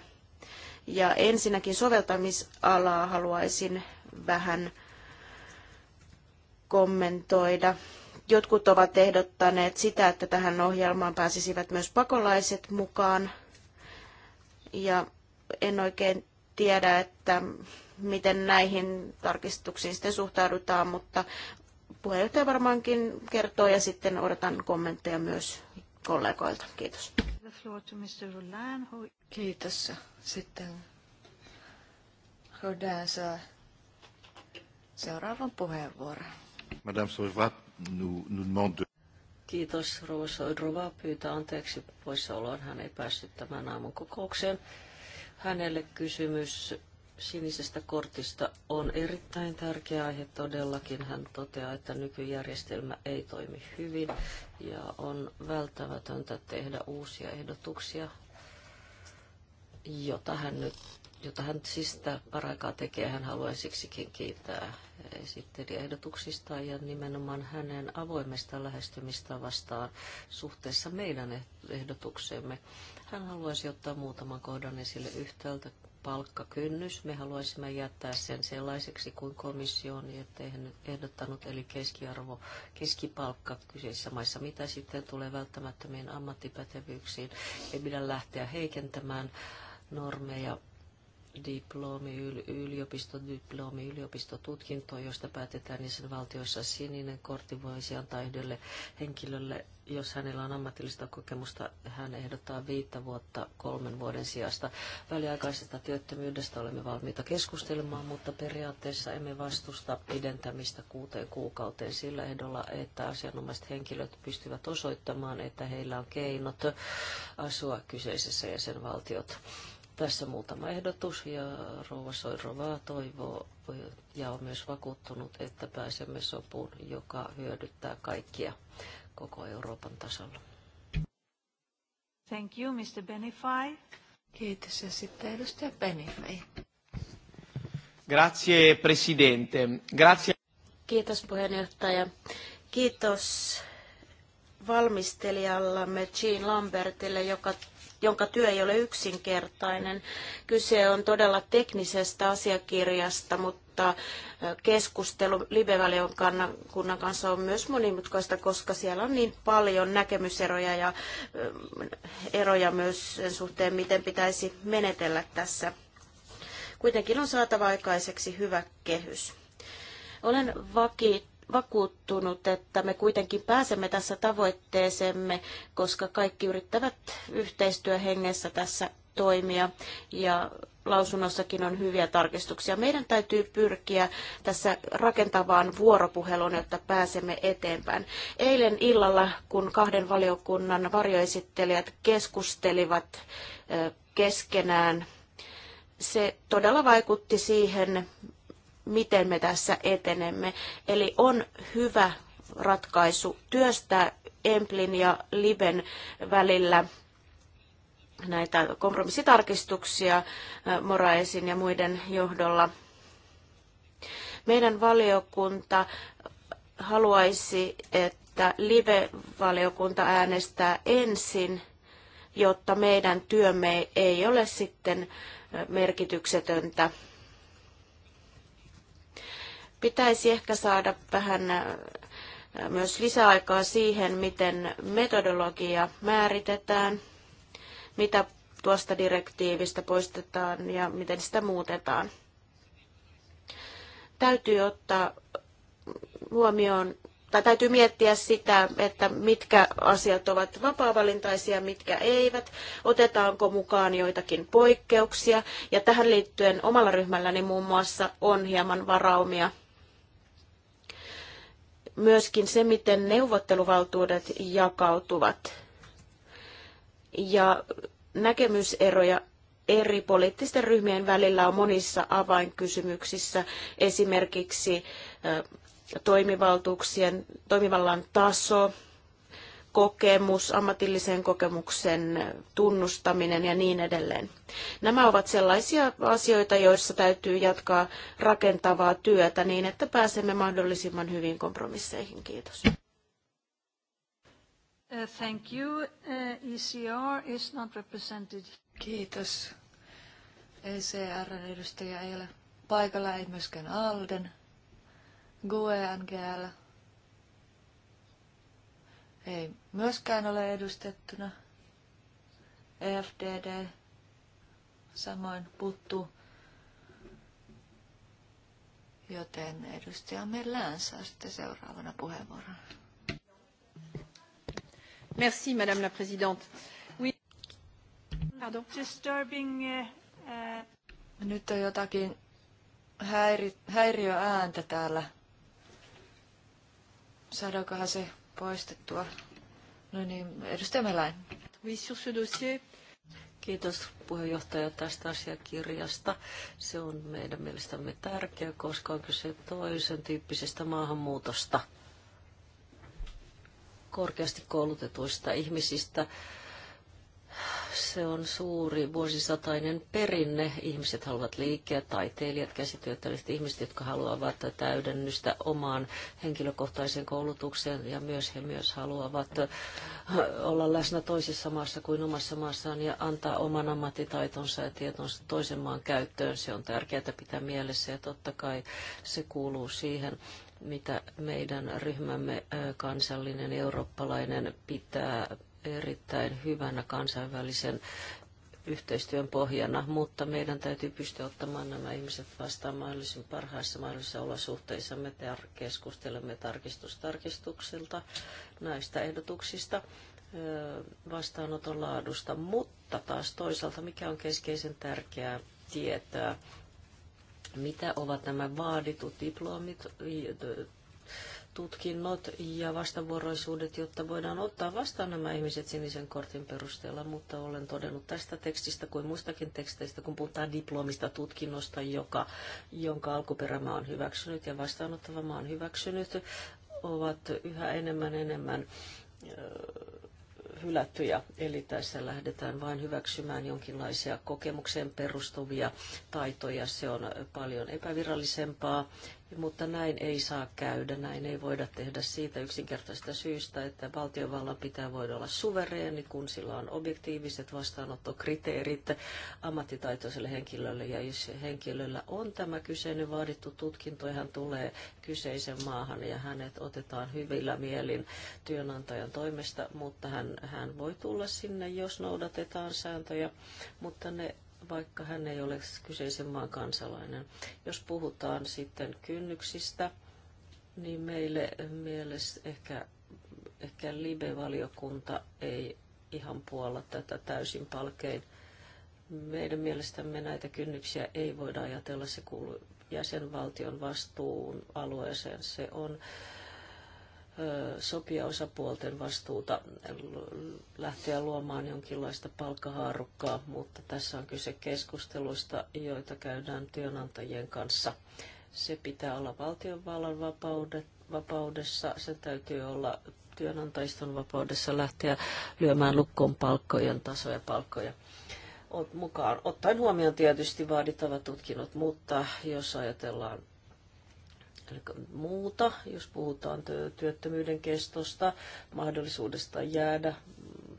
Ja ensinnäkin soveltamisalaa haluaisin vähän kommentoida. Jotkut ovat ehdottaneet sitä, että tähän ohjelmaan pääsisivät myös pakolaiset mukaan. Ja en oikein tiedä, että miten näihin tarkistuksiin sitten suhtaudutaan, mutta puheenjohtaja varmaankin kertoo ja sitten odotan kommentteja myös kollegoilta. Kiitos. Kiitos. Sitten Rodin saa seuraavan puheenvuoron. Madame Survat, nous, nous demande Kiitos, Rouva Soidrova. Pyytää anteeksi poissaoloon. Hän ei päässyt tämän aamun kokoukseen. Hänelle kysymys sinisestä kortista on erittäin tärkeä aihe todellakin. Hän toteaa, että nykyjärjestelmä ei toimi hyvin ja on välttämätöntä tehdä uusia ehdotuksia, jota hän nyt jota hän siis paraikaa tekee. Hän haluaa siksikin kiittää esittelijäehdotuksista ja nimenomaan hänen avoimesta lähestymistä vastaan suhteessa meidän ehdotukseemme. Hän haluaisi ottaa muutaman kohdan esille yhtäältä palkkakynnys. Me haluaisimme jättää sen sellaiseksi kuin komissio on ehdottanut, eli keskiarvo, keskipalkka kyseisissä maissa. Mitä sitten tulee välttämättömiin ammattipätevyyksiin, ei pidä lähteä heikentämään normeja diplomi, yliopistodiplomi, yliopistotutkinto, josta päätetään niin valtioissa sininen kortti voisi antaa yhdelle henkilölle, jos hänellä on ammatillista kokemusta, hän ehdottaa viittä vuotta kolmen vuoden sijasta. Väliaikaisesta työttömyydestä olemme valmiita keskustelemaan, mutta periaatteessa emme vastusta pidentämistä kuuteen kuukauteen sillä ehdolla, että asianomaiset henkilöt pystyvät osoittamaan, että heillä on keinot asua kyseisessä jäsenvaltiot tässä muutama ehdotus ja Rouva Soirovaa toivoo ja on myös vakuuttunut, että pääsemme sopuun, joka hyödyttää kaikkia koko Euroopan tasolla. Thank you, Mr. Benify. Kiitos ja sitten edustaja Benify. Grazie, Presidente. Grazie. Kiitos puheenjohtaja. Kiitos valmistelijallamme Jean Lambertille, joka jonka työ ei ole yksinkertainen. Kyse on todella teknisestä asiakirjasta, mutta keskustelu kunnan kanssa on myös monimutkaista, koska siellä on niin paljon näkemyseroja ja eroja myös sen suhteen, miten pitäisi menetellä tässä. Kuitenkin on saatava aikaiseksi hyvä kehys. Olen vakiittunut vakuuttunut, että me kuitenkin pääsemme tässä tavoitteeseemme, koska kaikki yrittävät yhteistyöhengessä tässä toimia ja lausunnossakin on hyviä tarkistuksia. Meidän täytyy pyrkiä tässä rakentavaan vuoropuheluun, jotta pääsemme eteenpäin. Eilen illalla, kun kahden valiokunnan varjoesittelijät keskustelivat keskenään, se todella vaikutti siihen, miten me tässä etenemme. Eli on hyvä ratkaisu työstää Emplin ja Liben välillä näitä kompromissitarkistuksia äh, Moraesin ja muiden johdolla. Meidän valiokunta haluaisi, että live-valiokunta äänestää ensin, jotta meidän työmme ei ole sitten äh, merkityksetöntä. Pitäisi ehkä saada vähän äh, myös lisäaikaa siihen, miten metodologia määritetään, mitä tuosta direktiivistä poistetaan ja miten sitä muutetaan. Täytyy ottaa huomioon tai täytyy miettiä sitä, että mitkä asiat ovat vapaavalintaisia, mitkä eivät, otetaanko mukaan joitakin poikkeuksia. Ja tähän liittyen omalla ryhmälläni muun muassa on hieman varaumia myöskin se, miten neuvotteluvaltuudet jakautuvat ja näkemyseroja eri poliittisten ryhmien välillä on monissa avainkysymyksissä, esimerkiksi toimivaltuuksien, toimivallan taso, kokemus, ammatillisen kokemuksen tunnustaminen ja niin edelleen. Nämä ovat sellaisia asioita, joissa täytyy jatkaa rakentavaa työtä niin, että pääsemme mahdollisimman hyvin kompromisseihin. Kiitos. Uh, thank you. Uh, ECR is not represented. Kiitos. ecr edustaja ei ole paikalla, ei myöskään Alden. GUE NGL ei myöskään ole edustettuna. EFDD samoin puuttuu. Joten edustaja Merlään saa sitten seuraavana puheenvuoron. Merci, Madame la Présidente. Oui. Pardon. Disturbing, uh... Nyt on jotakin häiri, häiriöääntä täällä. Saadaankohan se poistettua. No niin, edustaja Meläin. Kiitos puheenjohtaja tästä asiakirjasta. Se on meidän mielestämme tärkeä, koska on kyse toisen tyyppisestä maahanmuutosta, korkeasti koulutetuista ihmisistä, se on suuri vuosisatainen perinne. Ihmiset haluavat liikkeä, taiteilijat, käsityöttäjät, ihmiset, jotka haluavat täydennystä omaan henkilökohtaiseen koulutukseen ja myös he myös haluavat äh, olla läsnä toisessa maassa kuin omassa maassaan ja antaa oman ammattitaitonsa ja tietonsa toisen maan käyttöön. Se on tärkeää pitää mielessä ja totta kai se kuuluu siihen mitä meidän ryhmämme äh, kansallinen eurooppalainen pitää erittäin hyvänä kansainvälisen yhteistyön pohjana, mutta meidän täytyy pystyä ottamaan nämä ihmiset vastaan mahdollisimman parhaissa mahdollisissa olosuhteissa. Me keskustelemme tarkistustarkistuksilta näistä ehdotuksista vastaanoton laadusta, mutta taas toisaalta mikä on keskeisen tärkeää tietää, mitä ovat nämä vaaditut diplomit, tutkinnot ja vastavuoroisuudet, jotta voidaan ottaa vastaan nämä ihmiset sinisen kortin perusteella, mutta olen todennut tästä tekstistä kuin muistakin teksteistä, kun puhutaan diplomista tutkinnosta, joka, jonka alkuperämaa on hyväksynyt ja vastaanottava maa on hyväksynyt, ovat yhä enemmän enemmän hylättyjä, eli tässä lähdetään vain hyväksymään jonkinlaisia kokemukseen perustuvia taitoja. Se on paljon epävirallisempaa mutta näin ei saa käydä, näin ei voida tehdä siitä yksinkertaista syystä, että valtiovallan pitää voida olla suvereeni, kun sillä on objektiiviset vastaanottokriteerit ammattitaitoiselle henkilölle. Ja jos henkilöllä on tämä kyseinen vaadittu tutkinto, hän tulee kyseisen maahan ja hänet otetaan hyvillä mielin työnantajan toimesta, mutta hän, hän voi tulla sinne, jos noudatetaan sääntöjä, mutta ne vaikka hän ei ole kyseisen maan kansalainen. Jos puhutaan sitten kynnyksistä, niin meille mielessä ehkä, ehkä Libe-valiokunta ei ihan puolla tätä täysin palkein. Meidän mielestämme näitä kynnyksiä ei voida ajatella, se kuuluu jäsenvaltion vastuun alueeseen. Se on äh, sopia osapuolten vastuuta lähteä luomaan jonkinlaista palkkahaarukkaa, mutta tässä on kyse keskusteluista, joita käydään työnantajien kanssa. Se pitää olla valtionvallan vapaudet, vapaudessa, sen täytyy olla työnantajiston vapaudessa lähteä lyömään lukkoon palkkojen tasoja palkkoja mukaan, ottaen huomioon tietysti vaadittavat tutkinnot, mutta jos ajatellaan muuta, jos puhutaan työttömyyden kestosta, mahdollisuudesta jäädä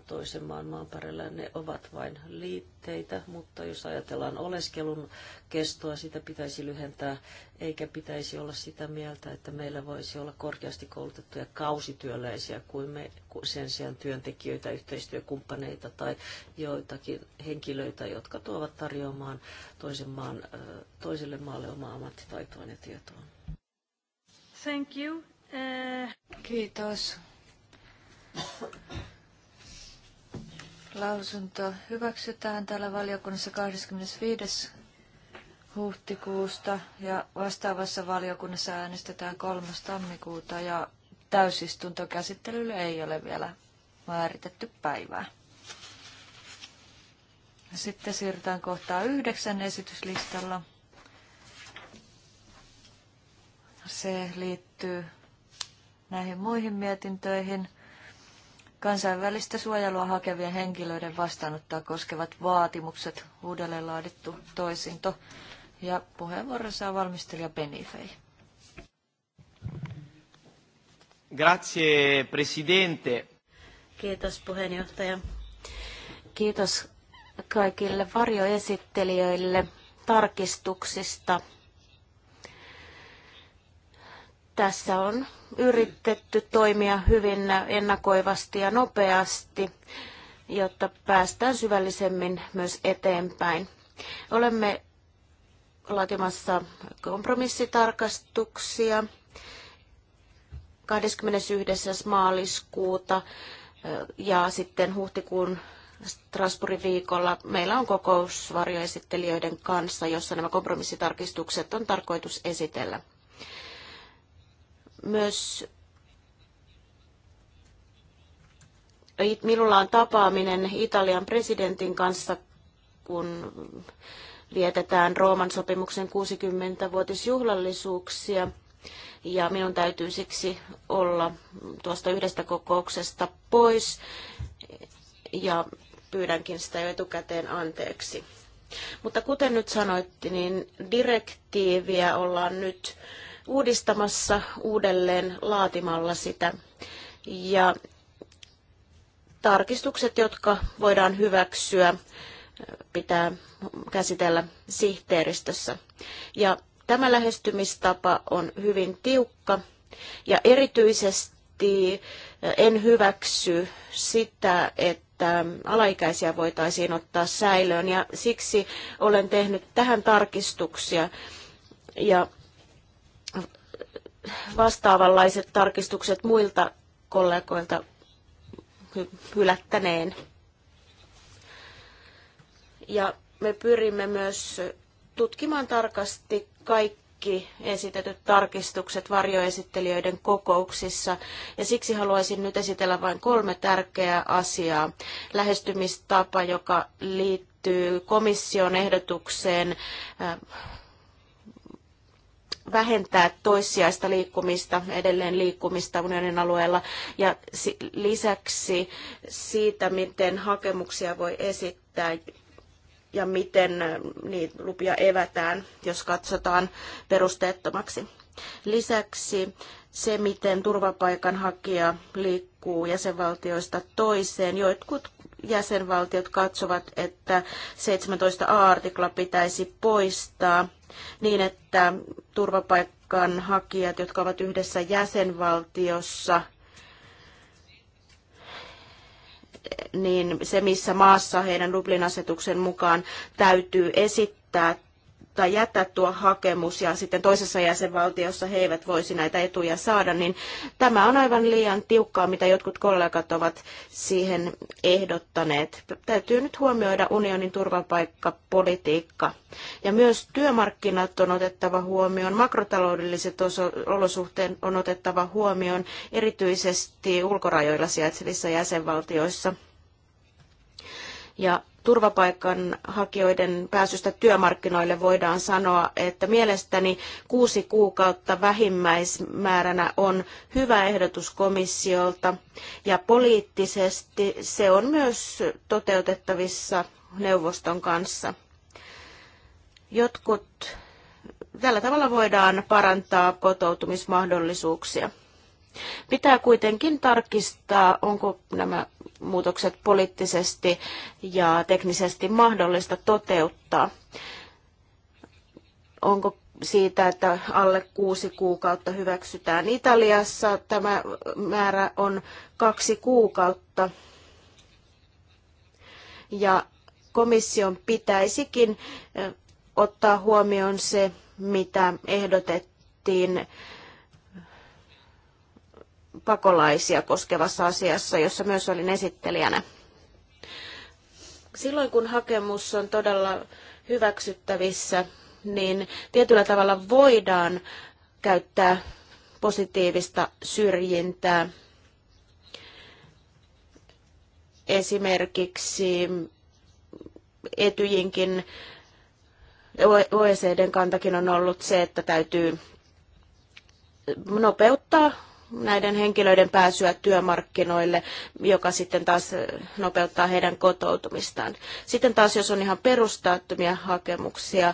toisen maan maaperällä, ne ovat vain liitteitä, mutta jos ajatellaan oleskelun kestoa, sitä pitäisi lyhentää, eikä pitäisi olla sitä mieltä, että meillä voisi olla korkeasti koulutettuja kausityöläisiä kuin me sen sijaan työntekijöitä, yhteistyökumppaneita tai joitakin henkilöitä, jotka tuovat tarjoamaan toisen maan, toiselle maalle omaa ammattitaitoa ja tietoa. Thank you. Eh, Kiitos. Lausunto hyväksytään täällä valiokunnassa 25. huhtikuusta ja vastaavassa valiokunnassa äänestetään 3. tammikuuta ja täysistuntokäsittelylle ei ole vielä määritetty päivää. Sitten siirrytään kohtaan yhdeksän esityslistalla. Se liittyy näihin muihin mietintöihin. Kansainvälistä suojelua hakevien henkilöiden vastaanottaa koskevat vaatimukset, uudelleen laadittu toisinto. Ja puheenvuoron saa valmistelija Benifei. Grazie, presidente. Kiitos puheenjohtaja. Kiitos kaikille varjoesittelijöille tarkistuksista tässä on yritetty toimia hyvin ennakoivasti ja nopeasti, jotta päästään syvällisemmin myös eteenpäin. Olemme laatimassa kompromissitarkastuksia 21. maaliskuuta ja sitten huhtikuun Strasbourgin viikolla meillä on kokous varjoesittelijöiden kanssa, jossa nämä kompromissitarkistukset on tarkoitus esitellä. Myös minulla on tapaaminen Italian presidentin kanssa, kun vietetään Rooman sopimuksen 60-vuotisjuhlallisuuksia. Ja minun täytyy siksi olla tuosta yhdestä kokouksesta pois ja pyydänkin sitä jo etukäteen anteeksi. Mutta kuten nyt sanoitti, niin direktiiviä ollaan nyt uudistamassa uudelleen laatimalla sitä. Ja tarkistukset, jotka voidaan hyväksyä, pitää käsitellä sihteeristössä. Ja tämä lähestymistapa on hyvin tiukka ja erityisesti en hyväksy sitä, että alaikäisiä voitaisiin ottaa säilöön ja siksi olen tehnyt tähän tarkistuksia ja vastaavanlaiset tarkistukset muilta kollegoilta hylättäneen. Ja me pyrimme myös tutkimaan tarkasti kaikki esitetyt tarkistukset varjoesittelijöiden kokouksissa, ja siksi haluaisin nyt esitellä vain kolme tärkeää asiaa. Lähestymistapa, joka liittyy komission ehdotukseen äh, vähentää toissijaista liikkumista, edelleen liikkumista unionin alueella ja lisäksi siitä, miten hakemuksia voi esittää ja miten niitä lupia evätään, jos katsotaan perusteettomaksi. Lisäksi se, miten turvapaikanhakija liikkuu jäsenvaltioista toiseen. Jotkut jäsenvaltiot katsovat, että 17a-artikla pitäisi poistaa niin, että turvapaikan hakijat, jotka ovat yhdessä jäsenvaltiossa, niin se missä maassa heidän Dublin-asetuksen mukaan täytyy esittää tai jättää tuo hakemus ja sitten toisessa jäsenvaltiossa he eivät voisi näitä etuja saada, niin tämä on aivan liian tiukkaa, mitä jotkut kollegat ovat siihen ehdottaneet. Täytyy nyt huomioida unionin turvapaikkapolitiikka. Ja myös työmarkkinat on otettava huomioon, makrotaloudelliset olosuhteet on otettava huomioon, erityisesti ulkorajoilla sijaitsevissa jäsenvaltioissa. Ja turvapaikanhakijoiden pääsystä työmarkkinoille voidaan sanoa, että mielestäni kuusi kuukautta vähimmäismääränä on hyvä ehdotus komissiolta ja poliittisesti se on myös toteutettavissa neuvoston kanssa. Jotkut tällä tavalla voidaan parantaa kotoutumismahdollisuuksia. Pitää kuitenkin tarkistaa, onko nämä muutokset poliittisesti ja teknisesti mahdollista toteuttaa. Onko siitä, että alle kuusi kuukautta hyväksytään. Italiassa tämä määrä on kaksi kuukautta. Ja komission pitäisikin ottaa huomioon se, mitä ehdotettiin pakolaisia koskevassa asiassa, jossa myös olin esittelijänä. Silloin kun hakemus on todella hyväksyttävissä, niin tietyllä tavalla voidaan käyttää positiivista syrjintää. Esimerkiksi etyjinkin OECDn kantakin on ollut se, että täytyy nopeuttaa näiden henkilöiden pääsyä työmarkkinoille, joka sitten taas nopeuttaa heidän kotoutumistaan. Sitten taas, jos on ihan perustaattomia hakemuksia,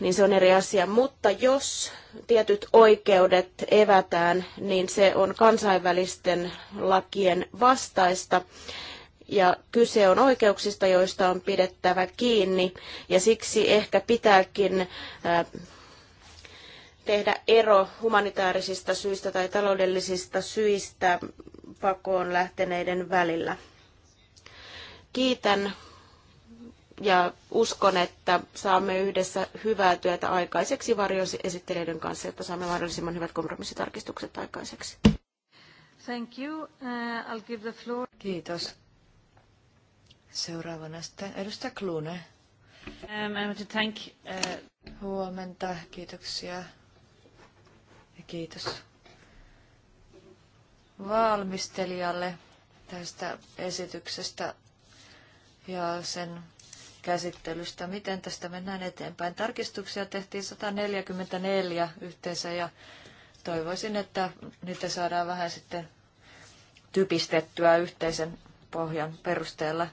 niin se on eri asia. Mutta jos tietyt oikeudet evätään, niin se on kansainvälisten lakien vastaista. Ja kyse on oikeuksista, joista on pidettävä kiinni. Ja siksi ehkä pitääkin tehdä ero humanitaarisista syistä tai taloudellisista syistä pakoon lähteneiden välillä. Kiitän ja uskon, että saamme yhdessä hyvää työtä aikaiseksi varjoesittelijöiden kanssa, että saamme mahdollisimman hyvät kompromissitarkistukset aikaiseksi. Thank you. Uh, I'll give the floor. Kiitos. Seuraavana sitten edustaja Klune. Um, I want to thank, uh... Huomenta, kiitoksia Kiitos valmistelijalle tästä esityksestä ja sen käsittelystä. Miten tästä mennään eteenpäin? Tarkistuksia tehtiin 144 yhteensä ja toivoisin, että niitä saadaan vähän sitten typistettyä yhteisen pohjan perusteella.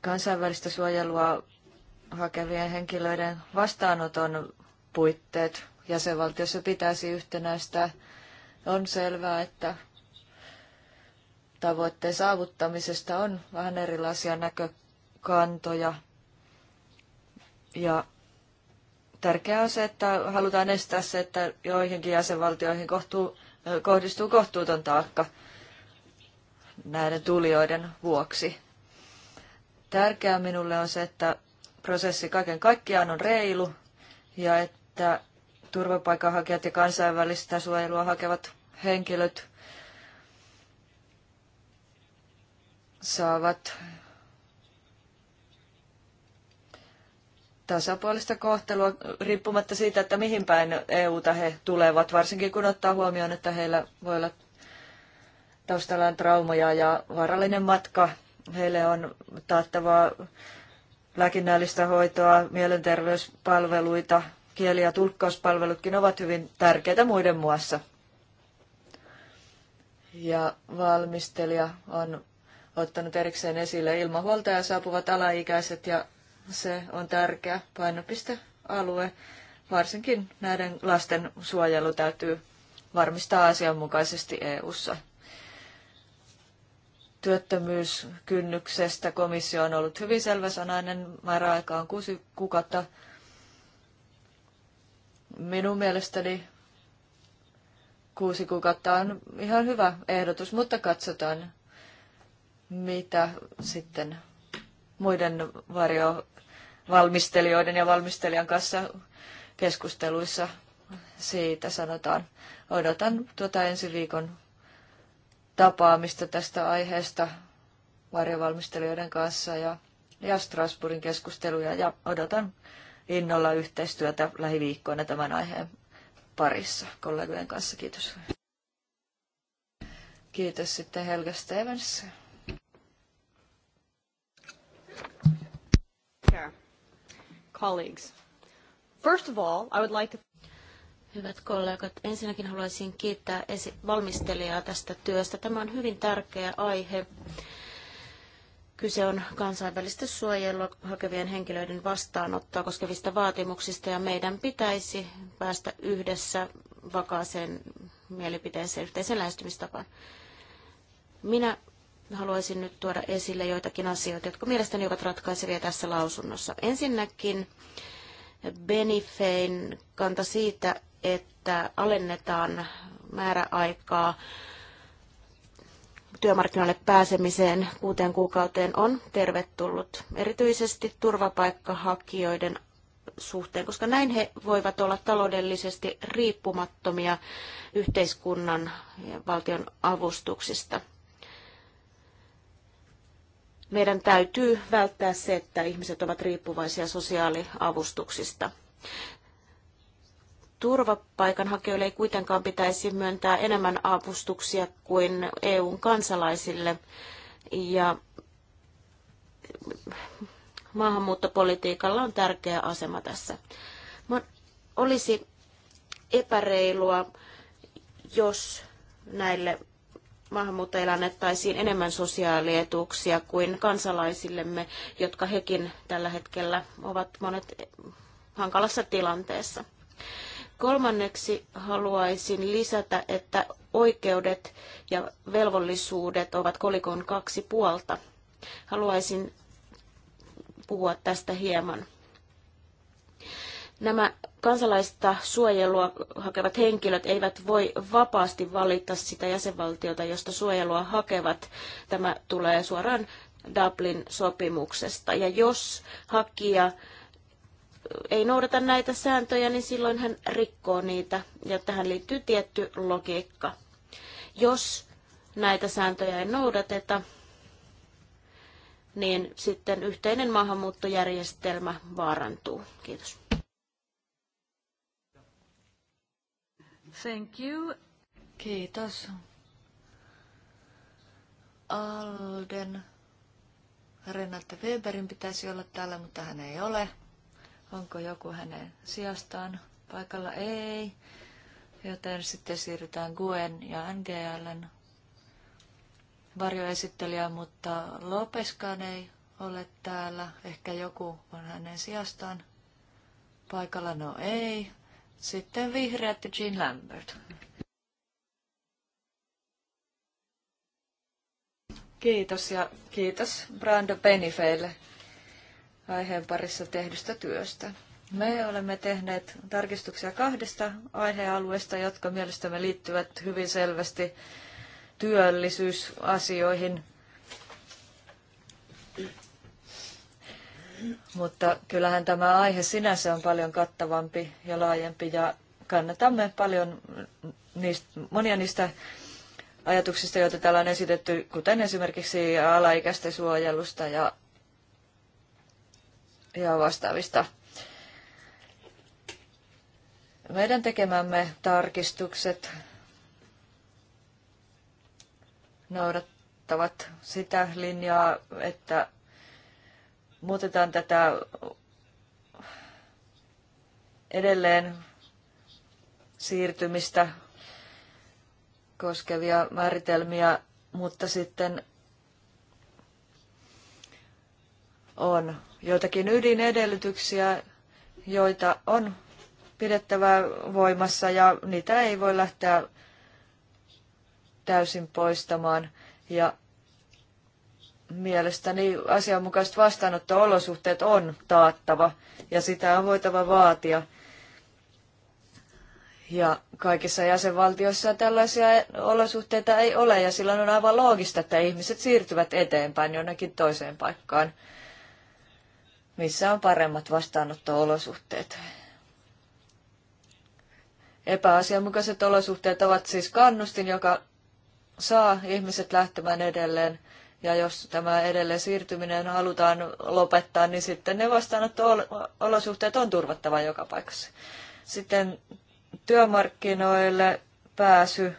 Kansainvälistä suojelua hakevien henkilöiden vastaanoton puitteet jäsenvaltiossa pitäisi yhtenäistää. On selvää, että tavoitteen saavuttamisesta on vähän erilaisia näkökantoja. Ja tärkeää on se, että halutaan estää se, että joihinkin jäsenvaltioihin kohtuu, kohdistuu kohtuuton taakka näiden tulijoiden vuoksi. Tärkeää minulle on se, että prosessi kaiken kaikkiaan on reilu ja että turvapaikanhakijat ja kansainvälistä suojelua hakevat henkilöt saavat tasapuolista kohtelua riippumatta siitä, että mihin päin EUta he tulevat, varsinkin kun ottaa huomioon, että heillä voi olla taustallaan traumoja ja vaarallinen matka. Heille on taattavaa lääkinnällistä hoitoa, mielenterveyspalveluita, kieli- ja tulkkauspalvelutkin ovat hyvin tärkeitä muiden muassa. Ja valmistelija on ottanut erikseen esille ilmahuoltaja saapuvat alaikäiset ja se on tärkeä painopistealue. Varsinkin näiden lasten suojelu täytyy varmistaa asianmukaisesti EU:ssa. Työttömyyskynnyksestä komissio on ollut hyvin selväsanainen. Määräaika on kuusi kuukautta Minun mielestäni kuusi kuukautta on ihan hyvä ehdotus, mutta katsotaan, mitä sitten muiden varjovalmistelijoiden ja valmistelijan kanssa keskusteluissa siitä sanotaan. Odotan tuota ensi viikon tapaamista tästä aiheesta varjovalmistelijoiden kanssa ja, ja Strasbourgin keskusteluja ja odotan innolla yhteistyötä lähiviikkoina tämän aiheen parissa kollegojen kanssa. Kiitos. Kiitos sitten Helga Stevens. Colleagues. First of all, I would like to... Hyvät kollegat, ensinnäkin haluaisin kiittää valmistelijaa tästä työstä. Tämä on hyvin tärkeä aihe Kyse on kansainvälistä suojelua hakevien henkilöiden vastaanottoa koskevista vaatimuksista ja meidän pitäisi päästä yhdessä vakaaseen mielipiteeseen yhteiseen lähestymistapaan. Minä haluaisin nyt tuoda esille joitakin asioita, jotka mielestäni ovat ratkaisevia tässä lausunnossa. Ensinnäkin Benifein kanta siitä, että alennetaan määräaikaa työmarkkinoille pääsemiseen kuuteen kuukauteen on tervetullut, erityisesti turvapaikkahakijoiden suhteen, koska näin he voivat olla taloudellisesti riippumattomia yhteiskunnan ja valtion avustuksista. Meidän täytyy välttää se, että ihmiset ovat riippuvaisia sosiaaliavustuksista turvapaikanhakijoille ei kuitenkaan pitäisi myöntää enemmän avustuksia kuin EUn kansalaisille. Ja maahanmuuttopolitiikalla on tärkeä asema tässä. Olisi epäreilua, jos näille maahanmuuttajille annettaisiin enemmän sosiaalietuuksia kuin kansalaisillemme, jotka hekin tällä hetkellä ovat monet hankalassa tilanteessa. Kolmanneksi haluaisin lisätä, että oikeudet ja velvollisuudet ovat kolikon kaksi puolta. Haluaisin puhua tästä hieman. Nämä kansalaista suojelua hakevat henkilöt eivät voi vapaasti valita sitä jäsenvaltiota, josta suojelua hakevat. Tämä tulee suoraan Dublin-sopimuksesta. Ja jos hakija ei noudata näitä sääntöjä, niin silloin hän rikkoo niitä ja tähän liittyy tietty logiikka. Jos näitä sääntöjä ei noudateta, niin sitten yhteinen maahanmuuttojärjestelmä vaarantuu. Kiitos. Thank you. Kiitos. Alden Renate Weberin pitäisi olla täällä, mutta hän ei ole. Onko joku hänen sijastaan paikalla? Ei. Joten sitten siirrytään Guen ja NGLn varjoesittelijä, mutta Lopeskaan ei ole täällä. Ehkä joku on hänen sijastaan paikalla. No ei. Sitten vihreät ja Jean Lambert. Kiitos ja kiitos Brando Penifeille aiheen parissa tehdystä työstä. Me olemme tehneet tarkistuksia kahdesta aihealueesta, jotka mielestämme liittyvät hyvin selvästi työllisyysasioihin. Mutta kyllähän tämä aihe sinänsä on paljon kattavampi ja laajempi ja kannatamme paljon niistä, monia niistä ajatuksista, joita täällä on esitetty, kuten esimerkiksi alaikäisten suojelusta ja ja vastaavista. Meidän tekemämme tarkistukset noudattavat sitä linjaa, että muutetaan tätä edelleen siirtymistä koskevia määritelmiä, mutta sitten on joitakin ydinedellytyksiä, joita on pidettävä voimassa ja niitä ei voi lähteä täysin poistamaan. Ja mielestäni asianmukaiset vastaanotto-olosuhteet on taattava ja sitä on voitava vaatia. Ja kaikissa jäsenvaltioissa tällaisia olosuhteita ei ole ja silloin on aivan loogista, että ihmiset siirtyvät eteenpäin jonnekin toiseen paikkaan missä on paremmat vastaanotto-olosuhteet. Epäasianmukaiset olosuhteet ovat siis kannustin, joka saa ihmiset lähtemään edelleen. Ja jos tämä edelleen siirtyminen halutaan lopettaa, niin sitten ne vastaanotto-olosuhteet on turvattava joka paikassa. Sitten työmarkkinoille pääsy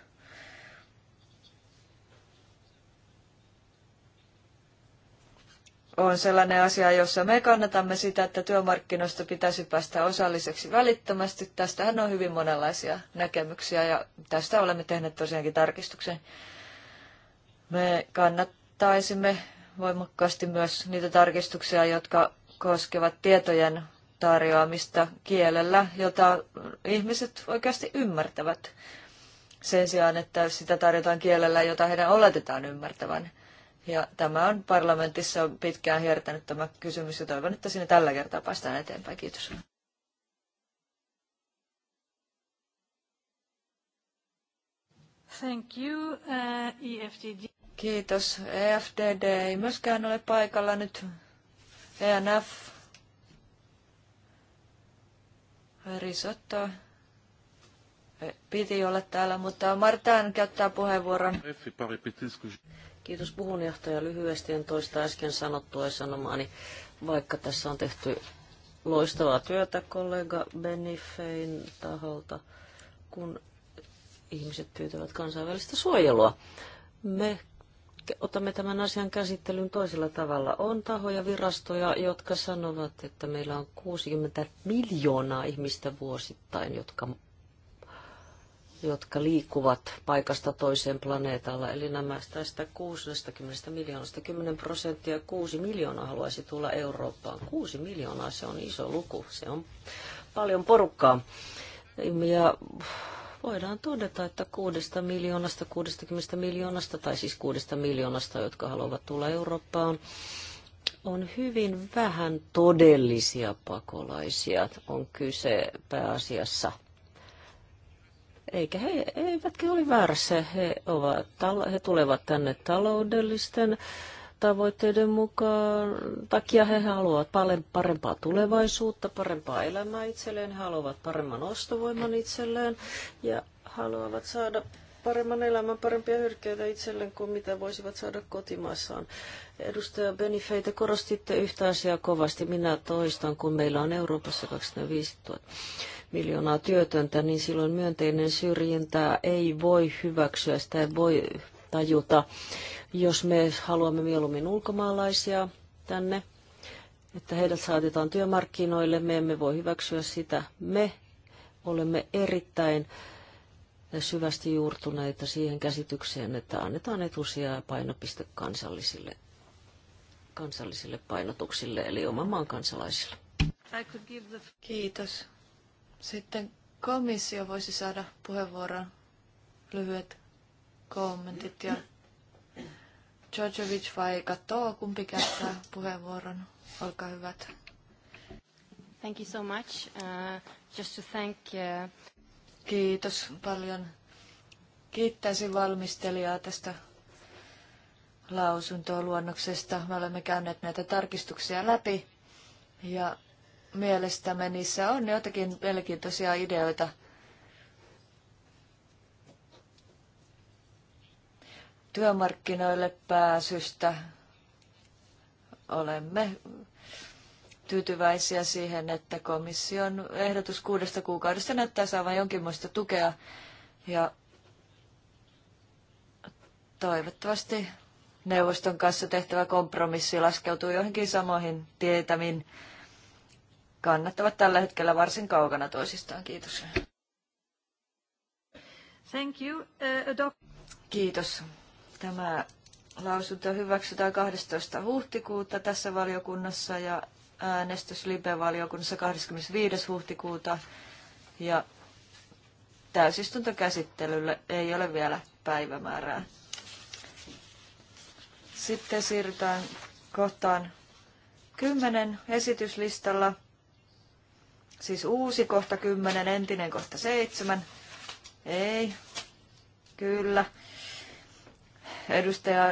on sellainen asia, jossa me kannatamme sitä, että työmarkkinoista pitäisi päästä osalliseksi välittömästi. Tästähän on hyvin monenlaisia näkemyksiä ja tästä olemme tehneet tosiaankin tarkistuksen. Me kannattaisimme voimakkaasti myös niitä tarkistuksia, jotka koskevat tietojen tarjoamista kielellä, jota ihmiset oikeasti ymmärtävät sen sijaan, että sitä tarjotaan kielellä, jota heidän oletetaan ymmärtävän. Ja tämä on parlamentissa pitkään hiertänyt tämä kysymys ja toivon, että sinne tällä kertaa päästään eteenpäin. Kiitos. Thank you, uh, EFDD. Kiitos. EFDD ei myöskään ole paikalla nyt. ENF. Risotto e, piti olla täällä, mutta Martin käyttää puheenvuoron. Kiitos puhunjohtaja. Lyhyesti en toista äsken sanottua sanomaani, vaikka tässä on tehty loistavaa työtä kollega Fein taholta, kun ihmiset pyytävät kansainvälistä suojelua. Me otamme tämän asian käsittelyn toisella tavalla. On tahoja, virastoja, jotka sanovat, että meillä on 60 miljoonaa ihmistä vuosittain, jotka jotka liikkuvat paikasta toiseen planeetalla. Eli nämä tästä 60 miljoonasta 10 prosenttia, 6 miljoonaa haluaisi tulla Eurooppaan. 6 miljoonaa, se on iso luku, se on paljon porukkaa. Ja voidaan todeta, että 6 miljoonasta, 60 miljoonasta, tai siis 6 miljoonasta, jotka haluavat tulla Eurooppaan, on hyvin vähän todellisia pakolaisia. On kyse pääasiassa – eikä he, eivätkä ole väärässä. He, ovat, he tulevat tänne taloudellisten tavoitteiden mukaan takia he haluavat parempaa tulevaisuutta, parempaa elämää itselleen, he haluavat paremman ostovoiman itselleen ja haluavat saada paremman elämän, parempia hyrkeitä itselleen kuin mitä voisivat saada kotimaassaan. Edustaja Benifei, te korostitte yhtä asiaa kovasti. Minä toistan, kun meillä on Euroopassa 25 000 miljoonaa työtöntä, niin silloin myönteinen syrjintää ei voi hyväksyä, sitä ei voi tajuta. Jos me haluamme mieluummin ulkomaalaisia tänne, että heidät saatetaan työmarkkinoille, me emme voi hyväksyä sitä. Me olemme erittäin syvästi juurtuneita siihen käsitykseen, että annetaan etusia ja painopiste kansallisille, kansallisille painotuksille, eli oman maan kansalaisille. Kiitos. Sitten komissio voisi saada puheenvuoron lyhyet kommentit ja Djordjevic vai Katoa, kumpi käyttää puheenvuoron? Olkaa hyvät. Thank you so much. Uh, just to thank, uh... Kiitos paljon. Kiittäisin valmistelijaa tästä luonnoksesta. Me olemme käyneet näitä tarkistuksia läpi ja mielestämme niissä on jotakin mielenkiintoisia ideoita. Työmarkkinoille pääsystä olemme tyytyväisiä siihen, että komission ehdotus kuudesta kuukaudesta näyttää saavan jonkinmoista tukea ja toivottavasti neuvoston kanssa tehtävä kompromissi laskeutuu johonkin samoihin tietämiin Kannattavat tällä hetkellä varsin kaukana toisistaan. Kiitos. Thank you. Uh, Kiitos. Tämä lausunto hyväksytään 12. huhtikuuta tässä valiokunnassa ja äänestys Libe-valiokunnassa 25. huhtikuuta. Ja täysistuntokäsittelylle ei ole vielä päivämäärää. Sitten siirrytään kohtaan 10 esityslistalla. Siis uusi kohta 10, entinen kohta 7. Ei. Kyllä. Edustaja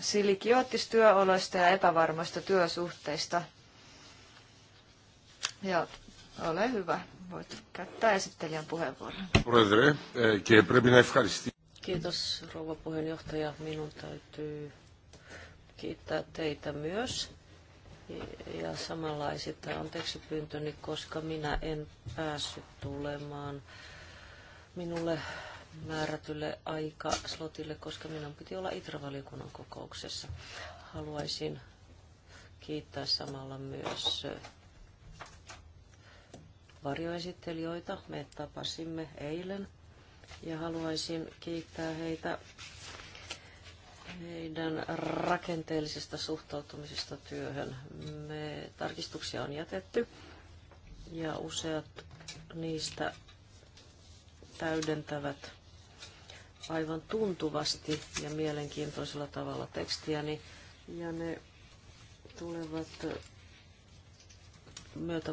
Silikiottis työoloista ja epävarmoista työsuhteista. Ja ole hyvä. Voit käyttää esittelijän puheenvuoron. Kiitos rouva puheenjohtaja. Minun täytyy kiittää teitä myös ja samanlaiset anteeksi pyyntöni, koska minä en päässyt tulemaan minulle määrätylle aikaslotille, koska minun piti olla itravaliokunnan kokouksessa. Haluaisin kiittää samalla myös varjoesittelijöitä. Me tapasimme eilen ja haluaisin kiittää heitä meidän rakenteellisesta suhtautumisesta työhön. Me tarkistuksia on jätetty ja useat niistä täydentävät aivan tuntuvasti ja mielenkiintoisella tavalla tekstiäni ja ne tulevat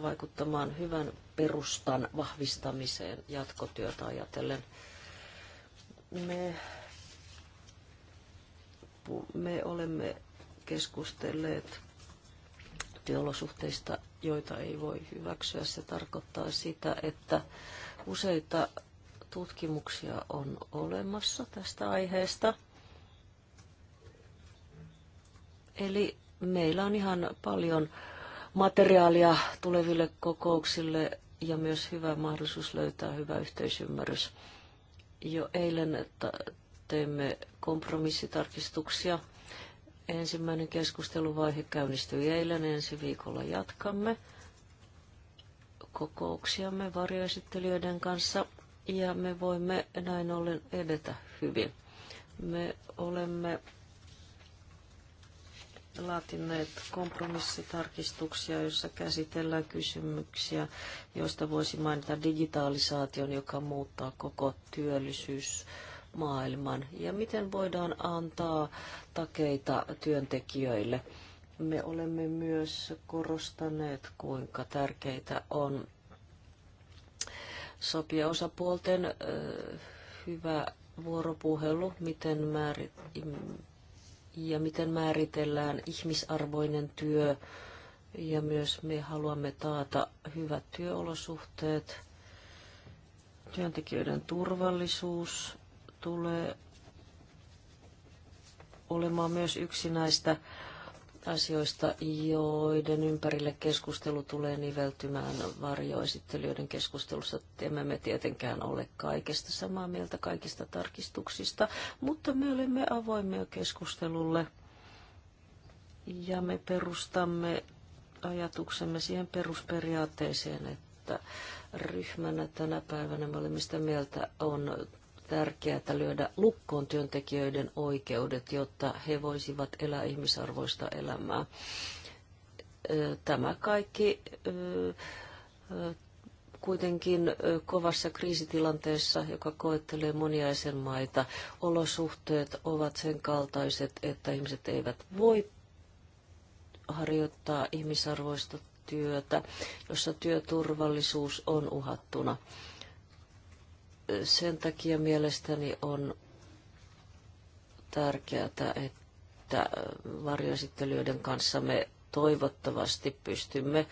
vaikuttamaan hyvän perustan vahvistamiseen jatkotyötä ajatellen. Me loppu. Me olemme keskustelleet työolosuhteista, joita ei voi hyväksyä. Se tarkoittaa sitä, että useita tutkimuksia on olemassa tästä aiheesta. Eli meillä on ihan paljon materiaalia tuleville kokouksille ja myös hyvä mahdollisuus löytää hyvä yhteisymmärrys. Jo eilen teemme kompromissitarkistuksia. Ensimmäinen keskusteluvaihe käynnistyi eilen, ensi viikolla jatkamme kokouksiamme varjoesittelijöiden kanssa ja me voimme näin ollen edetä hyvin. Me olemme laatineet kompromissitarkistuksia, joissa käsitellään kysymyksiä, joista voisi mainita digitalisaation, joka muuttaa koko työllisyys- maailman ja miten voidaan antaa takeita työntekijöille. Me olemme myös korostaneet, kuinka tärkeitä on sopia osapuolten hyvä vuoropuhelu, miten määrit, ja miten määritellään ihmisarvoinen työ. Ja myös me haluamme taata hyvät työolosuhteet, työntekijöiden turvallisuus tulee olemaan myös yksi näistä asioista, joiden ympärille keskustelu tulee niveltymään varjoesittelijöiden keskustelussa. Emme me tietenkään ole kaikesta samaa mieltä kaikista tarkistuksista, mutta me olemme avoimia keskustelulle ja me perustamme ajatuksemme siihen perusperiaatteeseen, että ryhmänä tänä päivänä me olemme sitä mieltä, on tärkeää lyödä lukkoon työntekijöiden oikeudet, jotta he voisivat elää ihmisarvoista elämää. Tämä kaikki kuitenkin kovassa kriisitilanteessa, joka koettelee monia jäsenmaita, olosuhteet ovat sen kaltaiset, että ihmiset eivät voi harjoittaa ihmisarvoista työtä, jossa työturvallisuus on uhattuna. Sen takia mielestäni on tärkeää, että varjoesittelyiden kanssa me toivottavasti pystymme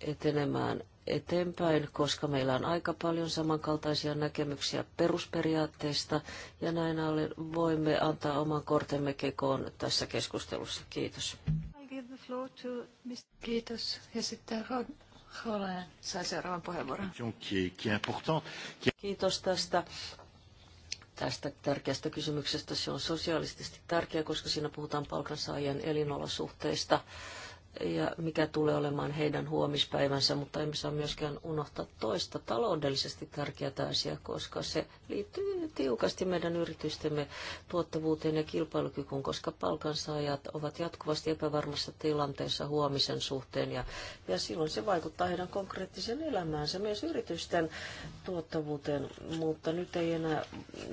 etenemään eteenpäin, koska meillä on aika paljon samankaltaisia näkemyksiä perusperiaatteista ja näin ollen voimme antaa oman kortemme kekoon tässä keskustelussa. Kiitos. Kiitos. Ja sitten olen, sain seuraavan puheenvuoron. Kiitos tästä tästä tärkeästä kysymyksestä. Se on sosiaalisesti tärkeä, koska siinä puhutaan palkansaajien elinolosuhteista ja mikä tulee olemaan heidän huomispäivänsä, mutta emme saa myöskään unohtaa toista taloudellisesti tärkeää asiaa, koska se liittyy tiukasti meidän yritystemme tuottavuuteen ja kilpailukykyyn, koska palkansaajat ovat jatkuvasti epävarmassa tilanteessa huomisen suhteen ja, ja silloin se vaikuttaa heidän konkreettiseen elämäänsä, myös yritysten tuottavuuteen, mutta nyt ei enää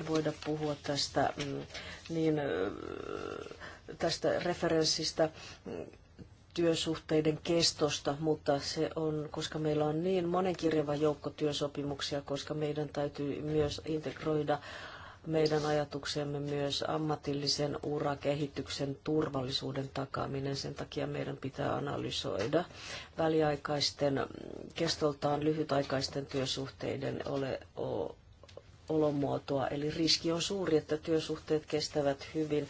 voida puhua tästä mm, niin tästä referenssistä työsuhteiden kestosta, mutta se on, koska meillä on niin monenkirjava joukko työsopimuksia, koska meidän täytyy myös integroida meidän ajatuksemme myös ammatillisen urakehityksen turvallisuuden takaaminen. Sen takia meidän pitää analysoida väliaikaisten, kestoltaan lyhytaikaisten työsuhteiden ole, olomuotoa. Eli riski on suuri, että työsuhteet kestävät hyvin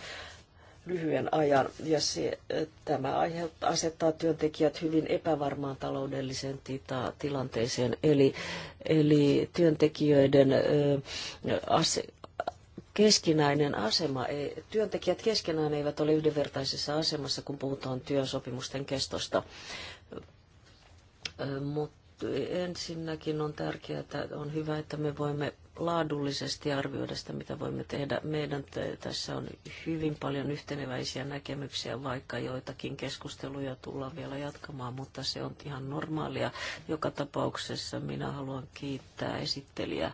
lyhyen ajan ja se, tämä aiheuttaa, asettaa työntekijät hyvin epävarmaan taloudelliseen tita, tilanteeseen. Eli, eli työntekijöiden ö, ase, keskinäinen asema, ei, työntekijät keskenään eivät ole yhdenvertaisessa asemassa, kun puhutaan työsopimusten kestosta. Mutta Ensinnäkin on tärkeää, että on hyvä, että me voimme laadullisesti arvioida sitä, mitä voimme tehdä. Meidän tässä on hyvin paljon yhteneväisiä näkemyksiä, vaikka joitakin keskusteluja tullaan vielä jatkamaan, mutta se on ihan normaalia. Joka tapauksessa minä haluan kiittää esittelijä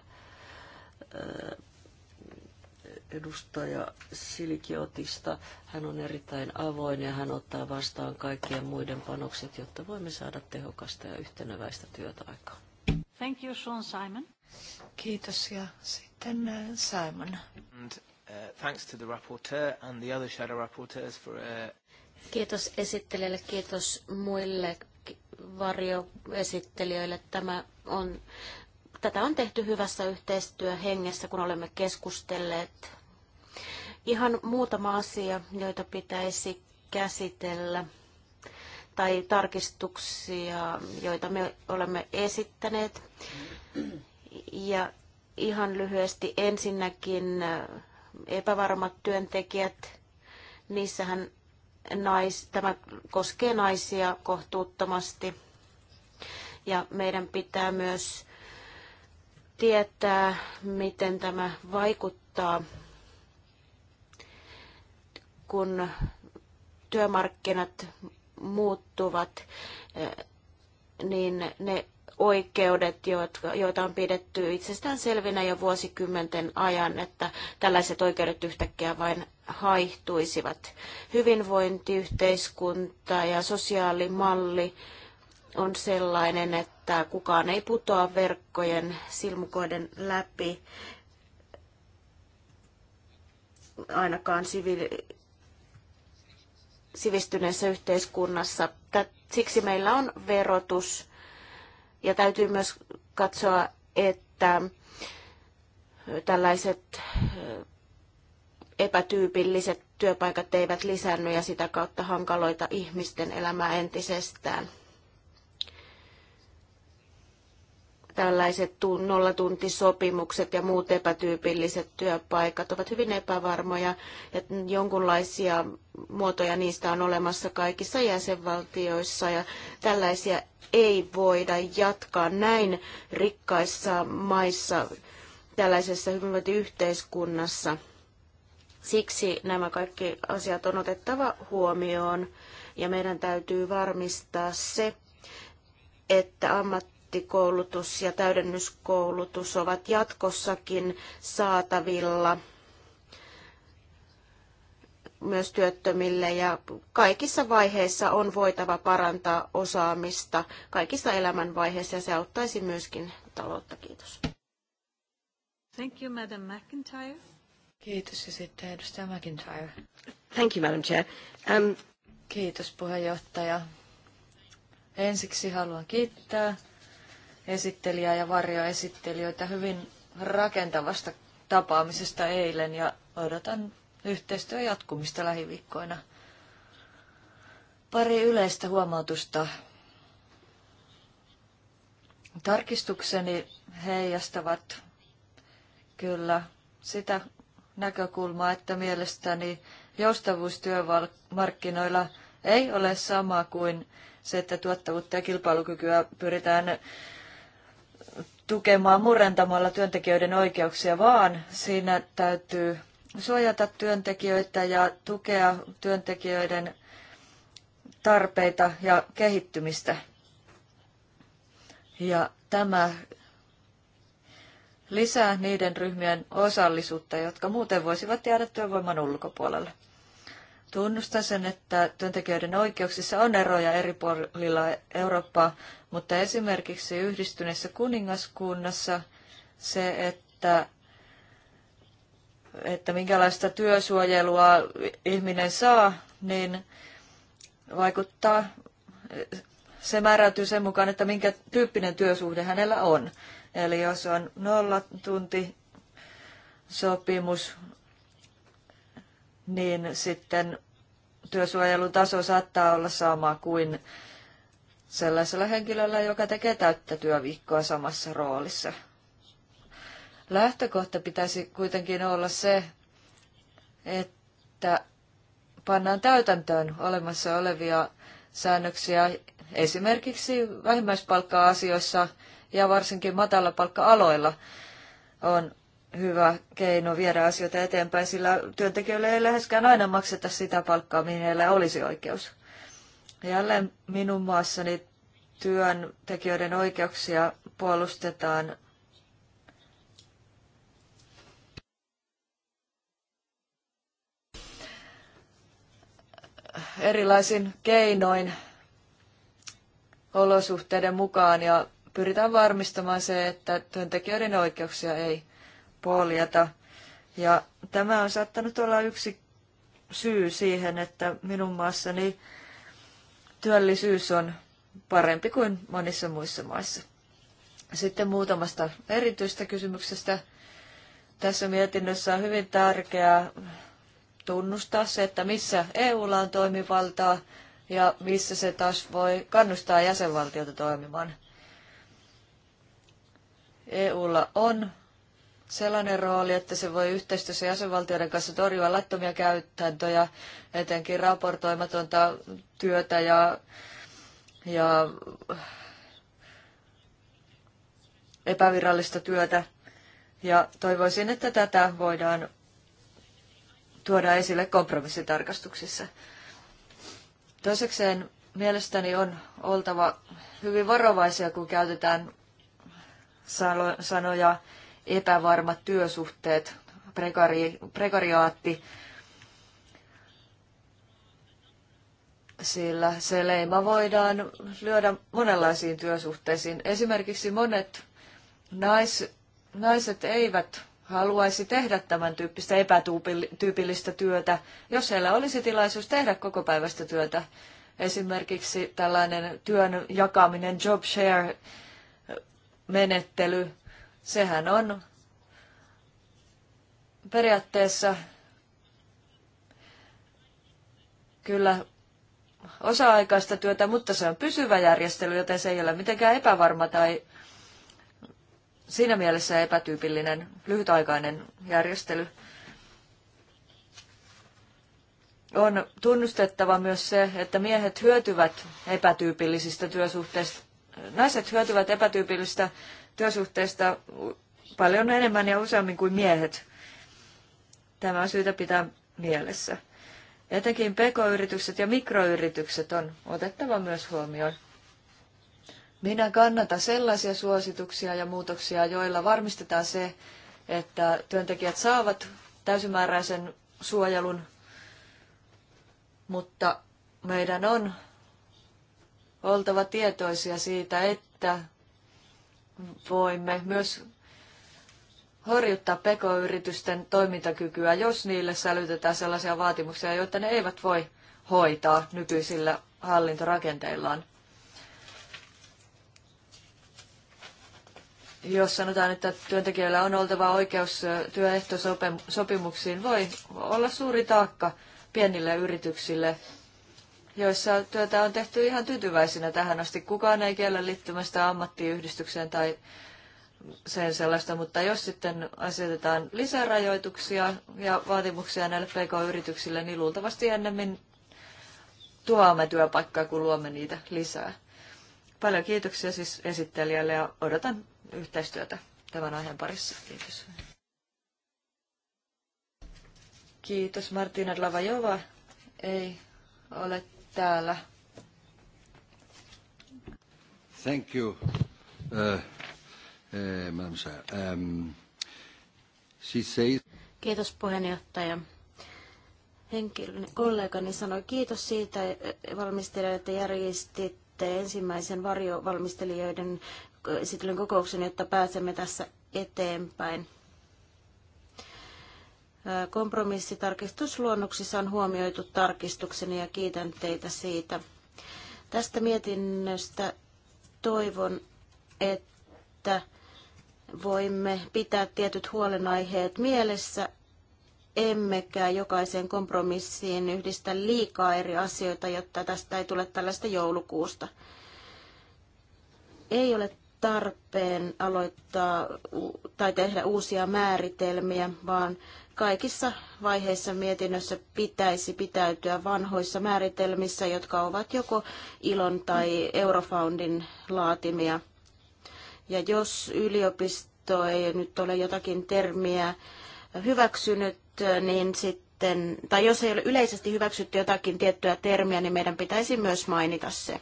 edustaja Silikiotista. Hän on erittäin avoin ja hän ottaa vastaan kaikkien muiden panokset, jotta voimme saada tehokasta ja yhteneväistä työtä aikaan. Thank you, Sean Simon. Kiitos ja sitten äh, Simon. And, uh, thanks to the rapporteur and the other shadow rapporteurs for... a... Uh, kiitos esittelijälle, kiitos muille varjoesittelijöille. Tämä on tätä on tehty hyvässä yhteistyöhengessä, kun olemme keskustelleet Ihan muutama asia, joita pitäisi käsitellä tai tarkistuksia, joita me olemme esittäneet. Ja ihan lyhyesti ensinnäkin äh, epävarmat työntekijät, niissähän nais, tämä koskee naisia kohtuuttomasti. Ja meidän pitää myös tietää, miten tämä vaikuttaa kun työmarkkinat muuttuvat, niin ne oikeudet, joita on pidetty itsestään selvinä jo vuosikymmenten ajan, että tällaiset oikeudet yhtäkkiä vain haihtuisivat. Hyvinvointiyhteiskunta ja sosiaalimalli on sellainen, että kukaan ei putoa verkkojen silmukoiden läpi, ainakaan siviili- sivistyneessä yhteiskunnassa. Siksi meillä on verotus ja täytyy myös katsoa, että tällaiset epätyypilliset työpaikat eivät lisänny ja sitä kautta hankaloita ihmisten elämää entisestään. tällaiset nollatuntisopimukset ja muut epätyypilliset työpaikat ovat hyvin epävarmoja ja jonkunlaisia muotoja niistä on olemassa kaikissa jäsenvaltioissa ja tällaisia ei voida jatkaa näin rikkaissa maissa tällaisessa hyvinvointiyhteiskunnassa. Siksi nämä kaikki asiat on otettava huomioon ja meidän täytyy varmistaa se, että ammat ammattikoulutus ja täydennyskoulutus ovat jatkossakin saatavilla myös työttömille ja kaikissa vaiheissa on voitava parantaa osaamista kaikissa elämänvaiheissa ja se auttaisi myöskin taloutta. Kiitos. Thank you, Madam McIntyre. Kiitos ja sitten edustaja McIntyre. Thank you, Madam Chair. Um... Kiitos puheenjohtaja. Ensiksi haluan kiittää esittelijää ja varjoesittelijöitä hyvin rakentavasta tapaamisesta eilen ja odotan yhteistyön jatkumista lähiviikkoina. Pari yleistä huomautusta. Tarkistukseni heijastavat kyllä sitä näkökulmaa, että mielestäni joustavuus työmarkkinoilla ei ole sama kuin se, että tuottavuutta ja kilpailukykyä pyritään tukemaan murentamalla työntekijöiden oikeuksia, vaan siinä täytyy suojata työntekijöitä ja tukea työntekijöiden tarpeita ja kehittymistä. Ja tämä lisää niiden ryhmien osallisuutta, jotka muuten voisivat jäädä työvoiman ulkopuolelle. Tunnustan sen, että työntekijöiden oikeuksissa on eroja eri puolilla Eurooppaa, mutta esimerkiksi yhdistyneessä kuningaskunnassa se, että, että minkälaista työsuojelua ihminen saa, niin vaikuttaa, se määräytyy sen mukaan, että minkä tyyppinen työsuhde hänellä on. Eli jos on nolla tunti sopimus, niin sitten työsuojelun taso saattaa olla sama kuin sellaisella henkilöllä, joka tekee täyttä työviikkoa samassa roolissa. Lähtökohta pitäisi kuitenkin olla se, että pannaan täytäntöön olemassa olevia säännöksiä esimerkiksi vähimmäispalkka-asioissa ja varsinkin matalapalkka-aloilla on hyvä keino viedä asioita eteenpäin, sillä työntekijöille ei läheskään aina makseta sitä palkkaa, mihin heillä olisi oikeus. Jälleen minun maassani työntekijöiden oikeuksia puolustetaan erilaisin keinoin olosuhteiden mukaan ja pyritään varmistamaan se, että työntekijöiden oikeuksia ei poljeta. Ja tämä on saattanut olla yksi syy siihen, että minun maassani työllisyys on parempi kuin monissa muissa maissa. Sitten muutamasta erityistä kysymyksestä. Tässä mietinnössä on hyvin tärkeää tunnustaa se, että missä EUlla on toimivaltaa ja missä se taas voi kannustaa jäsenvaltiota toimimaan. EUlla on sellainen rooli, että se voi yhteistyössä jäsenvaltioiden kanssa torjua laittomia käytäntöjä, etenkin raportoimatonta työtä ja, ja epävirallista työtä. Ja toivoisin, että tätä voidaan tuoda esille kompromissitarkastuksissa. Toisekseen mielestäni on oltava hyvin varovaisia, kun käytetään sanoja epävarmat työsuhteet, prekari, prekariaatti, sillä se leima voidaan lyödä monenlaisiin työsuhteisiin. Esimerkiksi monet nais, naiset eivät haluaisi tehdä tämän tyyppistä epätyypillistä työtä, jos heillä olisi tilaisuus tehdä koko päivästä työtä. Esimerkiksi tällainen työn jakaminen, job share menettely Sehän on periaatteessa kyllä osa-aikaista työtä, mutta se on pysyvä järjestely, joten se ei ole mitenkään epävarma tai siinä mielessä epätyypillinen lyhytaikainen järjestely. On tunnustettava myös se, että miehet hyötyvät epätyypillisistä työsuhteista, naiset hyötyvät epätyypillisistä työsuhteista paljon enemmän ja useammin kuin miehet. Tämä on syytä pitää mielessä. Etenkin pk-yritykset ja mikroyritykset on otettava myös huomioon. Minä kannatan sellaisia suosituksia ja muutoksia, joilla varmistetaan se, että työntekijät saavat täysimääräisen suojelun, mutta meidän on oltava tietoisia siitä, että voimme myös horjuttaa pk-yritysten toimintakykyä, jos niille sälytetään sellaisia vaatimuksia, joita ne eivät voi hoitaa nykyisillä hallintorakenteillaan. Jos sanotaan, että työntekijöillä on oltava oikeus työehtosopimuksiin, voi olla suuri taakka pienille yrityksille joissa työtä on tehty ihan tyytyväisinä tähän asti. Kukaan ei kiellä liittymästä ammattiyhdistykseen tai sen sellaista, mutta jos sitten asetetaan lisärajoituksia ja vaatimuksia näille pk-yrityksille, niin luultavasti ennemmin tuomme työpaikkaa, kun luomme niitä lisää. Paljon kiitoksia siis esittelijälle ja odotan yhteistyötä tämän aiheen parissa. Kiitos. Kiitos Martina Lavajova. Ei ole täällä. Thank you, uh, uh, um, she says... Kiitos puheenjohtaja. Henkilön, kollegani sanoi kiitos siitä eh, valmistelijalle, että järjestitte ensimmäisen varjovalmistelijoiden eh, esittelyn kokouksen, jotta pääsemme tässä eteenpäin. Kompromissitarkistusluonnoksissa on huomioitu tarkistukseni ja kiitän teitä siitä. Tästä mietinnöstä toivon, että voimme pitää tietyt huolenaiheet mielessä, emmekä jokaiseen kompromissiin yhdistä liikaa eri asioita, jotta tästä ei tule tällaista joulukuusta. Ei ole tarpeen aloittaa tai tehdä uusia määritelmiä, vaan kaikissa vaiheissa mietinnössä pitäisi pitäytyä vanhoissa määritelmissä, jotka ovat joko ILON tai Eurofoundin laatimia. Ja jos yliopisto ei nyt ole jotakin termiä hyväksynyt, niin sitten, tai jos ei ole yleisesti hyväksytty jotakin tiettyä termiä, niin meidän pitäisi myös mainita se.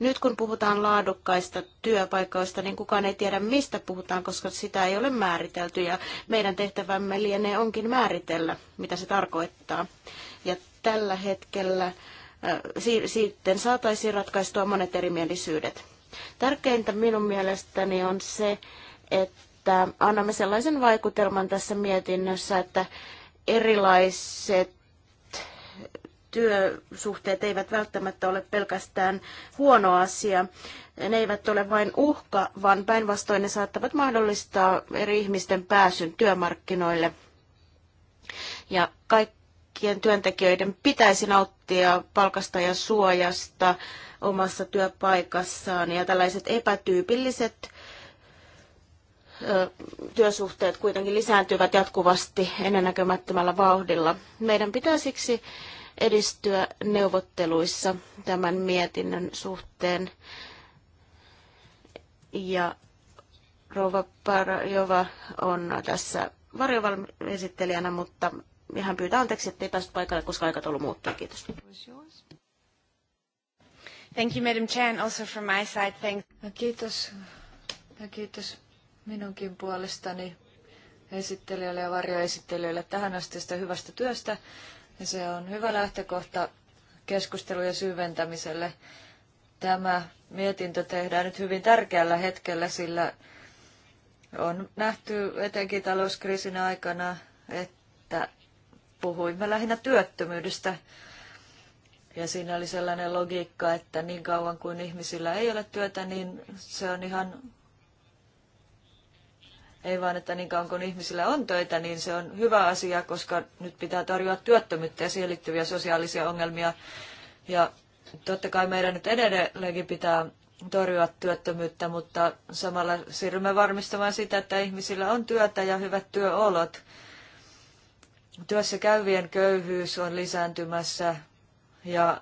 Nyt kun puhutaan laadukkaista työpaikoista, niin kukaan ei tiedä mistä puhutaan, koska sitä ei ole määritelty ja meidän tehtävämme lienee onkin määritellä, mitä se tarkoittaa. Ja tällä hetkellä äh, sitten saataisiin ratkaistua monet erimielisyydet. Tärkeintä minun mielestäni on se, että annamme sellaisen vaikutelman tässä mietinnössä, että erilaiset työsuhteet eivät välttämättä ole pelkästään huono asia. Ne eivät ole vain uhka, vaan päinvastoin ne saattavat mahdollistaa eri ihmisten pääsyn työmarkkinoille. Ja kaikkien työntekijöiden pitäisi nauttia palkasta ja suojasta omassa työpaikassaan. Ja tällaiset epätyypilliset työsuhteet kuitenkin lisääntyvät jatkuvasti ennennäkemättömällä vauhdilla. Meidän pitää siksi edistyä neuvotteluissa tämän mietinnön suhteen. Ja Rova Parjova on tässä varjovalmiesittelijänä, mutta hän pyytää anteeksi, ettei päässyt paikalle, koska aikataulu muuttuu. Kiitos. Thank you, Madam also from my side. Thanks. Kiitos. Ja kiitos minunkin puolestani esittelijöille ja varjoesittelijöille tähän asti hyvästä työstä. Ja se on hyvä lähtökohta keskustelujen syventämiselle. Tämä mietintö tehdään nyt hyvin tärkeällä hetkellä, sillä on nähty etenkin talouskriisin aikana, että puhuimme lähinnä työttömyydestä. Ja siinä oli sellainen logiikka, että niin kauan kuin ihmisillä ei ole työtä, niin se on ihan ei vaan, että niin kauan kun ihmisillä on töitä, niin se on hyvä asia, koska nyt pitää tarjota työttömyyttä ja siihen liittyviä sosiaalisia ongelmia. Ja totta kai meidän nyt edelleenkin pitää torjua työttömyyttä, mutta samalla siirrymme varmistamaan sitä, että ihmisillä on työtä ja hyvät työolot. Työssä käyvien köyhyys on lisääntymässä ja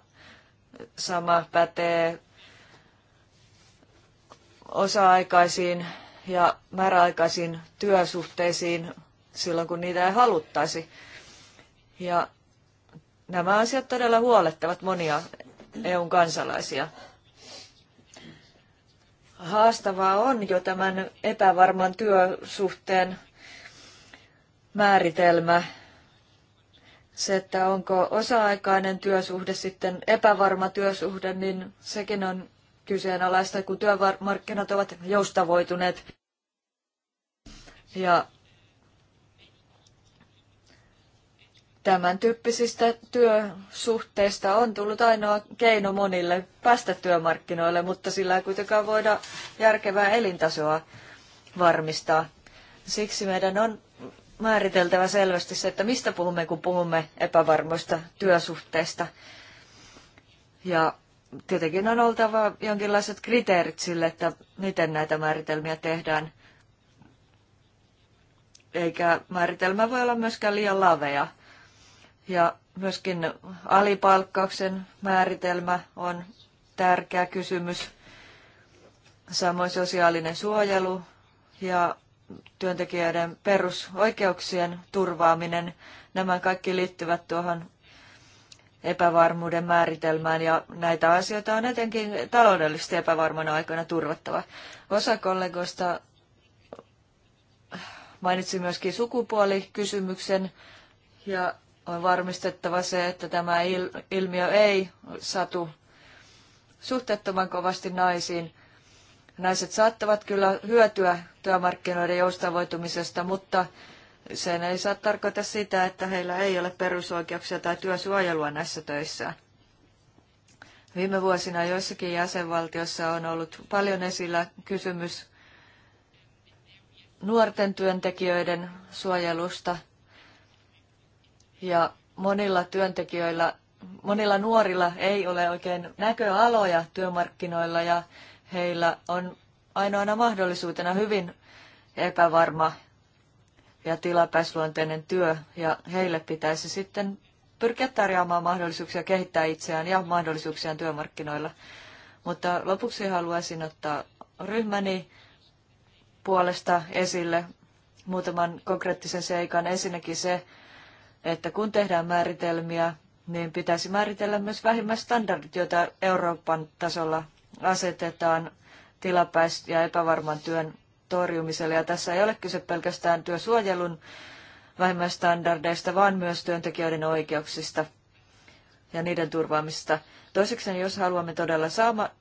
sama pätee osa-aikaisiin ja määräaikaisiin työsuhteisiin silloin, kun niitä ei haluttaisi. Ja nämä asiat todella huolettavat monia EUn kansalaisia. Haastavaa on jo tämän epävarman työsuhteen määritelmä. Se, että onko osa-aikainen työsuhde sitten epävarma työsuhde, niin sekin on kyseenalaista, kun työmarkkinat ovat joustavoituneet. Ja tämän tyyppisistä työsuhteista on tullut ainoa keino monille päästä työmarkkinoille, mutta sillä ei kuitenkaan voida järkevää elintasoa varmistaa. Siksi meidän on määriteltävä selvästi se, että mistä puhumme, kun puhumme epävarmoista työsuhteista. Ja tietenkin on oltava jonkinlaiset kriteerit sille, että miten näitä määritelmiä tehdään. Eikä määritelmä voi olla myöskään liian lavea. Ja myöskin alipalkkauksen määritelmä on tärkeä kysymys. Samoin sosiaalinen suojelu ja työntekijöiden perusoikeuksien turvaaminen. Nämä kaikki liittyvät tuohon epävarmuuden määritelmään ja näitä asioita on etenkin taloudellisesti epävarmana aikana turvattava. Osa kollegoista mainitsi myöskin sukupuolikysymyksen ja on varmistettava se, että tämä ilmiö ei satu suhteettoman kovasti naisiin. Naiset saattavat kyllä hyötyä työmarkkinoiden joustavoitumisesta, mutta sen ei saa tarkoita sitä, että heillä ei ole perusoikeuksia tai työsuojelua näissä töissä. Viime vuosina joissakin jäsenvaltioissa on ollut paljon esillä kysymys nuorten työntekijöiden suojelusta. Ja monilla työntekijöillä, monilla nuorilla ei ole oikein näköaloja työmarkkinoilla ja heillä on ainoana mahdollisuutena hyvin epävarma ja tilapäisluonteinen työ, ja heille pitäisi sitten pyrkiä tarjoamaan mahdollisuuksia kehittää itseään ja mahdollisuuksiaan työmarkkinoilla. Mutta lopuksi haluaisin ottaa ryhmäni puolesta esille muutaman konkreettisen seikan. Ensinnäkin se, että kun tehdään määritelmiä, niin pitäisi määritellä myös vähimmäistandardit, joita Euroopan tasolla asetetaan tilapäis- ja epävarman työn torjumiselle. Ja tässä ei ole kyse pelkästään työsuojelun vähimmäistandardeista, vaan myös työntekijöiden oikeuksista ja niiden turvaamista. Toiseksi, jos haluamme todella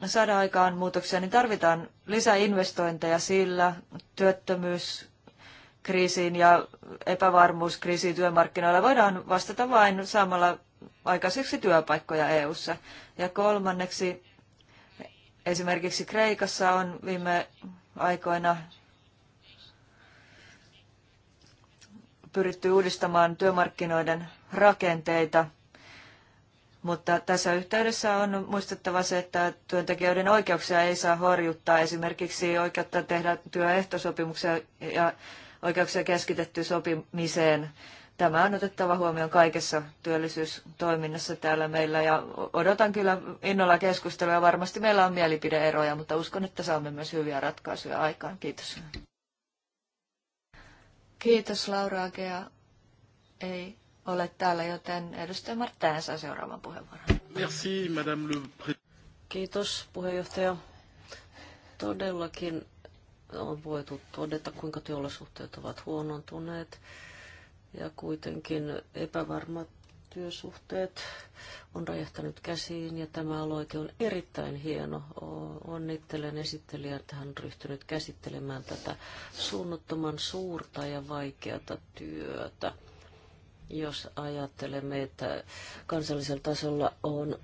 saada aikaan muutoksia, niin tarvitaan lisää investointeja sillä työttömyys kriisiin ja epävarmuuskriisiin työmarkkinoilla voidaan vastata vain saamalla aikaiseksi työpaikkoja EU:ssa. Ja kolmanneksi esimerkiksi Kreikassa on viime aikoina pyritty uudistamaan työmarkkinoiden rakenteita, mutta tässä yhteydessä on muistettava se, että työntekijöiden oikeuksia ei saa horjuttaa. Esimerkiksi oikeutta tehdä työehtosopimuksia ja oikeuksia keskitetty sopimiseen. Tämä on otettava huomioon kaikessa työllisyystoiminnassa täällä meillä ja odotan kyllä innolla keskustelua. Varmasti meillä on mielipideeroja, mutta uskon, että saamme myös hyviä ratkaisuja aikaan. Kiitos. Kiitos Laura Agea. Ei ole täällä, joten edustaja Marttäen saa seuraavan puheenvuoron. Merci, Madame le Kiitos puheenjohtaja. Todellakin on voitu todeta, kuinka työolosuhteet ovat huonontuneet ja kuitenkin epävarmat työsuhteet on räjähtänyt käsiin ja tämä aloite on erittäin hieno. Onnittelen esittelijä, että hän on ryhtynyt käsittelemään tätä suunnattoman suurta ja vaikeata työtä. Jos ajattelemme, että kansallisella tasolla on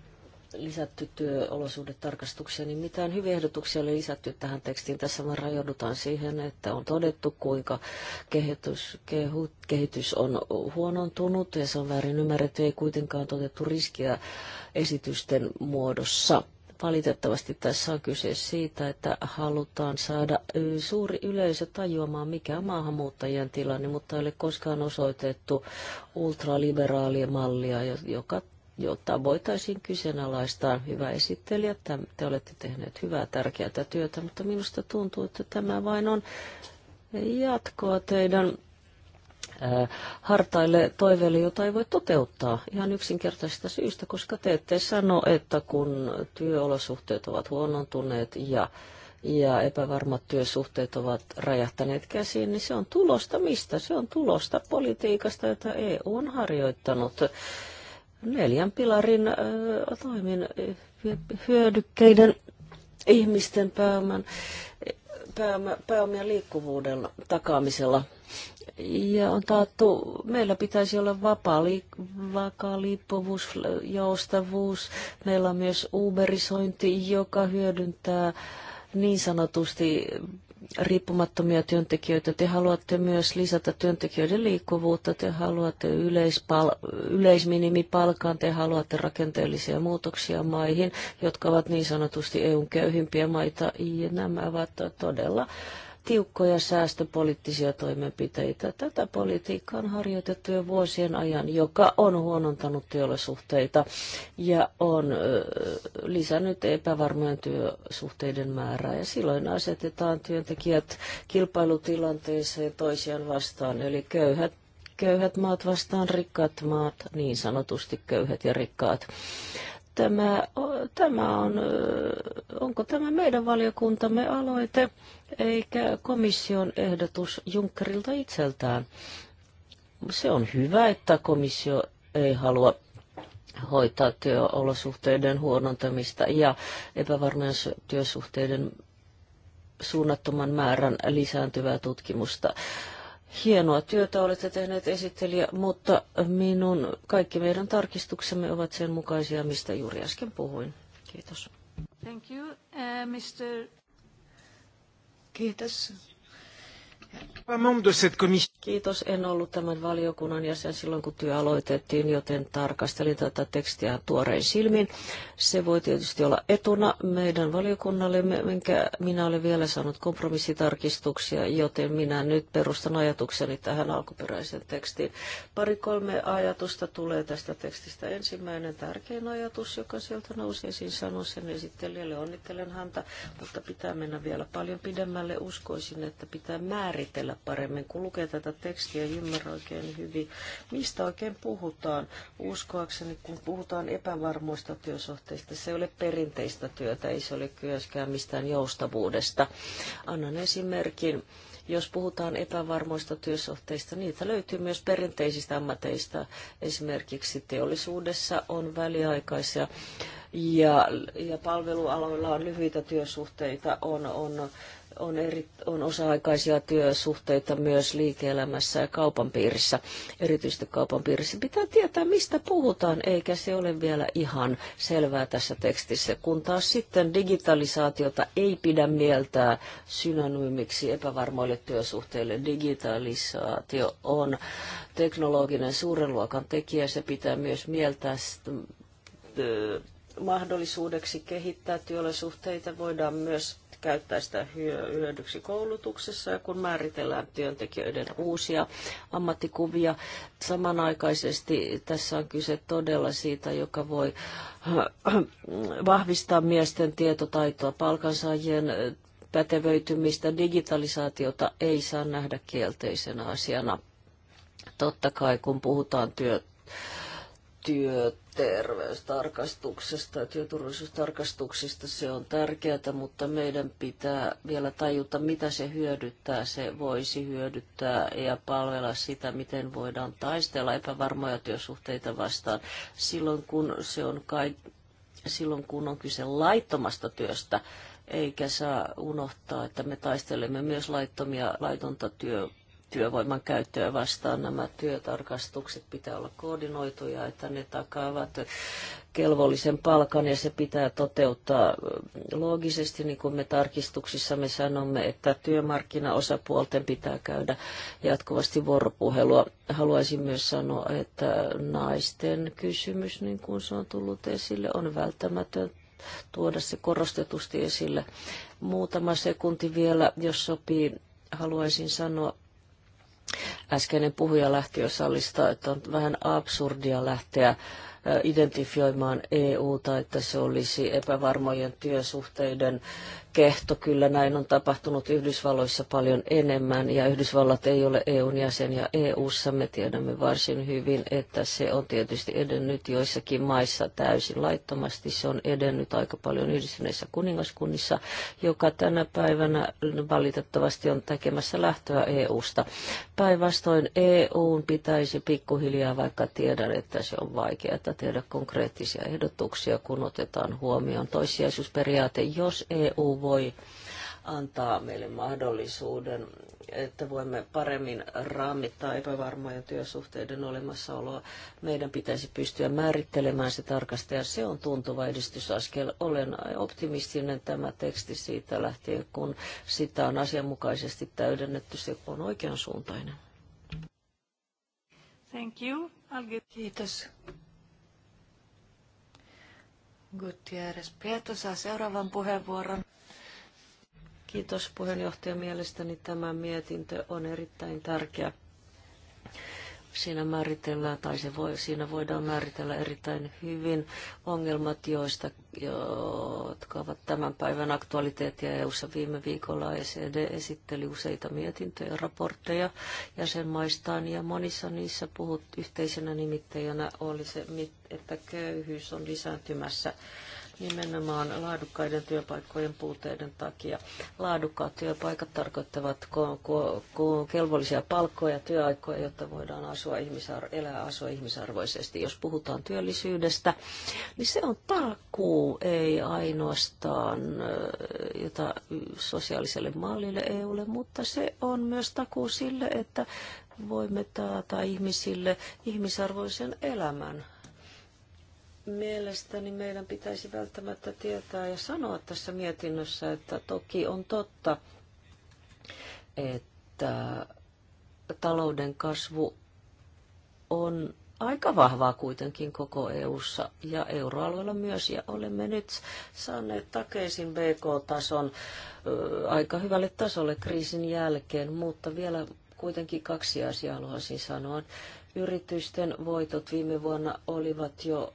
lisätty työolosuhdetarkastuksia, niin mitään hyviä ehdotuksia oli lisätty tähän tekstiin. Tässä vaan rajoitutaan siihen, että on todettu, kuinka kehitys, kehu, kehitys on huonontunut ja se on väärin ymmärretty, ei kuitenkaan todettu riskiä esitysten muodossa valitettavasti tässä on kyse siitä, että halutaan saada suuri yleisö tajuamaan, mikä on maahanmuuttajien tilanne, mutta ei ole koskaan osoitettu ultraliberaalia mallia, joka Jotta voitaisiin kyseenalaistaa. Hyvä esittelijä, te olette tehneet hyvää tärkeää työtä, mutta minusta tuntuu, että tämä vain on jatkoa teidän hartaille toiveille, jota ei voi toteuttaa ihan yksinkertaisesta syystä, koska te ette sano, että kun työolosuhteet ovat huonontuneet ja, ja epävarmat työsuhteet ovat räjähtäneet käsiin, niin se on tulosta mistä? Se on tulosta politiikasta, jota EU on harjoittanut neljän pilarin toimin hyödykkeiden ihmisten pääoman, pääoma, pääomien liikkuvuuden takaamisella. Ja on taattu, meillä pitäisi olla vapaa liik- vakaa liippuvuus, joustavuus. Meillä on myös uberisointi, joka hyödyntää niin sanotusti riippumattomia työntekijöitä. Te haluatte myös lisätä työntekijöiden liikkuvuutta, te haluatte yleispal- yleisminimipalkan, te haluatte rakenteellisia muutoksia maihin, jotka ovat niin sanotusti EUn köyhimpiä maita, ja nämä ovat todella äh, tiukkoja säästöpoliittisia toimenpiteitä. Tätä politiikkaa on harjoitettu jo vuosien ajan, joka on huonontanut työolosuhteita ja on lisännyt epävarmojen työsuhteiden määrää. Ja silloin asetetaan työntekijät kilpailutilanteeseen toisiaan vastaan, eli köyhät, köyhät maat vastaan rikkaat maat, niin sanotusti köyhät ja rikkaat. Tämä, tämä on, onko tämä meidän valiokuntamme aloite, eikä komission ehdotus Junckerilta itseltään? Se on hyvä, että komissio ei halua hoitaa työolosuhteiden huonontamista ja epävarmojen työsuhteiden suunnattoman määrän lisääntyvää tutkimusta. Hienoa työtä olette tehneet esittelijä, mutta minun kaikki meidän tarkistuksemme ovat sen mukaisia, mistä juuri äsken puhuin. Kiitos. Thank you, uh, Mr. Kiitos. Kiitos, en ollut tämän valiokunnan jäsen silloin, kun työ aloitettiin, joten tarkastelin tätä tekstiä tuorein silmin. Se voi tietysti olla etuna meidän valiokunnalle, minkä minä olen vielä saanut kompromissitarkistuksia, joten minä nyt perustan ajatukseni tähän alkuperäiseen tekstiin. Pari-kolme ajatusta tulee tästä tekstistä. Ensimmäinen tärkein ajatus, joka sieltä nousi esiin, sanoi sen esittelijälle, onnittelen häntä, mutta pitää mennä vielä paljon pidemmälle. Uskoisin, että pitää määritellä määritellä paremmin. Kun lukee tätä tekstiä, ymmärrä oikein hyvin, mistä oikein puhutaan. Uskoakseni, kun puhutaan epävarmoista työsuhteista, se ei ole perinteistä työtä, ei se ole kyöskään mistään joustavuudesta. Annan esimerkin jos puhutaan epävarmoista työsuhteista, niitä löytyy myös perinteisistä ammateista. Esimerkiksi teollisuudessa on väliaikaisia ja, ja palvelualoilla on lyhyitä työsuhteita, on, on on, eri, on osa-aikaisia työsuhteita myös liike-elämässä ja kaupan piirissä, erityisesti kaupan piirissä. Pitää tietää, mistä puhutaan, eikä se ole vielä ihan selvää tässä tekstissä, kun taas sitten digitalisaatiota ei pidä mieltää synonyymiksi epävarmoille työsuhteille. Digitalisaatio on teknologinen suuren luokan tekijä, se pitää myös mieltää mahdollisuudeksi kehittää työolosuhteita. Voidaan myös käyttää sitä hyödyksi koulutuksessa ja kun määritellään työntekijöiden uusia ammattikuvia. Samanaikaisesti tässä on kyse todella siitä, joka voi vahvistaa miesten tietotaitoa palkansaajien pätevöitymistä. Digitalisaatiota ei saa nähdä kielteisenä asiana. Totta kai, kun puhutaan työ, työterveystarkastuksesta ja työturvallisuustarkastuksesta. Se on tärkeää, mutta meidän pitää vielä tajuta, mitä se hyödyttää. Se voisi hyödyttää ja palvella sitä, miten voidaan taistella epävarmoja työsuhteita vastaan silloin, kun se on kai, silloin kun on kyse laittomasta työstä, eikä saa unohtaa, että me taistelemme myös laittomia, laitonta työ, työvoiman käyttöä vastaan. Nämä työtarkastukset pitää olla koordinoituja, että ne takaavat kelvollisen palkan ja se pitää toteuttaa loogisesti, niin kuin me tarkistuksissa me sanomme, että työmarkkinaosapuolten pitää käydä jatkuvasti vuoropuhelua. Haluaisin myös sanoa, että naisten kysymys, niin kuin se on tullut esille, on välttämätön tuoda se korostetusti esille. Muutama sekunti vielä, jos sopii, haluaisin sanoa Äskeinen puhuja lähti jo että on vähän absurdia lähteä identifioimaan EUta, että se olisi epävarmojen työsuhteiden kehto. Kyllä näin on tapahtunut Yhdysvalloissa paljon enemmän ja Yhdysvallat ei ole EUn jäsen ja EUssa me tiedämme varsin hyvin, että se on tietysti edennyt joissakin maissa täysin laittomasti. Se on edennyt aika paljon yhdistyneissä kuningaskunnissa, joka tänä päivänä valitettavasti on tekemässä lähtöä EUsta. Päinvastoin EUn pitäisi pikkuhiljaa, vaikka tiedän, että se on vaikeaa tehdä konkreettisia ehdotuksia, kun otetaan huomioon toissijaisuusperiaate, jos EU voi antaa meille mahdollisuuden, että voimme paremmin raamittaa epävarmojen työsuhteiden olemassaoloa. Meidän pitäisi pystyä määrittelemään se tarkasti ja se on tuntuva edistysaskel. Olen optimistinen tämä teksti siitä lähtien, kun sitä on asianmukaisesti täydennetty, se on oikeansuuntainen. Thank you. I'll get... Kiitos. Gutierrez Pieto saa seuraavan puheenvuoron. Kiitos puheenjohtaja. Mielestäni tämä mietintö on erittäin tärkeä. Siinä määritellään, tai se voi, siinä voidaan määritellä erittäin hyvin ongelmat, joista, jotka ovat tämän päivän aktualiteettia EU-ssa. Viime viikolla ECD esitteli useita mietintöjä ja raportteja jäsenmaistaan, ja monissa niissä puhut yhteisenä nimittäjänä oli se, että köyhyys on lisääntymässä nimenomaan laadukkaiden työpaikkojen puuteiden takia. Laadukkaat työpaikat tarkoittavat kelvollisia palkkoja, työaikoja, jotta voidaan asua ihmisar- elää asua ihmisarvoisesti. Jos puhutaan työllisyydestä, niin se on takuu, ei ainoastaan jota sosiaaliselle mallille EUlle, mutta se on myös takuu sille, että voimme taata ihmisille ihmisarvoisen elämän Mielestäni meidän pitäisi välttämättä tietää ja sanoa tässä mietinnössä, että toki on totta, että talouden kasvu on aika vahvaa kuitenkin koko EU:ssa ja euroalueella myös, ja olemme nyt saaneet takaisin BK-tason aika hyvälle tasolle kriisin jälkeen, mutta vielä kuitenkin kaksi asiaa haluaisin sanoa. Yritysten voitot viime vuonna olivat jo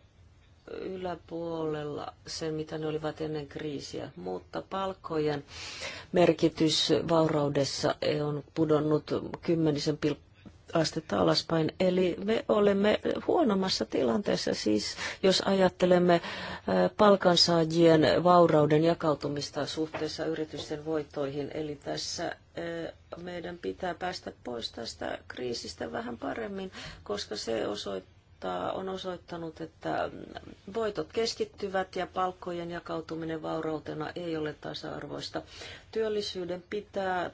yläpuolella sen, mitä ne olivat ennen kriisiä, mutta palkkojen merkitys vauraudessa on pudonnut kymmenisen pilkku astetta alaspäin. Eli me olemme huonommassa tilanteessa, siis jos ajattelemme äh, palkansaajien vaurauden jakautumista suhteessa yritysten voittoihin. Eli tässä äh, meidän pitää päästä pois tästä kriisistä vähän paremmin, koska se osoittaa, mutta on osoittanut, että voitot keskittyvät ja palkkojen jakautuminen vaurautena ei ole tasa-arvoista. Työllisyyden pitää,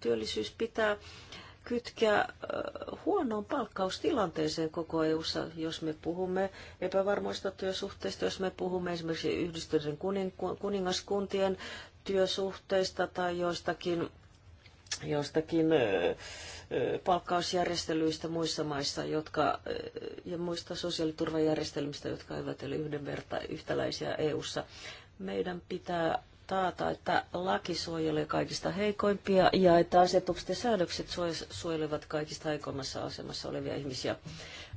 työllisyys pitää kytkeä huonoon palkkaustilanteeseen koko EU:ssa, jos me puhumme epävarmoista työsuhteista, jos me puhumme esimerkiksi yhdistyneiden kuningaskuntien työsuhteista tai joistakin, joistakin palkkausjärjestelyistä muissa maissa jotka, ja muista sosiaaliturvajärjestelmistä, jotka eivät ole yhdenverta, yhtäläisiä EU-ssa. Meidän pitää taata, että laki suojelee kaikista heikoimpia ja että asetukset ja säädökset suojelevat kaikista heikoimmassa asemassa olevia ihmisiä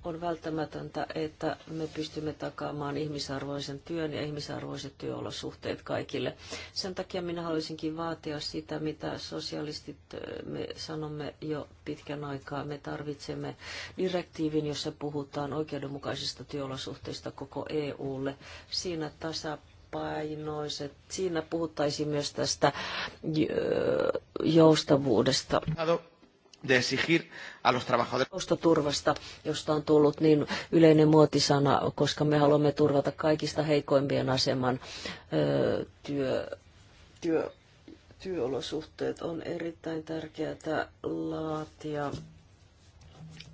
on välttämätöntä, että me pystymme takaamaan ihmisarvoisen työn ja ihmisarvoiset työolosuhteet kaikille. Sen takia minä haluaisinkin vaatia sitä, mitä sosialistit me sanomme jo pitkän aikaa. Me tarvitsemme direktiivin, jossa puhutaan oikeudenmukaisista työolosuhteista koko EUlle. Siinä tasa tasapainoiset. Siinä puhuttaisiin myös tästä joustavuudesta. Hello de exigir a los trabajadores. Ostoturvasta, josta on tullut niin yleinen muotisana, koska me haluamme turvata kaikista heikoimpien aseman öö, työ, työ, työolosuhteet. On erittäin tärkeää laatia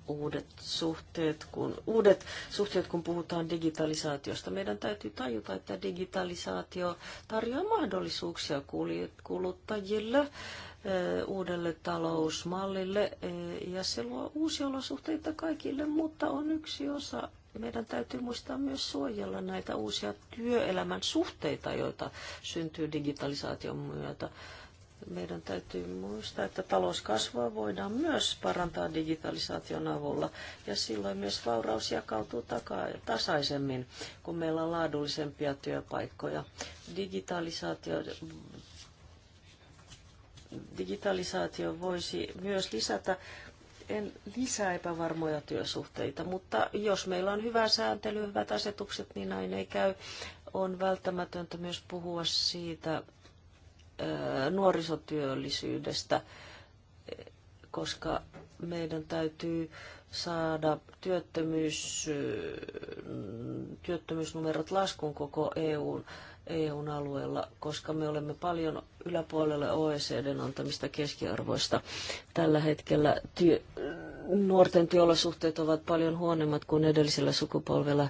uudet suhteet, kun, uudet suhteet, kun puhutaan digitalisaatiosta. Meidän täytyy tajuta, että digitalisaatio tarjoaa mahdollisuuksia kuluttajille uudelle talousmallille ja se luo uusia olosuhteita kaikille, mutta on yksi osa. Meidän täytyy muistaa myös suojella näitä uusia työelämän suhteita, joita syntyy digitalisaation myötä. Meidän täytyy muistaa, että talouskasvua voidaan myös parantaa digitalisaation avulla ja silloin myös vauraus jakautuu tasaisemmin, kun meillä on laadullisempia työpaikkoja. Digitalisaatio digitalisaatio voisi myös lisätä en lisää epävarmoja työsuhteita, mutta jos meillä on hyvä sääntely, hyvät asetukset, niin näin ei käy. On välttämätöntä myös puhua siitä nuorisotyöllisyydestä, koska meidän täytyy saada työttömyys, työttömyysnumerot laskun koko EUn eu alueella, koska me olemme paljon yläpuolella OECDn antamista keskiarvoista. Tällä hetkellä työ, nuorten työolosuhteet ovat paljon huonommat kuin edellisellä sukupolvella.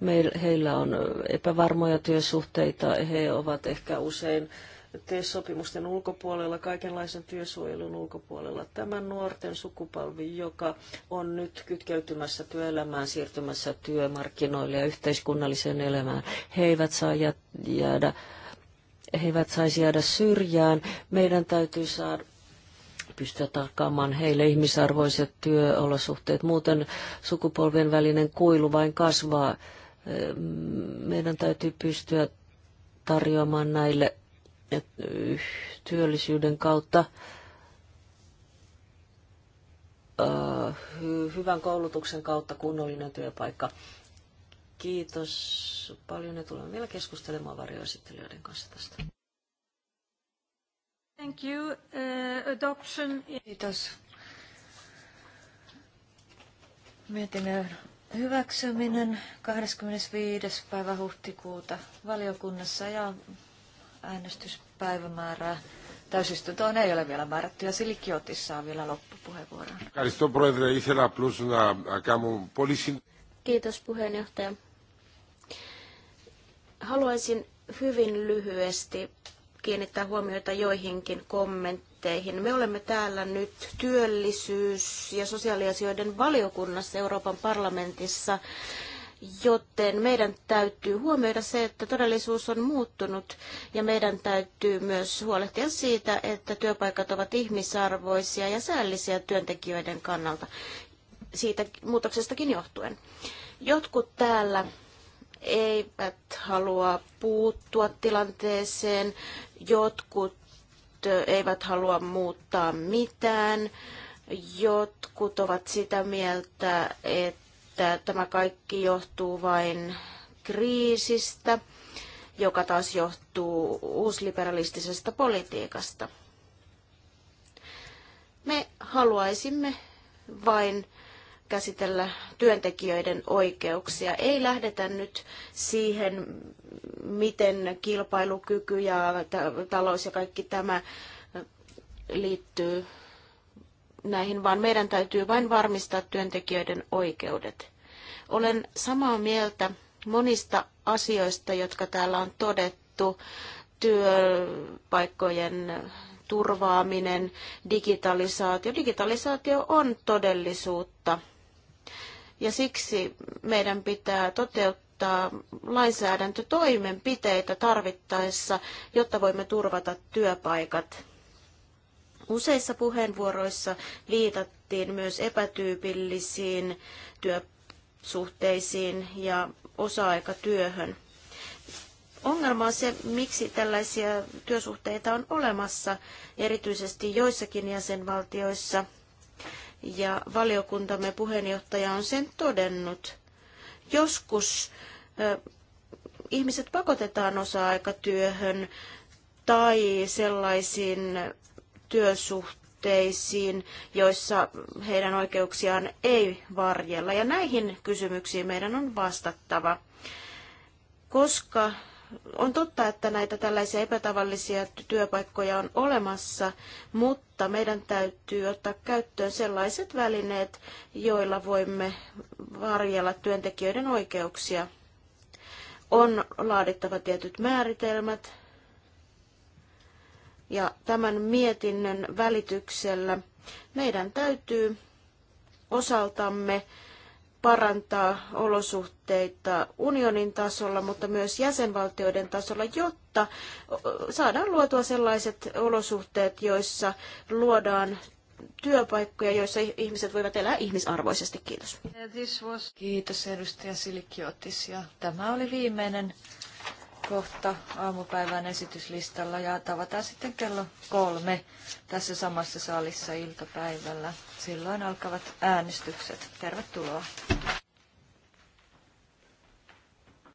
Meillä, heillä on epävarmoja työsuhteita, he ovat ehkä usein TES-sopimusten ulkopuolella, kaikenlaisen työsuojelun ulkopuolella. Tämä nuorten sukupolvi, joka on nyt kytkeytymässä työelämään, siirtymässä työmarkkinoille ja yhteiskunnalliseen elämään, he eivät saa jäädä, he eivät saisi jäädä syrjään. Meidän täytyy saada pystyä takaamaan heille ihmisarvoiset työolosuhteet. Muuten sukupolvien välinen kuilu vain kasvaa. Meidän täytyy pystyä tarjoamaan näille työllisyyden kautta hyvän koulutuksen kautta kunnollinen työpaikka. Kiitos paljon ja tulemme vielä keskustelemaan varjoesittelijöiden kanssa tästä. Thank you. Uh, adoption. Kiitos. Mietinnön hyväksyminen 25. päivä huhtikuuta valiokunnassa ja äänestyspäivämäärää. Täysistuntoon ei ole vielä määrätty ja Silikiotissa on vielä loppupuheenvuoro. Kiitos puheenjohtaja. Haluaisin hyvin lyhyesti kiinnittää huomiota joihinkin kommentteihin. Me olemme täällä nyt työllisyys- ja sosiaaliasioiden valiokunnassa Euroopan parlamentissa joten meidän täytyy huomioida se, että todellisuus on muuttunut ja meidän täytyy myös huolehtia siitä, että työpaikat ovat ihmisarvoisia ja säällisiä työntekijöiden kannalta siitä muutoksestakin johtuen. Jotkut täällä eivät halua puuttua tilanteeseen, jotkut eivät halua muuttaa mitään, jotkut ovat sitä mieltä, että että tämä kaikki johtuu vain kriisistä, joka taas johtuu uusliberalistisesta politiikasta. Me haluaisimme vain käsitellä työntekijöiden oikeuksia. Ei lähdetä nyt siihen, miten kilpailukyky ja talous ja kaikki tämä liittyy näihin, vaan meidän täytyy vain varmistaa työntekijöiden oikeudet. Olen samaa mieltä monista asioista, jotka täällä on todettu. Työpaikkojen turvaaminen, digitalisaatio. Digitalisaatio on todellisuutta. Ja siksi meidän pitää toteuttaa lainsäädäntötoimenpiteitä tarvittaessa, jotta voimme turvata työpaikat. Useissa puheenvuoroissa viitattiin myös epätyypillisiin työpaikkoihin suhteisiin ja osa-aikatyöhön. Ongelma on se, miksi tällaisia työsuhteita on olemassa, erityisesti joissakin jäsenvaltioissa. Ja valiokuntamme puheenjohtaja on sen todennut. Joskus ö, ihmiset pakotetaan osa-aikatyöhön tai sellaisiin työsuhteisiin, tilanteisiin, joissa heidän oikeuksiaan ei varjella. Ja näihin kysymyksiin meidän on vastattava, koska on totta, että näitä tällaisia epätavallisia työpaikkoja on olemassa, mutta meidän täytyy ottaa käyttöön sellaiset välineet, joilla voimme varjella työntekijöiden oikeuksia. On laadittava tietyt määritelmät ja tämän mietinnön välityksellä meidän täytyy osaltamme parantaa olosuhteita unionin tasolla, mutta myös jäsenvaltioiden tasolla, jotta saadaan luotua sellaiset olosuhteet, joissa luodaan työpaikkoja, joissa ihmiset voivat elää ihmisarvoisesti. Kiitos. Kiitos edustaja Silikiotis. Ja tämä oli viimeinen kohta aamupäivän esityslistalla ja tavataan sitten kello kolme tässä samassa salissa iltapäivällä. Silloin alkavat äänestykset. Tervetuloa.